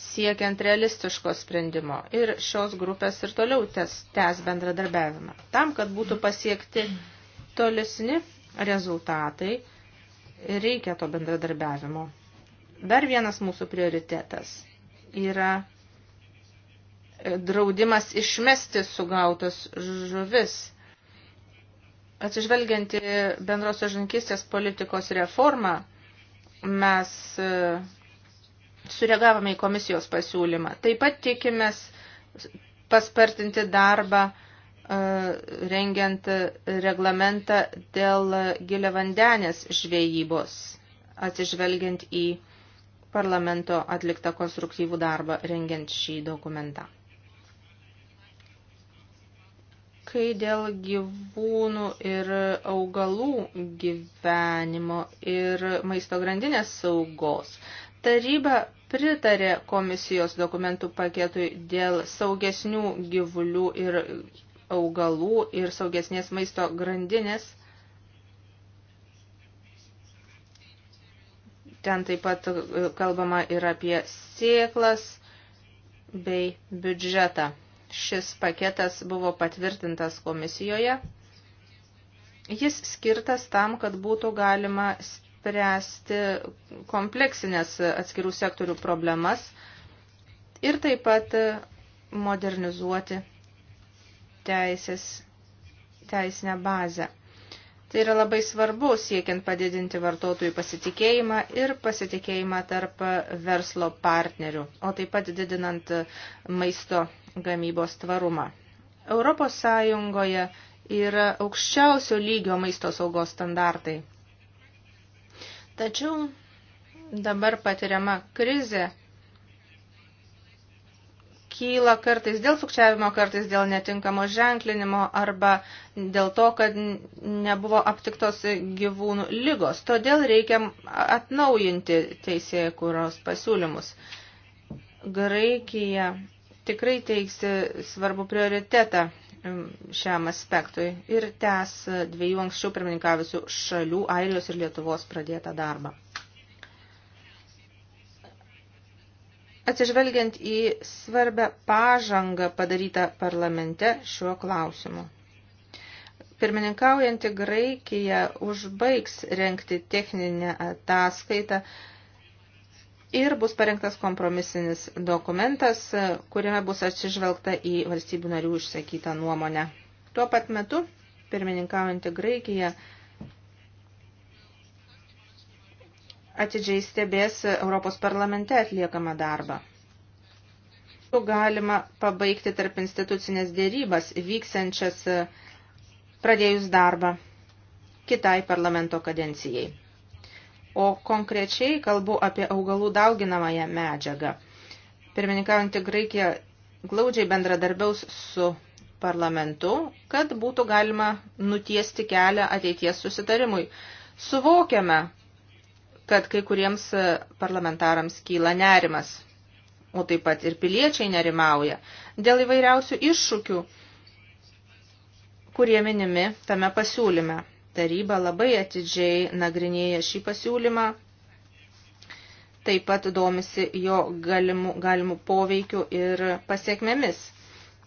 siekiant realistiško sprendimo. Ir šios grupės ir toliau tes, tes bendradarbiavimą. Tam, kad būtų pasiekti tolesni rezultatai, reikia to bendradarbiavimo. Dar vienas mūsų prioritetas yra draudimas išmesti sugautas žuvis. Atsižvelgianti bendros žankistės politikos reformą, mes e, sureagavome į komisijos pasiūlymą. Taip pat tikimės paspartinti darbą e, rengiant reglamentą dėl giliavandenės žvejybos, atsižvelgiant į parlamento atliktą konstruktyvų darbą rengiant šį dokumentą. kai dėl gyvūnų ir augalų gyvenimo ir maisto grandinės saugos. Taryba pritarė komisijos dokumentų paketui dėl saugesnių gyvulių ir augalų ir saugesnės maisto grandinės. Ten taip pat e, kalbama ir apie sėklas bei biudžetą. Šis paketas buvo patvirtintas komisijoje. Jis skirtas tam, kad būtų galima spręsti kompleksinės atskirų sektorių problemas ir taip pat modernizuoti teisės, teisinę bazę. Tai yra labai svarbu siekiant padidinti vartotojų pasitikėjimą ir pasitikėjimą tarp verslo partnerių, o taip pat didinant maisto gamybos tvarumą. Europos Sąjungoje yra aukščiausio lygio maisto saugos standartai. Tačiau dabar patiriama krizė kyla kartais dėl sukčiavimo, kartais dėl netinkamo ženklinimo arba dėl to, kad nebuvo aptiktos gyvūnų lygos. Todėl reikia atnaujinti teisėjų kūros pasiūlymus. Graikija tikrai teiksi svarbu prioritetą šiam aspektui ir tęs dviejų anksčiau pirmininkavusių šalių Airijos ir Lietuvos pradėtą darbą. Atsižvelgiant į svarbę pažangą padarytą parlamente šiuo klausimu. Pirmininkaujanti Graikija užbaigs renkti techninę ataskaitą ir bus parengtas kompromisinis dokumentas, kuriame bus atsižvelgta į valstybių narių išsakytą nuomonę. Tuo pat metu pirmininkaujantį Graikiją atidžiai stebės Europos parlamente atliekamą darbą. Galima pabaigti tarp institucinės dėrybas vyksiančias pradėjus darbą kitai parlamento kadencijai o konkrečiai kalbu apie augalų dauginamąją medžiagą. Pirmininkaujantį Graikiją glaudžiai bendradarbiaus su parlamentu, kad būtų galima nutiesti kelią ateities susitarimui. Suvokiame, kad kai kuriems parlamentarams kyla nerimas, o taip pat ir piliečiai nerimauja dėl įvairiausių iššūkių, kurie minimi tame pasiūlyme. Taryba labai atidžiai nagrinėja šį pasiūlymą, taip pat domisi jo galimų, galimų poveikių ir pasiekmėmis.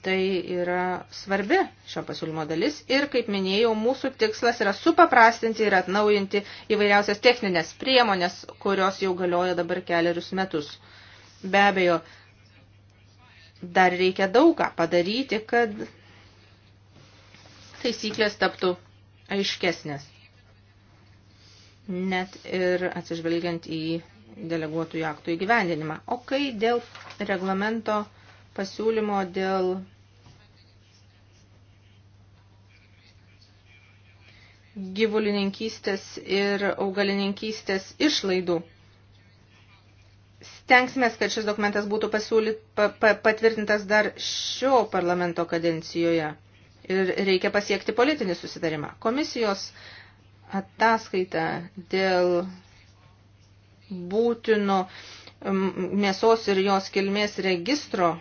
Tai yra svarbi šio pasiūlymo dalis ir, kaip minėjau, mūsų tikslas yra supaprastinti ir atnaujinti įvairiausias techninės priemonės, kurios jau galioja dabar keliarius metus. Be abejo, dar reikia daugą padaryti, kad taisyklės taptų aiškesnės. Net ir atsižvelgiant į deleguotųjų aktų įgyvendinimą. O kai dėl reglamento pasiūlymo dėl gyvulininkystės ir augalininkystės išlaidų. Stengsime, kad šis dokumentas būtų pasiūlyt, pa, pa, patvirtintas dar šio parlamento kadencijoje ir reikia pasiekti politinį susitarimą. Komisijos ataskaita dėl būtino mėsos ir jos kilmės registro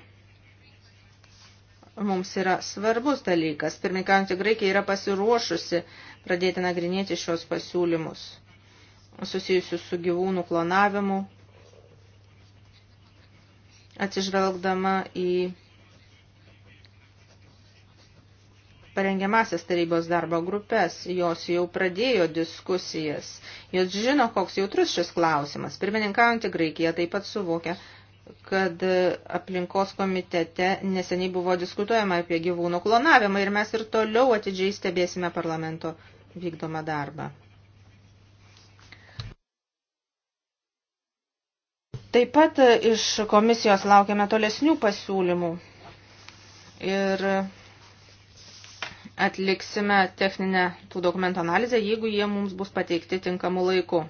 mums yra svarbus dalykas. Pirmininkaujantį Graikiją yra pasiruošusi pradėti nagrinėti šios pasiūlymus susijusius su gyvūnų klonavimu, atsižvelgdama į parengiamasias tarybos darbo grupės, jos jau pradėjo diskusijas, jos žino, koks jautrus šis klausimas. Pirmininkaujantį Graikiją taip pat suvokia, kad aplinkos komitete neseniai buvo diskutuojama apie gyvūnų klonavimą ir mes ir toliau atidžiai stebėsime parlamento vykdomą darbą. Taip pat iš komisijos laukiame tolesnių pasiūlymų ir atliksime techninę tų dokumentų analizę, jeigu jie mums bus pateikti tinkamu laiku.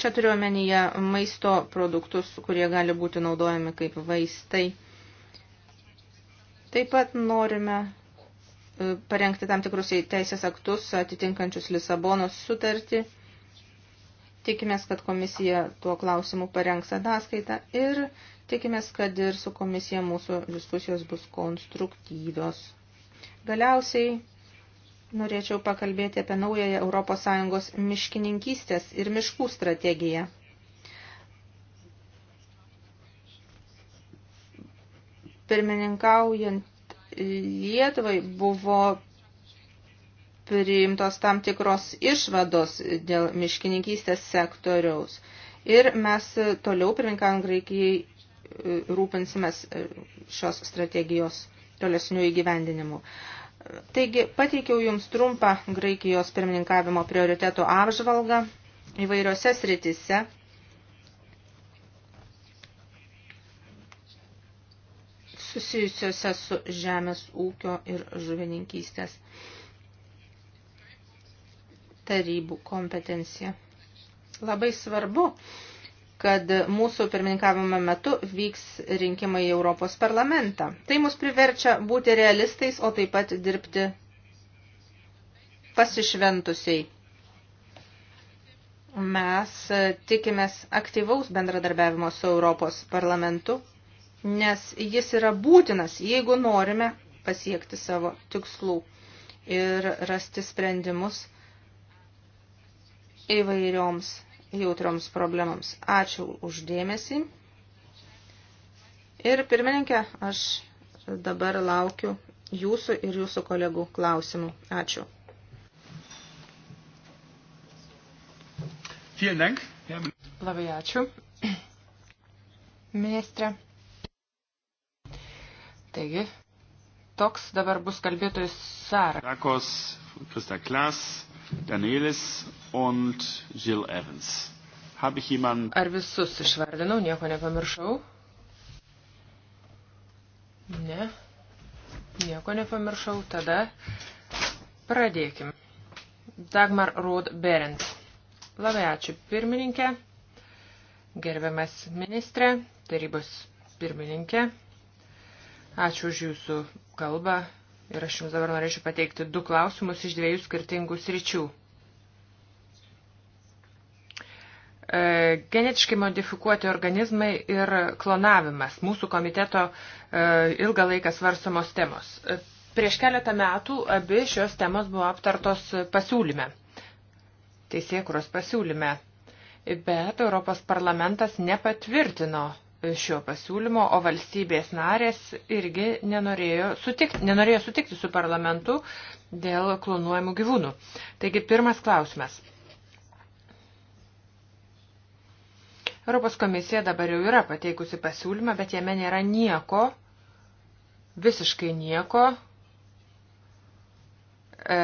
Čia turiu omenyje maisto produktus, kurie gali būti naudojami kaip vaistai. Taip pat norime e, parengti tam tikrus teisės aktus atitinkančius Lisabonos sutartį Tikimės, kad komisija tuo klausimu parengs ataskaitą ir tikimės, kad ir su komisija mūsų diskusijos bus konstruktyvios. Galiausiai norėčiau pakalbėti apie naująją ES miškininkystės ir miškų strategiją. Pirmininkaujant Lietuvai buvo priimtos tam tikros išvados dėl miškininkystės sektoriaus. Ir mes toliau, pirminkant Graikijai, rūpinsimės šios strategijos tolesnių įgyvendinimų. Taigi, pateikiau Jums trumpą Graikijos pirmininkavimo prioritetų apžvalgą įvairiose sritise. susijusiuose su žemės ūkio ir žuvininkystės tarybų kompetencija. Labai svarbu, kad mūsų pirmininkavimo metu vyks rinkimai į Europos parlamentą. Tai mus priverčia būti realistais, o taip pat dirbti pasišventusiai. Mes tikimės aktyvaus bendradarbiavimo su Europos parlamentu, nes jis yra būtinas, jeigu norime pasiekti savo tikslų ir rasti sprendimus įvairioms jautrioms problemams. Ačiū uždėmesį. Ir pirmininkė, aš dabar laukiu jūsų ir jūsų kolegų klausimų. Ačiū. Labai ačiū. Ministrė. Taigi, toks dabar bus kalbėtojų sąrašas. Dakos, Krista Klas, Danielis und Jill Evans. Habe ich jemanden? Ar visus išvardinau, nieko nepamiršau? Ne, nieko nepamiršau, tada pradėkim. Dagmar Rod Berends. Labai ačiū pirmininkė, gerbiamas ministrė, tarybos pirmininkė. Ačiū už jūsų kalbą, Ir aš jums dabar norėčiau pateikti du klausimus iš dviejų skirtingų sričių. E, genetiškai modifikuoti organizmai ir klonavimas – mūsų komiteto e, ilgą laiką svarstomos temos. E, prieš keletą metų abi šios temos buvo aptartos pasiūlyme, teisėkuros pasiūlyme, bet Europos parlamentas nepatvirtino šio pasiūlymo, o valstybės narės irgi nenorėjo sutikti, nenorėjo sutikti su parlamentu dėl klonuojamų gyvūnų. Taigi pirmas klausimas. Europos komisija dabar jau yra pateikusi pasiūlymą, bet jame nėra nieko, visiškai nieko, e,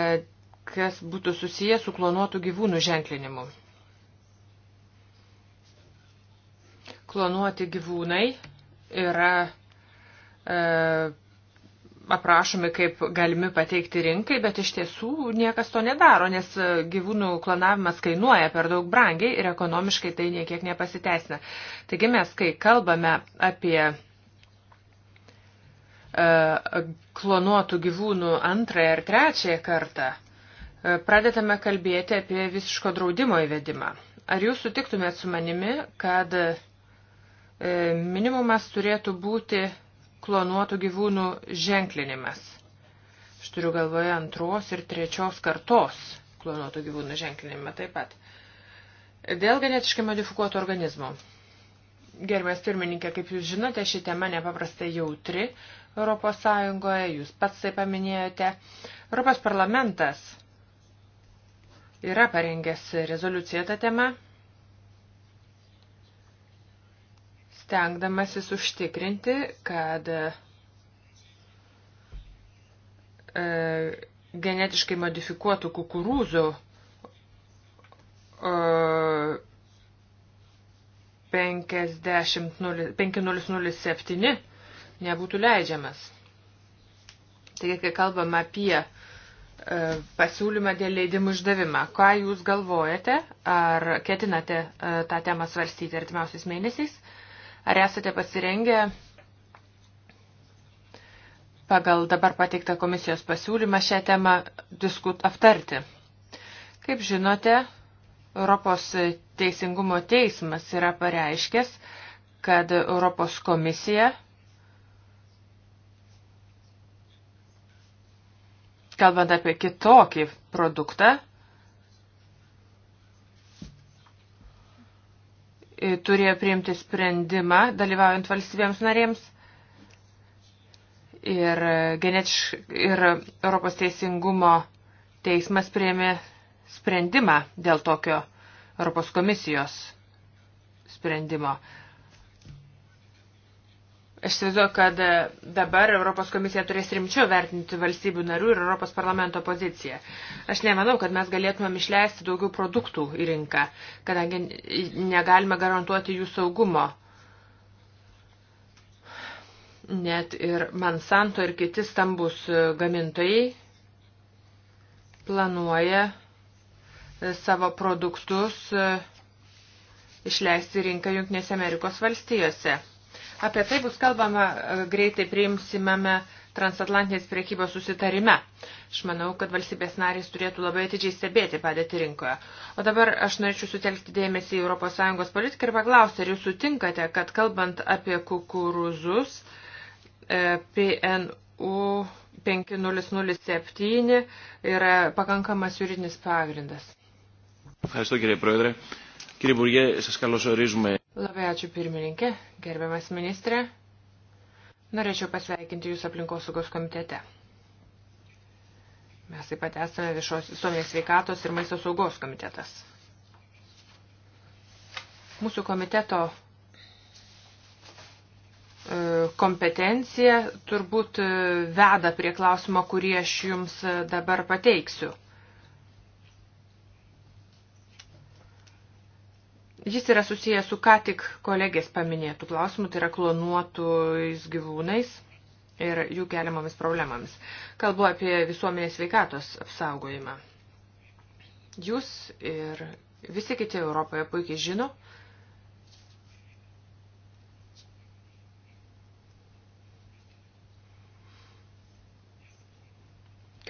kas būtų susijęs su klonuotų gyvūnų ženklinimu. klonuoti gyvūnai yra e, aprašomi kaip galimi pateikti rinkai, bet iš tiesų niekas to nedaro, nes e, gyvūnų klonavimas kainuoja per daug brangiai ir ekonomiškai tai niekiek nepasiteisina. Taigi mes, kai kalbame apie e, klonuotų gyvūnų antrąją ar trečiąją kartą, e, pradedame kalbėti apie visiško draudimo įvedimą. Ar jūs sutiktumėt su manimi, kad E, minimumas turėtų būti klonuotų gyvūnų ženklinimas. Aš turiu galvoje antros ir trečios kartos klonuotų gyvūnų ženklinimą taip pat. Dėl genetiškai modifikuotų organizmų. Gerbės pirmininkė, kaip jūs žinote, ši tema nepaprastai jautri Europos Sąjungoje, jūs pats tai paminėjote. Europos parlamentas yra parengęs rezoliuciją tą temą stengdamasis užtikrinti, kad e, genetiškai modifikuotų kukurūzų o, 50, 5007 nebūtų leidžiamas. Taigi, kai kalbam apie e, pasiūlymą dėl leidimų išdavimą, ką jūs galvojate, ar ketinate e, tą temą svarstyti artimiausiais mėnesiais? Ar esate pasirengę pagal dabar pateiktą komisijos pasiūlymą šią temą diskut aptarti? Kaip žinote, Europos teisingumo teismas yra pareiškęs, kad Europos komisija kalbant apie kitokį produktą, E, turėjo priimti sprendimą, dalyvaujant valstybėms narėms. Ir, e, genetiš, ir Europos teisingumo teismas priėmė sprendimą dėl tokio Europos komisijos sprendimo. Aš įsivaizduoju, kad e, dabar Europos komisija turės rimčiau vertinti valstybių narių ir Europos parlamento poziciją. Aš nemanau, kad mes galėtumėm išleisti daugiau produktų į rinką, kadangi negalime garantuoti jų saugumo. Net ir Monsanto ir kiti stambus e, gamintojai planuoja e, savo produktus išleisti rinką Junktinėse Amerikos valstijose. Apie tai bus kalbama e, greitai priimsimame transatlantinės priekybos susitarime. Aš manau, kad valstybės narys turėtų labai atidžiai stebėti padėti rinkoje. O dabar aš norėčiau sutelkti dėmesį į ES politiką ir paklausti, ar jūs sutinkate, kad kalbant apie kukurūzus, PNU 5007 yra pakankamas juridinis pagrindas. Ευχαριστώ κύριε Πρόεδρε. Κύριε Υπουργέ, σας καλωσορίζουμε. Labai ačiū pirmininkė, gerbiamas ministrė. Norėčiau pasveikinti Jūs aplinkosaugos komitete. Mes taip pat esame viešos visuomenės sveikatos ir maisto saugos komitetas. Mūsų komiteto e, kompetencija turbūt e, veda prie klausimo, kurį aš jums dabar pateiksiu. Jis yra susijęs su ką tik kolegės paminėtų klausimų, tai yra klonuotais gyvūnais ir jų keliamomis problemomis. Kalbu apie visuomenės veikatos apsaugojimą. Jūs ir visi kiti Europoje puikiai žino,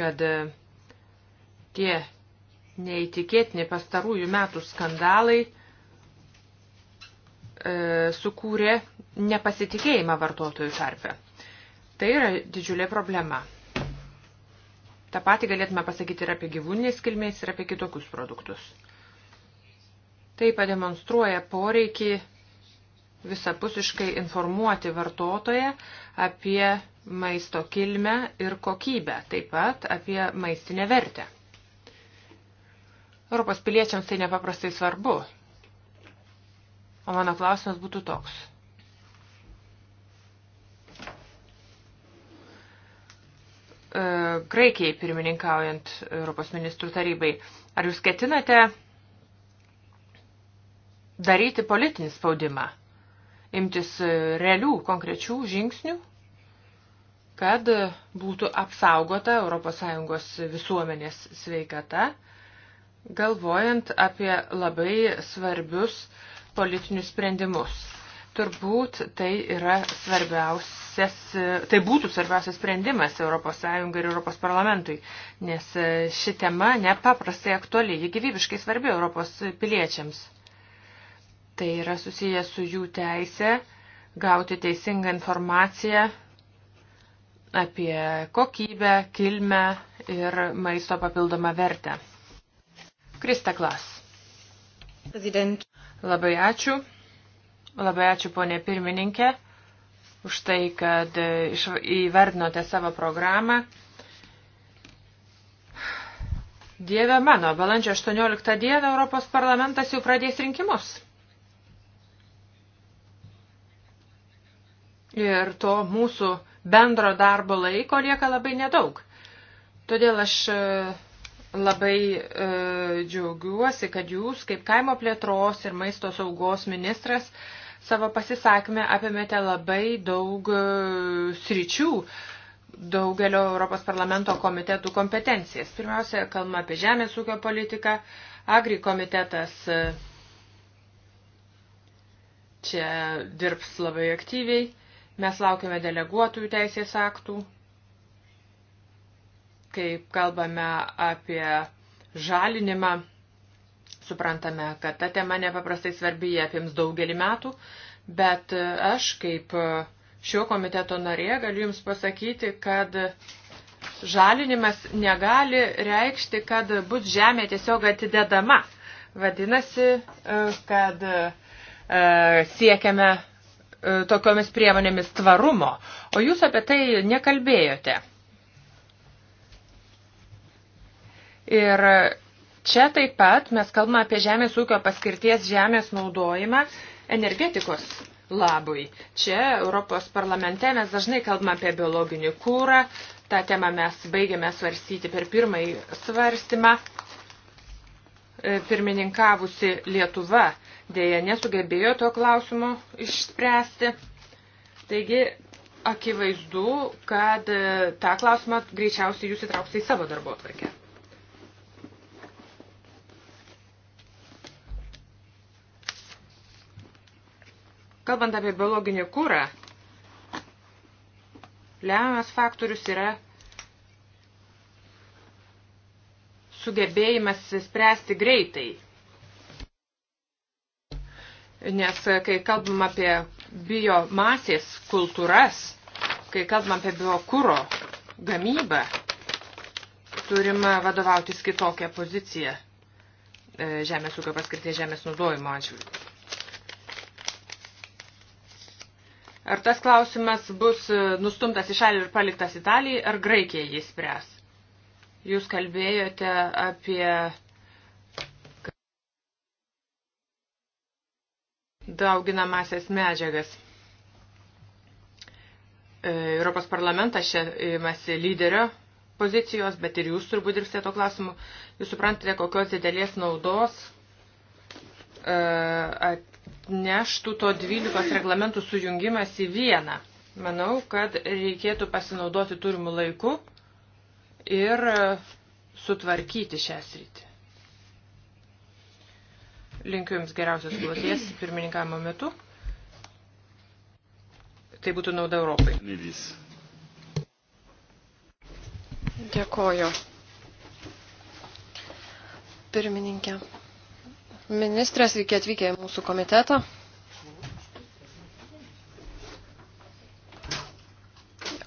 kad e, tie neįtikėtini pastarųjų metų skandalai E, sukūrė nepasitikėjimą vartotojų tarpe. Tai yra didžiulė problema. Ta pati galėtume pasakyti ir apie gyvūninės kilmės, ir apie kitokius produktus. Tai pademonstruoja poreikį visapusiškai informuoti vartotoje apie maisto kilmę ir kokybę, taip pat apie maistinę vertę. Europos piliečiams tai nepaprastai svarbu, O mano klausimas būtų toks. E, Graikijai pirmininkaujant Europos ministrų tarybai, ar jūs ketinate daryti politinį spaudimą, imtis realių, konkrečių žingsnių, kad būtų apsaugota ES visuomenės sveikata, galvojant apie labai svarbius uh, politinius sprendimus. Turbūt tai yra svarbiausias, tai būtų svarbiausias sprendimas ES ir ES parlamentui, nes ši tema nepaprastai aktuali, ji gyvybiškai svarbi Europos piliečiams. Tai yra susijęs su jų teisė gauti teisingą informaciją apie kokybę, kilmę ir maisto papildomą vertę. Krista Klas. Prezident. Labai ačiū. Labai ačiū, ponė pirmininkė, už tai, kad e, įvardinote savo programą. Dieve mano, balandžio 18 dieną Europos parlamentas jau pradės rinkimus. Ir to mūsų bendro darbo laiko lieka labai nedaug. Todėl aš e, Labai e, džiaugiuosi, kad jūs, kaip kaimo plėtros ir maisto saugos ministras, savo pasisakymę apimėte labai daug e, sričių, daugelio Europos parlamento komitetų kompetencijas. Pirmiausia, kalbama apie žemės ūkio politiką, agri komitetas e, čia dirbs labai aktyviai, mes laukiame deleguotųjų teisės aktų, kai kalbame apie žalinimą, suprantame, kad ta tema nepaprastai svarbi, jie apims daugelį metų, bet aš kaip šio komiteto narė galiu Jums pasakyti, kad žalinimas negali reikšti, kad bus žemė tiesiog atidedama. Vadinasi, e, kad e, siekiame e, tokiomis priemonėmis tvarumo, o jūs apie tai nekalbėjote. Ir čia taip pat mes kalbame apie žemės ūkio paskirties žemės naudojimą energetikos labui. Čia Europos parlamente mes dažnai kalbame apie biologinį kūrą. Ta tema mes baigėme svarstyti per pirmąjį svarstymą. E, pirmininkavusi Lietuva dėja nesugebėjo to klausimo išspręsti. Taigi, akivaizdu, kad e, tą klausimą greičiausiai jūs įtrauksite į savo darbo atvarkę. Kalbant apie biologinį kūrą, lemiamas faktorius yra sugebėjimas spręsti greitai. Nes kai kalbam apie biomasės kultūras, kai kalbam apie biokūro gamybą, turime vadovautis kitokią poziciją e, žemės ūkio paskirties žemės naudojimo atžvilgiu. Ar tas klausimas bus e, nustumtas į šalį ir paliktas Italijai, ar Graikija jį spręs? Jūs kalbėjote apie dauginamasias medžiagas. E, Europos parlamentas čia imasi lyderio pozicijos, bet ir jūs turbūt dirbsite to klausimu. Jūs suprantate, kokios didelės naudos e, atneštų to 12 reglamentų sujungimas į vieną. Manau, kad reikėtų pasinaudoti turimų laiku ir e, sutvarkyti šią sritį. Linkiu Jums geriausios kloties pirmininkavimo metu. Tai būtų nauda Europai. Dėkoju. Pirmininkė. Ministras, sveiki atvykę į mūsų komitetą.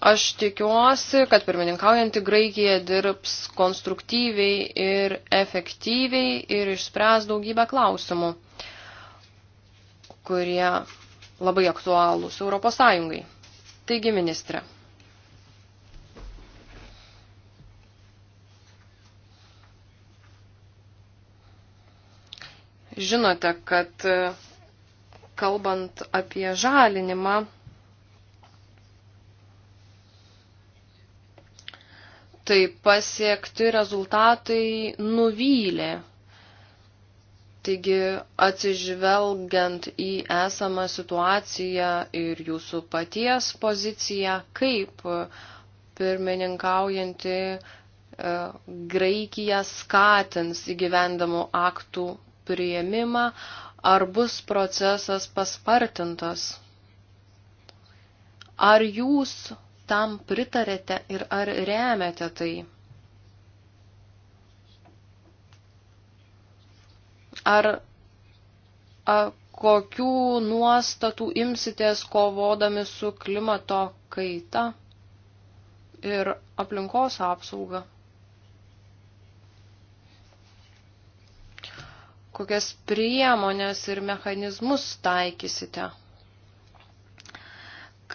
Aš tikiuosi, kad pirmininkaujantį Graikiją dirbs konstruktyviai ir efektyviai ir išspręs daugybę klausimų, kurie labai aktualūs Europos Sąjungai. Taigi, ministrė, žinote, kad e, kalbant apie žalinimą, tai pasiekti rezultatai nuvylė. Taigi, atsižvelgiant į esamą situaciją ir jūsų paties poziciją, kaip pirmininkaujanti e, Graikija skatins įgyvendamų aktų prieimimą, ar bus procesas paspartintas. Ar jūs tam pritarėte ir ar remiate tai? Ar a, kokių nuostatų imsitės kovodami su klimato kaita ir aplinkos apsauga? kokias priemonės ir mechanizmus taikysite,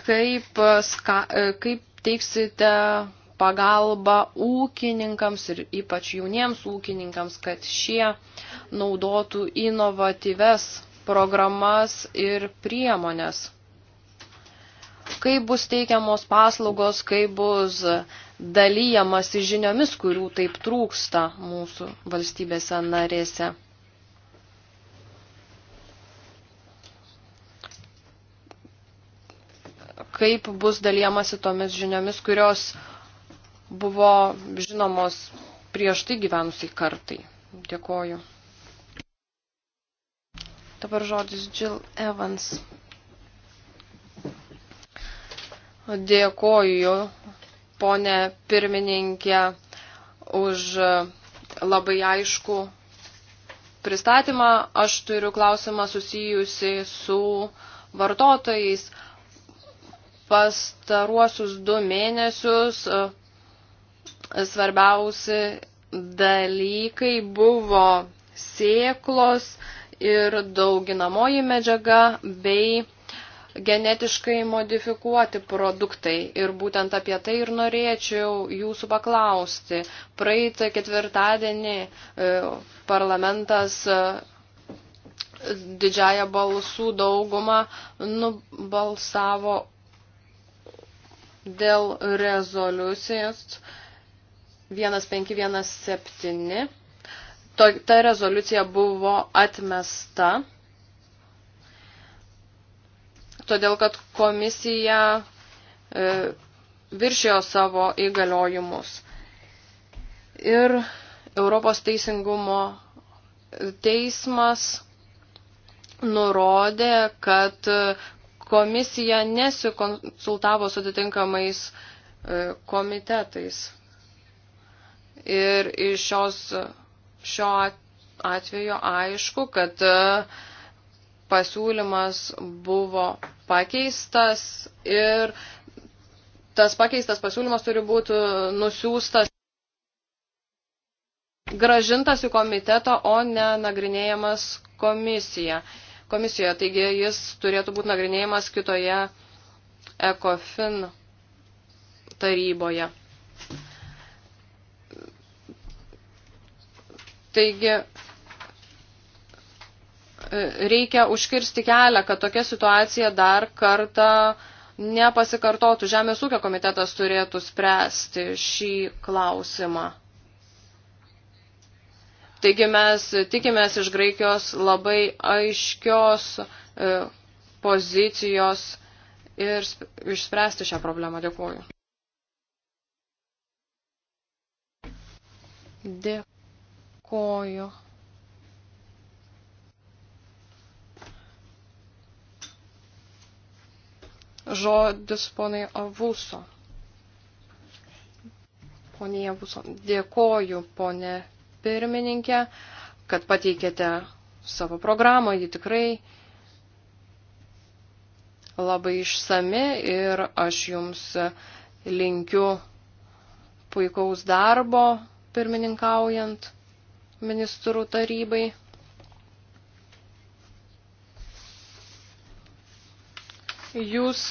kaip, ska, kaip teiksite pagalbą ūkininkams ir ypač jauniems ūkininkams, kad šie naudotų inovatyves programas ir priemonės. Kaip bus teikiamos paslaugos, kaip bus dalyjamas žiniomis, kurių taip trūksta mūsų valstybėse narėse. kaip bus dalyjamasi tomis žiniomis, kurios buvo žinomos prieš tai gyvenusiai kartai. Dėkoju. Dabar žodis Jill Evans. Dėkoju, ponė pirmininkė, už labai aišku pristatymą. Aš turiu klausimą susijusi su vartotojais pastaruosius du mėnesius e, svarbiausi dalykai buvo sėklos ir dauginamoji medžiaga bei genetiškai modifikuoti produktai. Ir būtent apie tai ir norėčiau jūsų paklausti. Praeitą ketvirtadienį e, parlamentas e, didžiąją balsų daugumą nubalsavo dėl rezoliucijos 1517. To, ta rezoliucija buvo atmesta, todėl kad komisija e, viršėjo savo įgaliojimus. Ir Europos teisingumo teismas nurodė, kad komisija nesikonsultavo su atitinkamais e, komitetais. Ir iš šios, šio atveju aišku, kad e, pasiūlymas buvo pakeistas ir tas pakeistas pasiūlymas turi būti nusiūstas gražintas į komitetą, o ne nagrinėjamas komisija komisijoje, taigi jis turėtų būti nagrinėjimas kitoje ECOFIN taryboje. Taigi reikia užkirsti kelią, kad tokia situacija dar kartą nepasikartotų. Žemės ūkio komitetas turėtų spręsti šį klausimą. Taigi mes tikimės iš Graikijos labai aiškios e, pozicijos ir išspręsti šią problemą. Dėkuoju. Dėkuoju. Žodis ponai Avuso. Ponė Avuso. Dėkuoju, ponė pirmininkė, kad pateikėte savo programą, ji tikrai labai išsami ir aš jums linkiu puikaus darbo pirmininkaujant ministrų tarybai. Jūs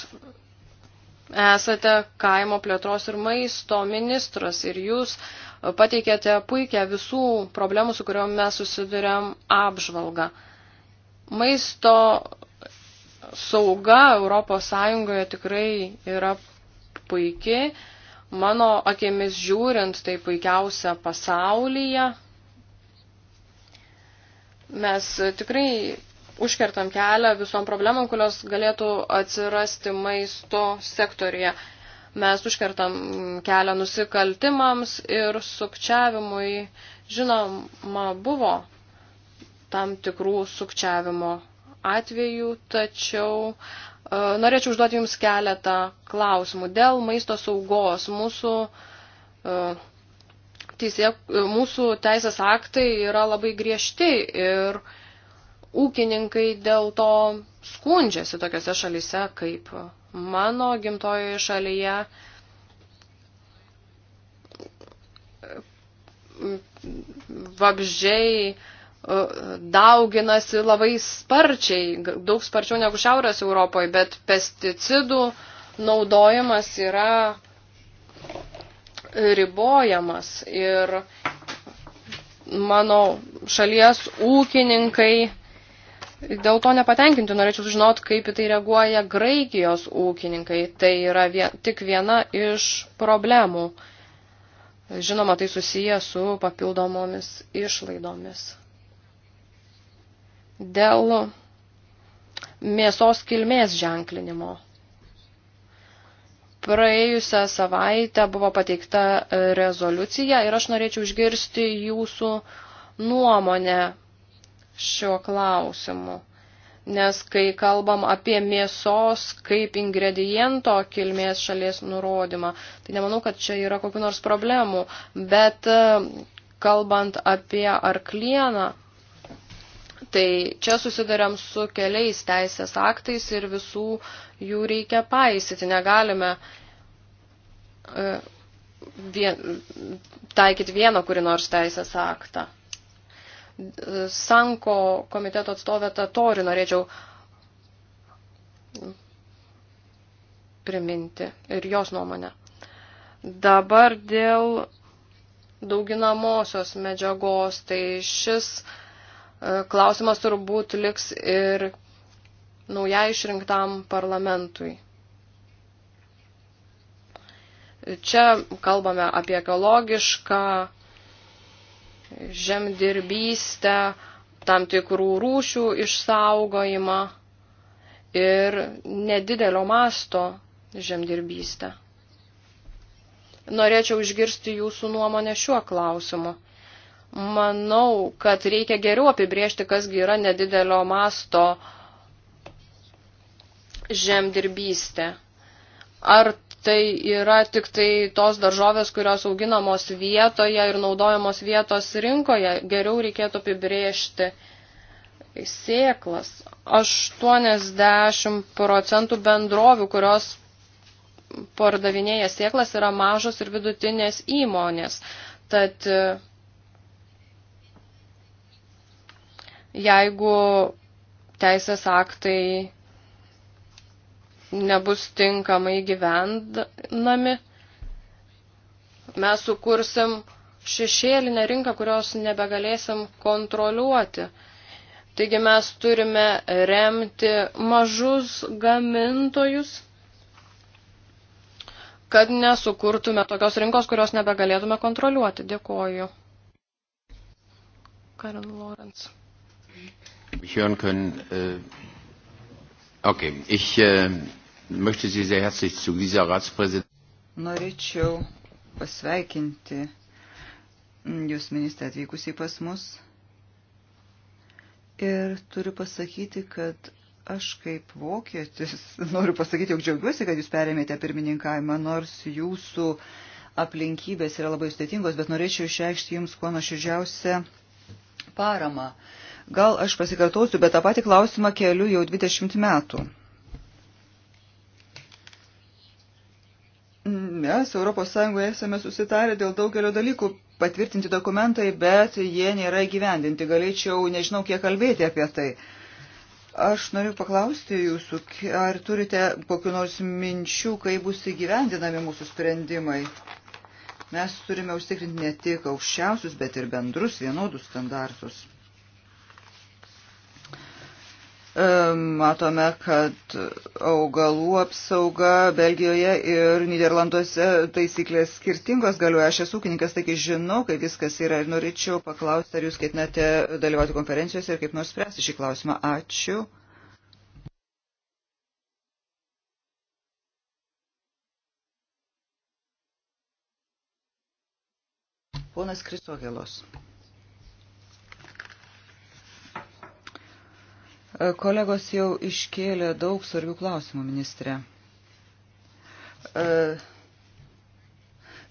esate kaimo plėtros ir maisto ministras ir jūs uh, pateikėte puikią visų problemų, su kuriuom mes susidurėm apžvalgą. Maisto sauga Europos Sąjungoje tikrai yra puiki. Mano akimis žiūrint, tai puikiausia pasaulyje. Mes tikrai užkertam kelią visom problemam, kurios galėtų atsirasti maisto sektorija mes užkertam kelią nusikaltimams ir sukčiavimui. Žinoma, buvo tam tikrų sukčiavimo atvejų, tačiau e, norėčiau užduoti Jums keletą klausimų dėl maisto saugos. Mūsų, e, teisė, e, mūsų teisės aktai yra labai griežti ir ūkininkai dėl to skundžiasi tokiose šalise kaip Mano gimtojoje šalyje vabžiai e, dauginasi labai sparčiai, daug sparčiau negu Šiaurės Europoje, bet pesticidų naudojimas yra ribojamas ir mano šalies ūkininkai Dėl to nepatenkinti norėčiau sužinoti, kaip į tai reaguoja Graikijos ūkininkai. Tai yra vien, tik viena iš problemų. Žinoma, tai susiję su papildomomis išlaidomis. Dėl mėsos kilmės ženklinimo. Praėjusią savaitę buvo pateikta e, rezoliucija ir aš norėčiau išgirsti jūsų nuomonę šiuo klausimu. Nes kai kalbam apie mėsos kaip ingrediento kilmės šalies nurodymą, tai nemanau, kad čia yra kokiu nors problemų. Bet e, kalbant apie arklieną, tai čia susidariam su keliais teisės aktais ir visų jų reikia paisyti. Negalime e, vien, taikyti vieną kuri nors teisės aktą. Sanko komiteto atstovę Tatori norėčiau priminti ir jos nuomonę. Dabar dėl dauginamosios medžiagos, tai šis e, klausimas turbūt liks ir naujai išrinktam parlamentui. Čia kalbame apie ekologišką žemdirbystę, tam tikrų rūšių išsaugojimą ir nedidelio masto žemdirbystę. Norėčiau išgirsti jūsų nuomonę šiuo klausimu. Manau, kad reikia geriau apibriežti, kasgi yra nedidelio masto žemdirbystė. Ar tai yra tik tai tos daržovės, kurios auginamos vietoje ir naudojamos vietos rinkoje. Geriau reikėtų apibrėžti sėklas. 80 procentų bendrovių, kurios pardavinėja sėklas, yra mažos ir vidutinės įmonės. Tad jeigu teisės aktai nebus tinkamai gyvendami, mes sukursim šešėlinę rinką, kurios nebegalėsim kontroliuoti. Taigi mes turime remti mažus gamintojus, kad nesukurtume tokios rinkos, kurios nebegalėtume kontroliuoti. Dėkoju. Karen Lorenz. Mich hören können. Äh, okay, ich äh, möchte Sie sehr herzlich zu dieser Ratspräsidentschaft. Norėčiau pasveikinti Jūs, ministrė, atvykusiai pas mus. Ir turiu pasakyti, kad aš kaip vokietis noriu pasakyti, jog džiaugiuosi, kad Jūs perėmėte pirmininkavimą, nors Jūsų aplinkybės yra labai sudėtingos, bet norėčiau išreikšti Jums kuo nuoširdžiausią paramą. Gal aš pasikartosiu, bet tą patį klausimą keliu jau 20 metų. mes ES esame susitarę dėl daugelio dalykų patvirtinti dokumentai, bet jie nėra įgyvendinti. Galėčiau nežinau, kiek kalbėti apie tai. Aš noriu paklausti jūsų, ar turite kokiu nors minčių, kaip bus įgyvendinami mūsų sprendimai. Mes turime užtikrinti ne tik aukščiausius, bet ir bendrus vienodus standartus. E, matome, kad augalų apsauga Belgijoje ir Niderlanduose taisyklės skirtingos galioja. Aš esu ūkininkas, taigi žinau, kaip viskas yra ir norėčiau paklausti, ar jūs ketinate dalyvauti konferencijose ir kaip nors spręsti šį klausimą. Ačiū. Ponas Kristogelos. Kolegos jau iškėlė daug svarbių klausimų, ministrė.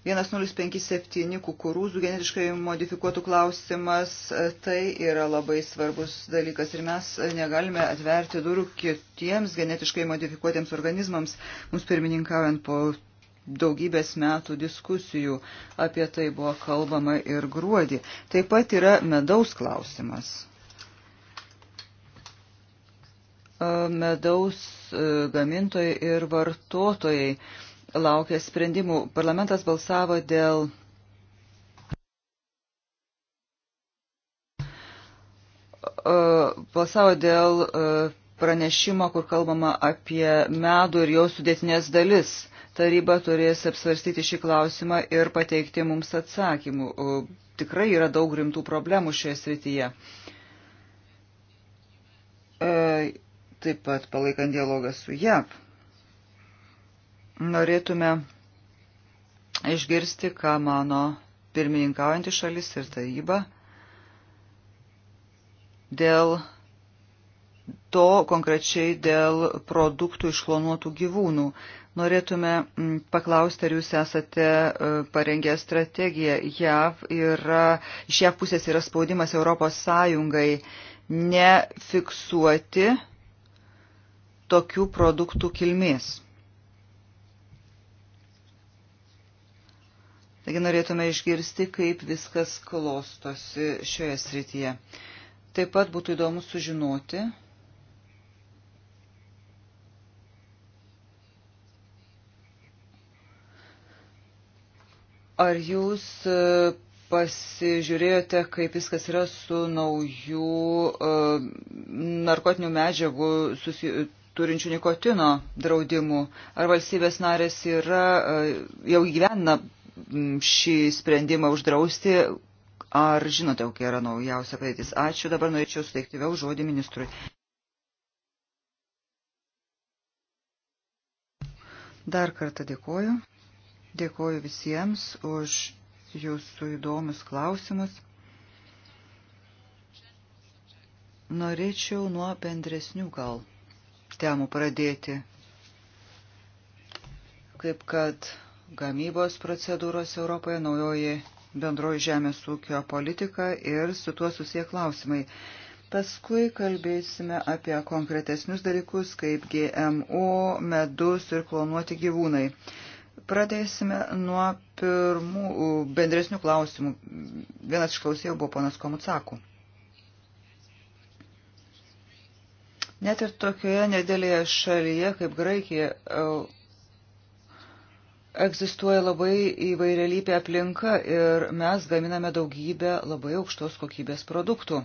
1057 e, kukurūzų genetiškai modifikuotų klausimas, e, tai yra labai svarbus dalykas ir mes negalime atverti durų kitiems genetiškai modifikuotiems organizmams, mums pirmininkaujant po daugybės metų diskusijų apie tai buvo kalbama ir gruodį. Taip pat yra medaus klausimas medaus e, gamintojai ir vartotojai laukia sprendimų. Parlamentas balsavo dėl e, balsavo dėl e, pranešimo, kur kalbama apie medų ir jo sudėtinės dalis. Taryba turės apsvarstyti šį klausimą ir pateikti mums atsakymų. Tikrai yra daug rimtų problemų šioje srityje. Uh, taip pat palaikant dialogą su JAP. Norėtume išgirsti, ką mano pirmininkaujantį šalis ir taryba dėl to konkrečiai dėl produktų išklonuotų gyvūnų. Norėtume mm, paklausti, ar jūs esate e, parengę strategiją. JAV yra, iš JAV pusės yra spaudimas Europos Sąjungai nefiksuoti tokių produktų kilmės. Taigi norėtume išgirsti, kaip viskas klostosi šioje srityje. Taip pat būtų įdomu sužinoti, ar jūs e, pasižiūrėjote, kaip viskas yra su naujų e, narkotinių medžiagų susi turinčių nikotino draudimų. Ar valstybės narės yra, e, jau gyvena šį sprendimą uždrausti, ar žinote, kokia yra naujausia padėtis? Ačiū, dabar norėčiau suteikti vėl žodį ministrui. Dar kartą dėkoju. Dėkoju visiems už jūsų įdomius klausimus. Norėčiau nuo bendresnių gal temų pradėti, kaip kad gamybos procedūros Europoje, naujoji bendroji žemės ūkio politika ir su tuo susiję klausimai. Paskui kalbėsime apie konkretesnius dalykus, kaip GMO, medus ir klonuoti gyvūnai. Pradėsime nuo pirmų bendresnių klausimų. Vienas iš klausėjų buvo ponas Komucakų. Net ir tokioje nedėlėje šalyje kaip Graikija egzistuoja labai įvairialypė aplinka ir mes gaminame daugybę labai aukštos kokybės produktų.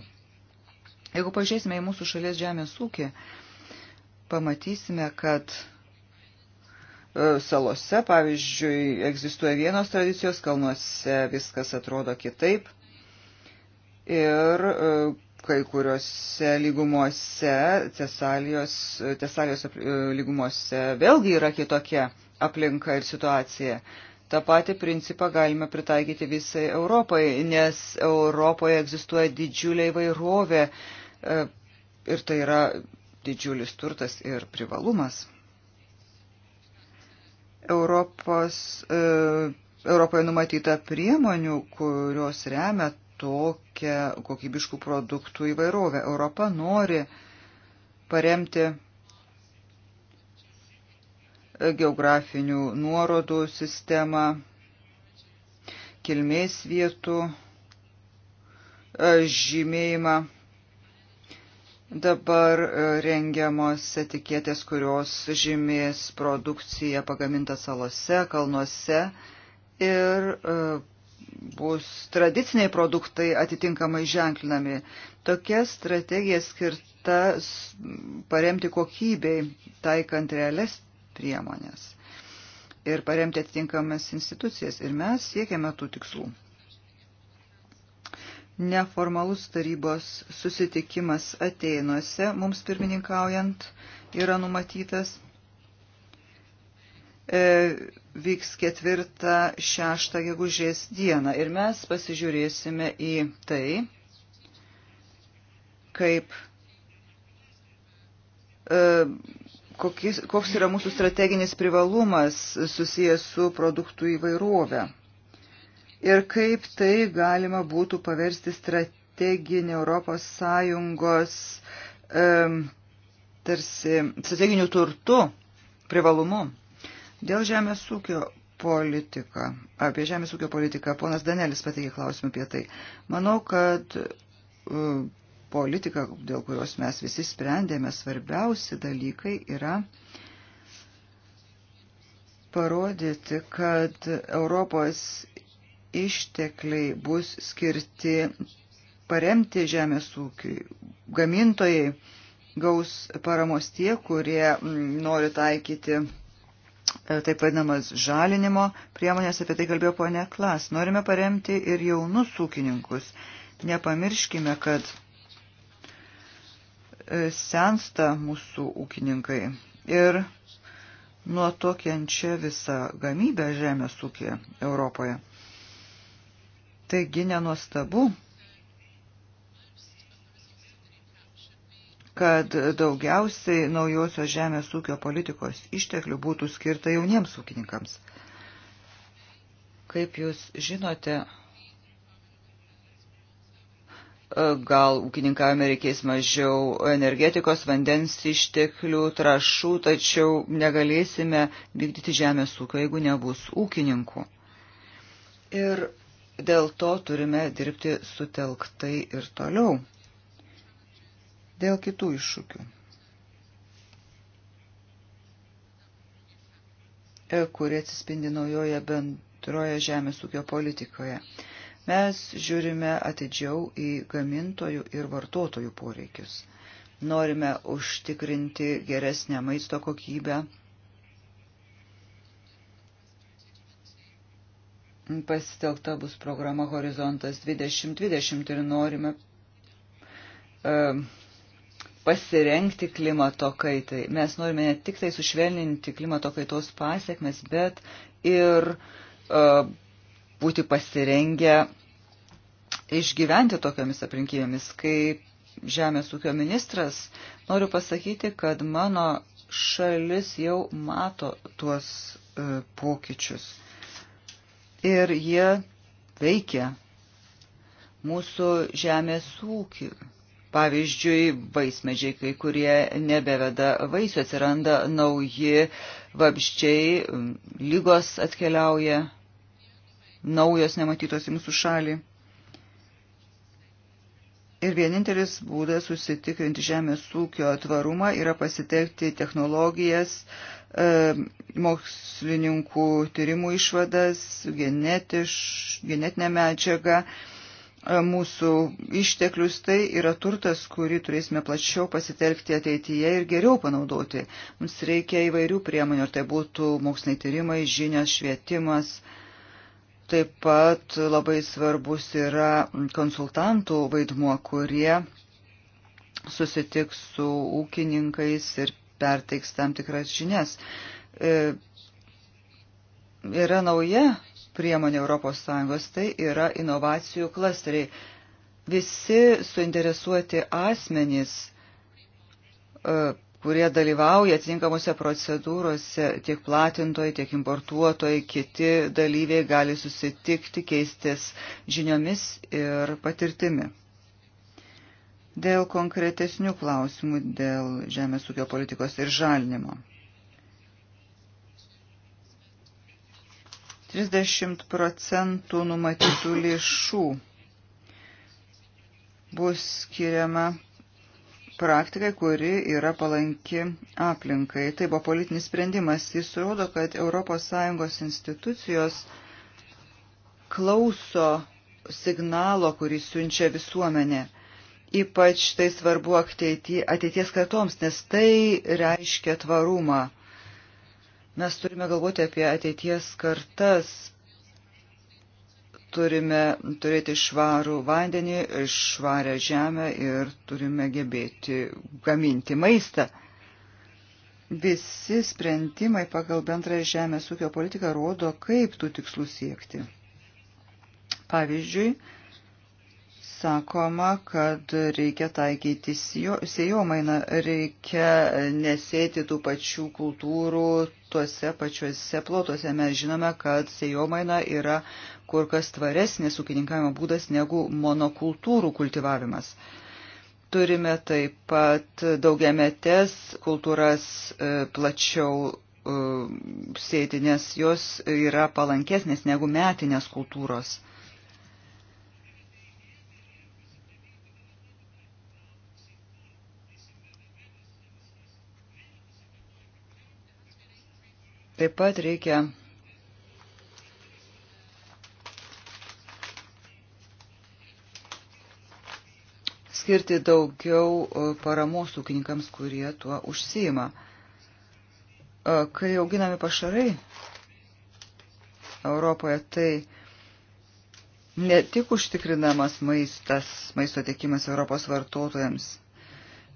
Jeigu pažiūrėsime į mūsų šalies žemės ūkį, pamatysime, kad e, salose, pavyzdžiui, egzistuoja vienos tradicijos, kalnuose viskas atrodo kitaip. Ir e, kai kuriuose lygumose, Tesalijos, Tesalijos lygumose vėlgi yra kitokia aplinka ir situacija. Ta pati principą galime pritaikyti visai Europai, nes Europoje egzistuoja didžiulė įvairovė e, ir tai yra didžiulis turtas ir privalumas. Europos, e, Europoje numatyta priemonių, kurios remia tokią kokybiškų produktų įvairovę. Europa nori paremti geografinių nuorodų sistemą, kilmės vietų e, žymėjimą. Dabar e, rengiamos etiketės, kurios žymės produkciją pagamintą salose, kalnuose ir e, bus tradiciniai produktai atitinkamai ženklinami. Tokia strategija skirta paremti kokybei, taikant realias priemonės ir paremti atitinkamas institucijas. Ir mes siekiame tų tikslų. Neformalus tarybos susitikimas Ateinuose mums pirmininkaujant yra numatytas. E, vyks ketvirtą, šeštą gegužės dieną. Ir mes pasižiūrėsime į tai, kaip, e, kokis, koks yra mūsų strateginis privalumas susijęs su produktų įvairovė. Ir kaip tai galima būtų paversti strateginį Europos Sąjungos e, tarsi strateginių turtų privalumu. Dėl žemės ūkio politiką. Apie žemės ūkio politiką ponas Danelis pateikė klausimą apie tai. Manau, kad politika, dėl kurios mes visi sprendėme, svarbiausi dalykai yra parodyti, kad Europos ištekliai bus skirti paremti žemės ūkiui. Gamintojai gaus paramos tie, kurie nori taikyti E, taip vadinamas žalinimo priemonės, apie tai kalbėjo ponė Klas. Norime paremti ir jaunus ūkininkus. Nepamirškime, kad e, sensta mūsų ūkininkai ir nuo to kenčia visa gamybė žemės ūkė Europoje. Taigi nenuostabu, kad daugiausiai naujosios žemės ūkio politikos išteklių būtų skirta jauniems ūkininkams. Kaip jūs žinote, gal ūkininkavime reikės mažiau energetikos, vandens išteklių, trašų, tačiau negalėsime vykdyti žemės ūkio, jeigu nebus ūkininkų. Ir dėl to turime dirbti sutelktai ir toliau. Dėl kitų iššūkių, e, kurie atsispindi naujoje bendroje žemės ūkio politikoje, mes žiūrime atidžiau į gamintojų ir vartotojų poreikius. Norime užtikrinti geresnę maisto kokybę, pasitelkta bus programa Horizontas 2020 ir norime e, pasirengti klimato kaitai. Mes norime ne tik tai sušvelninti klimato kaitos pasiekmes, bet ir uh, būti pasirengę išgyventi tokiamis aplinkybėmis. Kaip žemės ūkio ministras noriu pasakyti, kad mano šalis jau mato tuos uh, pokyčius. Ir jie veikia mūsų žemės ūkiui Pavyzdžiui, vaismedžiai, kai kurie nebeveda vaisių, atsiranda nauji vabščiai, lygos atkeliauja, naujos nematytos į mūsų šalį. Ir vienintelis būdas susitikrinti žemės ūkio tvarumą yra pasitelkti technologijas, e, mokslininkų tyrimų išvadas, genetiš, genetinę medžiagą, E, mūsų išteklius, tai yra turtas, kurį turėsime plačiau pasitelkti ateityje ir geriau panaudoti. Mums reikia įvairių priemonių, ar tai būtų moksliniai tyrimai, žinias, švietimas. Taip pat labai svarbus yra konsultantų vaidmuo, kurie susitiks su ūkininkais ir perteiks tam tikras žinias. E, yra nauja priemonė ES tai yra inovacijų klasteriai. Visi suinteresuoti asmenys, e, kurie dalyvauja atinkamuose procedūrose, tiek platintojai, tiek importuotojai, kiti dalyviai gali susitikti, keistis žiniomis ir patirtimi. Dėl konkretesnių klausimų dėl žemės ūkio politikos ir žalinimo. 30 procentų numatytų lėšų bus skiriama praktikai, kuri yra palanki aplinkai. Tai buvo politinis sprendimas. Jis rodo, kad ES institucijos klauso signalo, kurį siunčia visuomenė. Ypač tai svarbu ateities kartoms, nes tai reiškia tvarumą Mes turime galvoti apie ateities kartas, turime turėti švarų vandenį, švarę žemę ir turime gebėti gaminti maistą. Visi sprendimai pagal bendrąją žemės ūkio politiką rodo, kaip tų tikslų siekti. Pavyzdžiui, sakoma, kad reikia taikyti sėjomainą, reikia nesėti tų pačių kultūrų tuose pačiuose plotuose. Mes žinome, kad sėjomaina yra kur kas tvaresnis ūkininkavimo būdas negu monokultūrų kultivavimas. Turime taip pat daugiametės kultūras e, plačiau e, sėti, nes jos yra palankesnės negu metinės kultūros. Taip pat reikia skirti daugiau e, paramos ūkininkams, kurie tuo užsijima. E, kai auginami pašarai Europoje, tai ne tik užtikrinamas maistas, maisto tiekimas Europos vartotojams,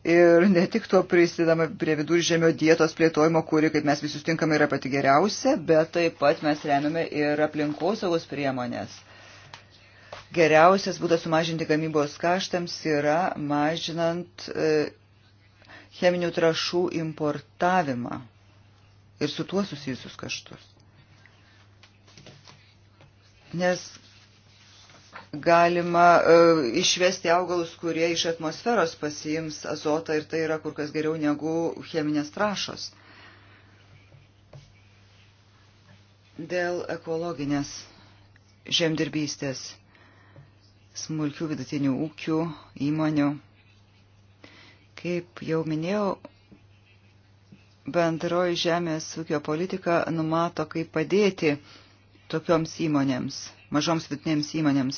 Ir ne tik tuo prisidama prie viduržėmio dietos plėtojimo, kuri, kaip mes visi sutinkame, yra pati geriausia, bet taip pat mes remiame ir aplinkosaugos priemonės. Geriausias būdas sumažinti gamybos kaštams yra mažinant e, cheminių trašų importavimą ir su tuo susijusius kaštus. Nes galima e, išvesti augalus, kurie iš atmosferos pasiims azotą ir tai yra kur kas geriau negu cheminės trašos. Dėl ekologinės žemdirbystės smulkių vidutinių ūkių įmonių. Kaip jau minėjau, bendroji žemės ūkio politika numato, kaip padėti tokioms įmonėms, mažoms vidutinėms įmonėms,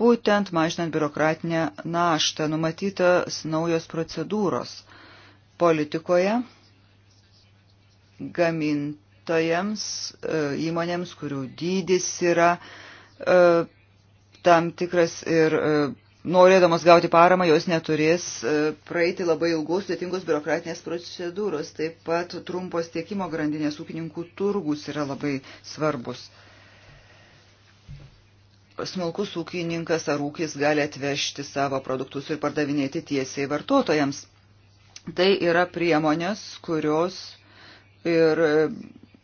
būtent mažinant biurokratinę naštą, numatytas naujos procedūros politikoje gamintojams, e, įmonėms, kurių dydis yra e, tam tikras ir e, norėdamos gauti paramą, jos neturės praeiti labai ilgus, sudėtingus biurokratinės procedūros. Taip pat trumpos tiekimo grandinės ūkininkų turgus yra labai svarbus smulkus ūkininkas ar ūkis gali atvežti savo produktus ir pardavinėti tiesiai vartotojams. Tai yra priemonės, kurios ir e,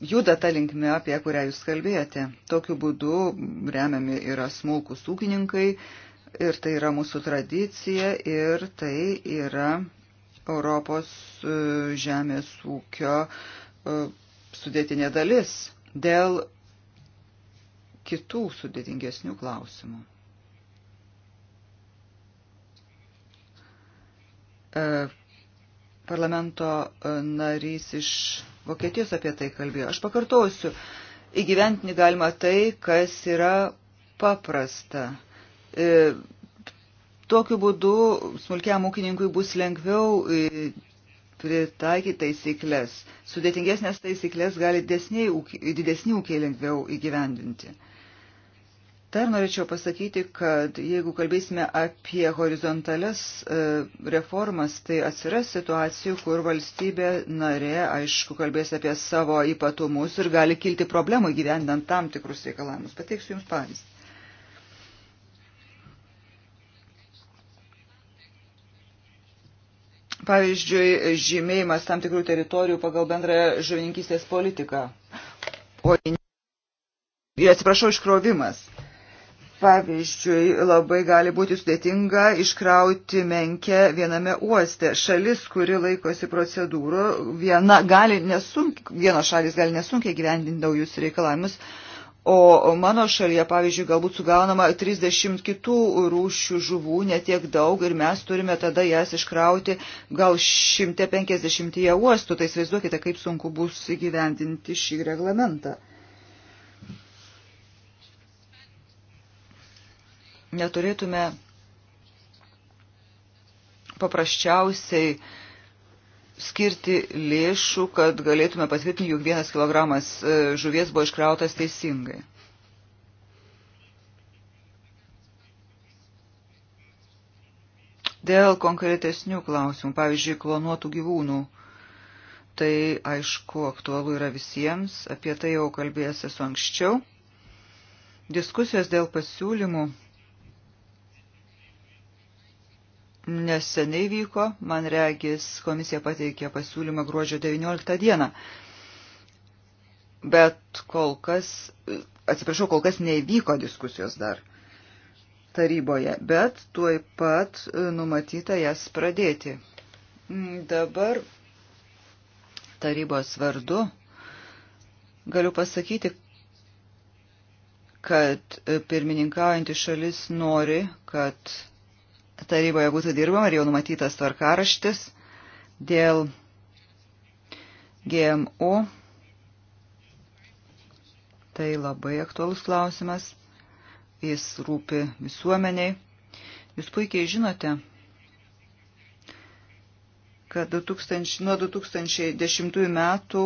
juda tą linkmę, apie kurią jūs kalbėjote. Tokiu būdu remiami yra smulkus ūkininkai ir tai yra mūsų tradicija ir tai yra Europos e, žemės ūkio e, sudėtinė dalis. Dėl kitų sudėtingesnių klausimų. E, parlamento e, narys iš Vokietijos apie tai kalbėjo. Aš pakartosiu, įgyventinį galima tai, kas yra paprasta. E, tokiu būdu smulkiam ūkininkui bus lengviau pritaikyti taisyklės. Sudėtingesnės taisyklės gali didesni ūkiai lengviau įgyvendinti. Dar norėčiau pasakyti, kad jeigu kalbėsime apie horizontales e, reformas, tai atsiras situacijų, kur valstybė narė, aišku, kalbės apie savo ypatumus ir gali kilti problemų gyvendant tam tikrus reikalavimus. Pateiksiu Jums pavyzdį. Pavyzdžiui, žymėjimas tam tikrų teritorijų pagal bendrą žuvininkystės politiką. O... Ir atsiprašau, iškrovimas. Pavyzdžiui, labai gali būti sudėtinga iškrauti menkę viename uoste. Šalis, kuri laikosi procedūrų, viena, gali nesunk, viena šalis gali nesunkiai gyvendinti naujus reikalavimus, o mano šalyje, pavyzdžiui, galbūt sugaunama 30 kitų rūšių žuvų, netiek daug, ir mes turime tada jas iškrauti gal 150 uostų. Tai įsivaizduokite, kaip sunku bus įgyvendinti šį reglamentą. neturėtume paprasčiausiai skirti lėšų, kad galėtume patvirtinti, jog vienas kilogramas e, žuvies buvo iškrautas teisingai. Dėl konkretesnių klausimų, pavyzdžiui, klonuotų gyvūnų, tai aišku aktualu yra visiems, apie tai jau kalbėjęs esu anksčiau. Diskusijos dėl pasiūlymų neseniai vyko, man regis, komisija pateikė pasiūlymą gruodžio 19 dieną. Bet kol kas, atsiprašau, kol kas nevyko diskusijos dar taryboje, bet tuoj pat e, numatyta jas pradėti. Mm, dabar tarybos vardu galiu pasakyti, kad e, pirmininkaujanti šalis nori, kad taryboje būtų dirbama ir jau numatytas tvarkaraštis dėl GMO. Tai labai aktualus klausimas. Jis rūpi visuomeniai. Jūs puikiai žinote, kad 2000, nuo 2010 metų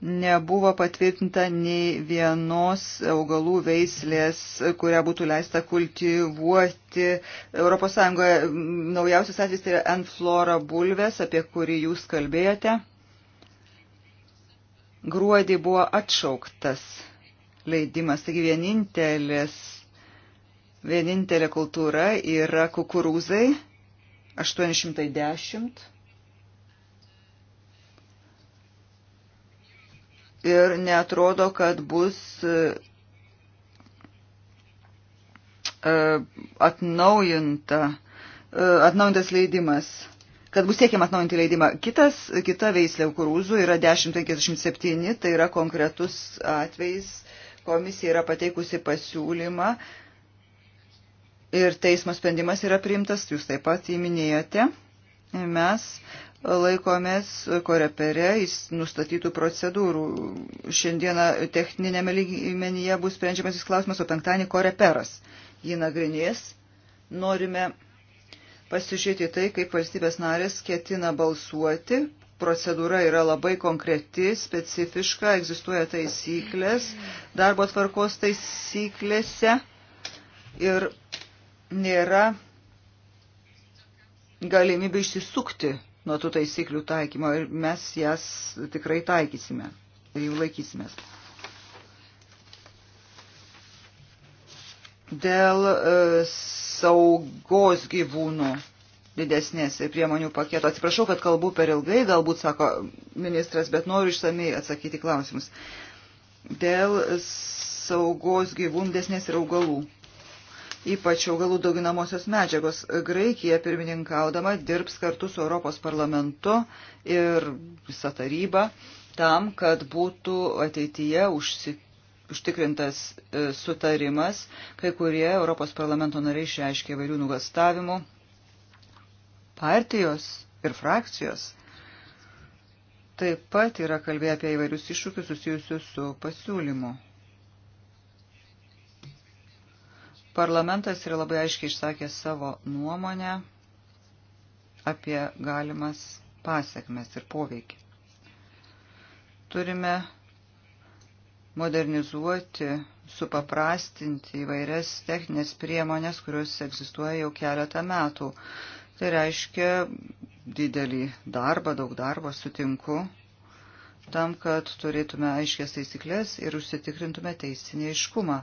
nebuvo patvirtinta nei vienos augalų veislės, kurią būtų leista kultivuoti. ES naujausias atvejs tai yra Enflora bulvės, apie kurį jūs kalbėjote. Gruodį buvo atšauktas leidimas, taigi vienintelis, vienintelė kultūra yra kukurūzai 810 ir netrodo, kad bus e, atnaujinta, e, atnaujintas leidimas kad bus siekiama atnaujinti leidimą. Kitas, kita veislė kukurūzų yra 1057, tai yra konkretus atvejs, komisija yra pateikusi pasiūlymą ir teismo sprendimas yra priimtas, jūs taip pat įminėjote. Mes laikomės korepere nustatytų procedūrų. Šiandieną techninėme lygmenyje bus sprendžiamas jis klausimas, o penktadienį koreperas jį nagrinės. Norime pasižiūrėti tai, kaip valstybės narės ketina balsuoti. Procedūra yra labai konkreti, specifiška, egzistuoja taisyklės, darbo tvarkos taisyklėse ir nėra galimybė išsisukti nuo tų taisyklių taikymo ir mes jas tikrai taikysime ir jų laikysimės. Dėl e, saugos gyvūnų didesnės priemonių paketo. Atsiprašau, kad kalbu per ilgai, galbūt sako ministras, bet noriu išsamei atsakyti klausimus. Dėl saugos gyvūndesnės ir augalų ypač augalų dauginamosios medžiagos. Graikija pirmininkaudama dirbs kartu su Europos parlamentu ir visa taryba tam, kad būtų ateityje užsitikrinti užtikrintas e, sutarimas, kai kurie Europos parlamento nariai išreiškė vairių nugastavimų. Partijos ir frakcijos taip pat yra kalbėję apie įvairius iššūkius susijusius su pasiūlymu. Parlamentas yra labai aiškiai išsakė savo nuomonę apie galimas pasiekmes ir poveikį. Turime modernizuoti, supaprastinti įvairias techninės priemonės, kurios egzistuoja jau keletą metų. Tai reiškia didelį darbą, daug darbo sutinku, tam, kad turėtume aiškės taisyklės ir užsitikrintume teisinį aiškumą.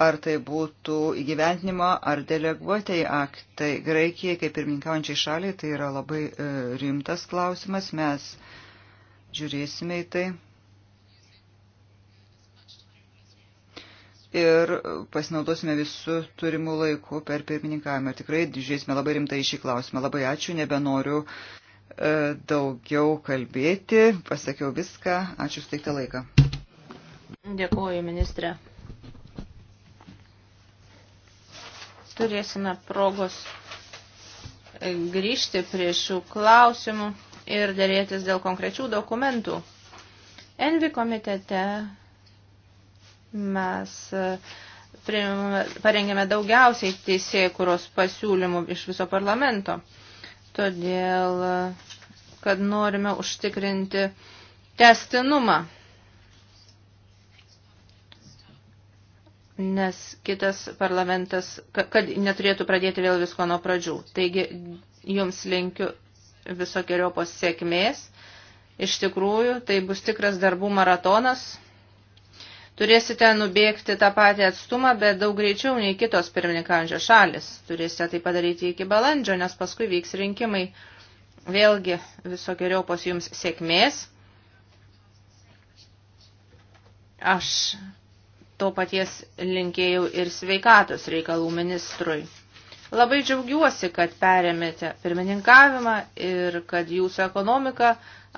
ar tai būtų įgyventinimo ar deleguotėjai aktai. Graikijai, kaip pirmininkaujančiai šaliai, tai yra labai e, rimtas klausimas. Mes žiūrėsime į tai. ir pasinaudosime visų turimų laikų per pirmininkavimą. Tikrai žiūrėsime labai rimtai į šį klausimą. Labai ačiū, nebenoriu e, daugiau kalbėti. Pasakiau viską. Ačiū suteiktą laiką. Dėkuoju, ministrė. turėsime progos e, grįžti prie šių klausimų ir dėrėtis dėl konkrečių dokumentų. Envi komitete mes e, parengėme daugiausiai teisėkuros pasiūlymų iš viso parlamento, todėl, e, kad norime užtikrinti testinumą nes kitas parlamentas, kad neturėtų pradėti vėl visko nuo pradžių. Taigi, jums linkiu visokiojopos sėkmės. Iš tikrųjų, tai bus tikras darbų maratonas. Turėsite nubėgti tą patį atstumą, bet daug greičiau nei kitos pirmininkaujančios šalis. Turėsite tai padaryti iki balandžio, nes paskui vyks rinkimai. Vėlgi, visokiojopos jums sėkmės. Aš to paties linkėjau ir sveikatos reikalų ministrui. Labai džiaugiuosi, kad perėmėte pirmininkavimą ir kad jūsų ekonomika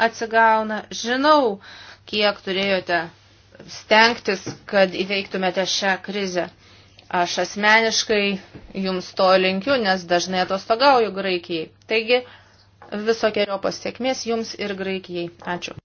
atsigauna. Žinau, kiek turėjote stengtis, kad įveiktumėte šią krizę. Aš asmeniškai jums to linkiu, nes dažnai atostogauju Graikijai. Taigi, visokiojo pasiekmės jums ir Graikijai. Ačiū.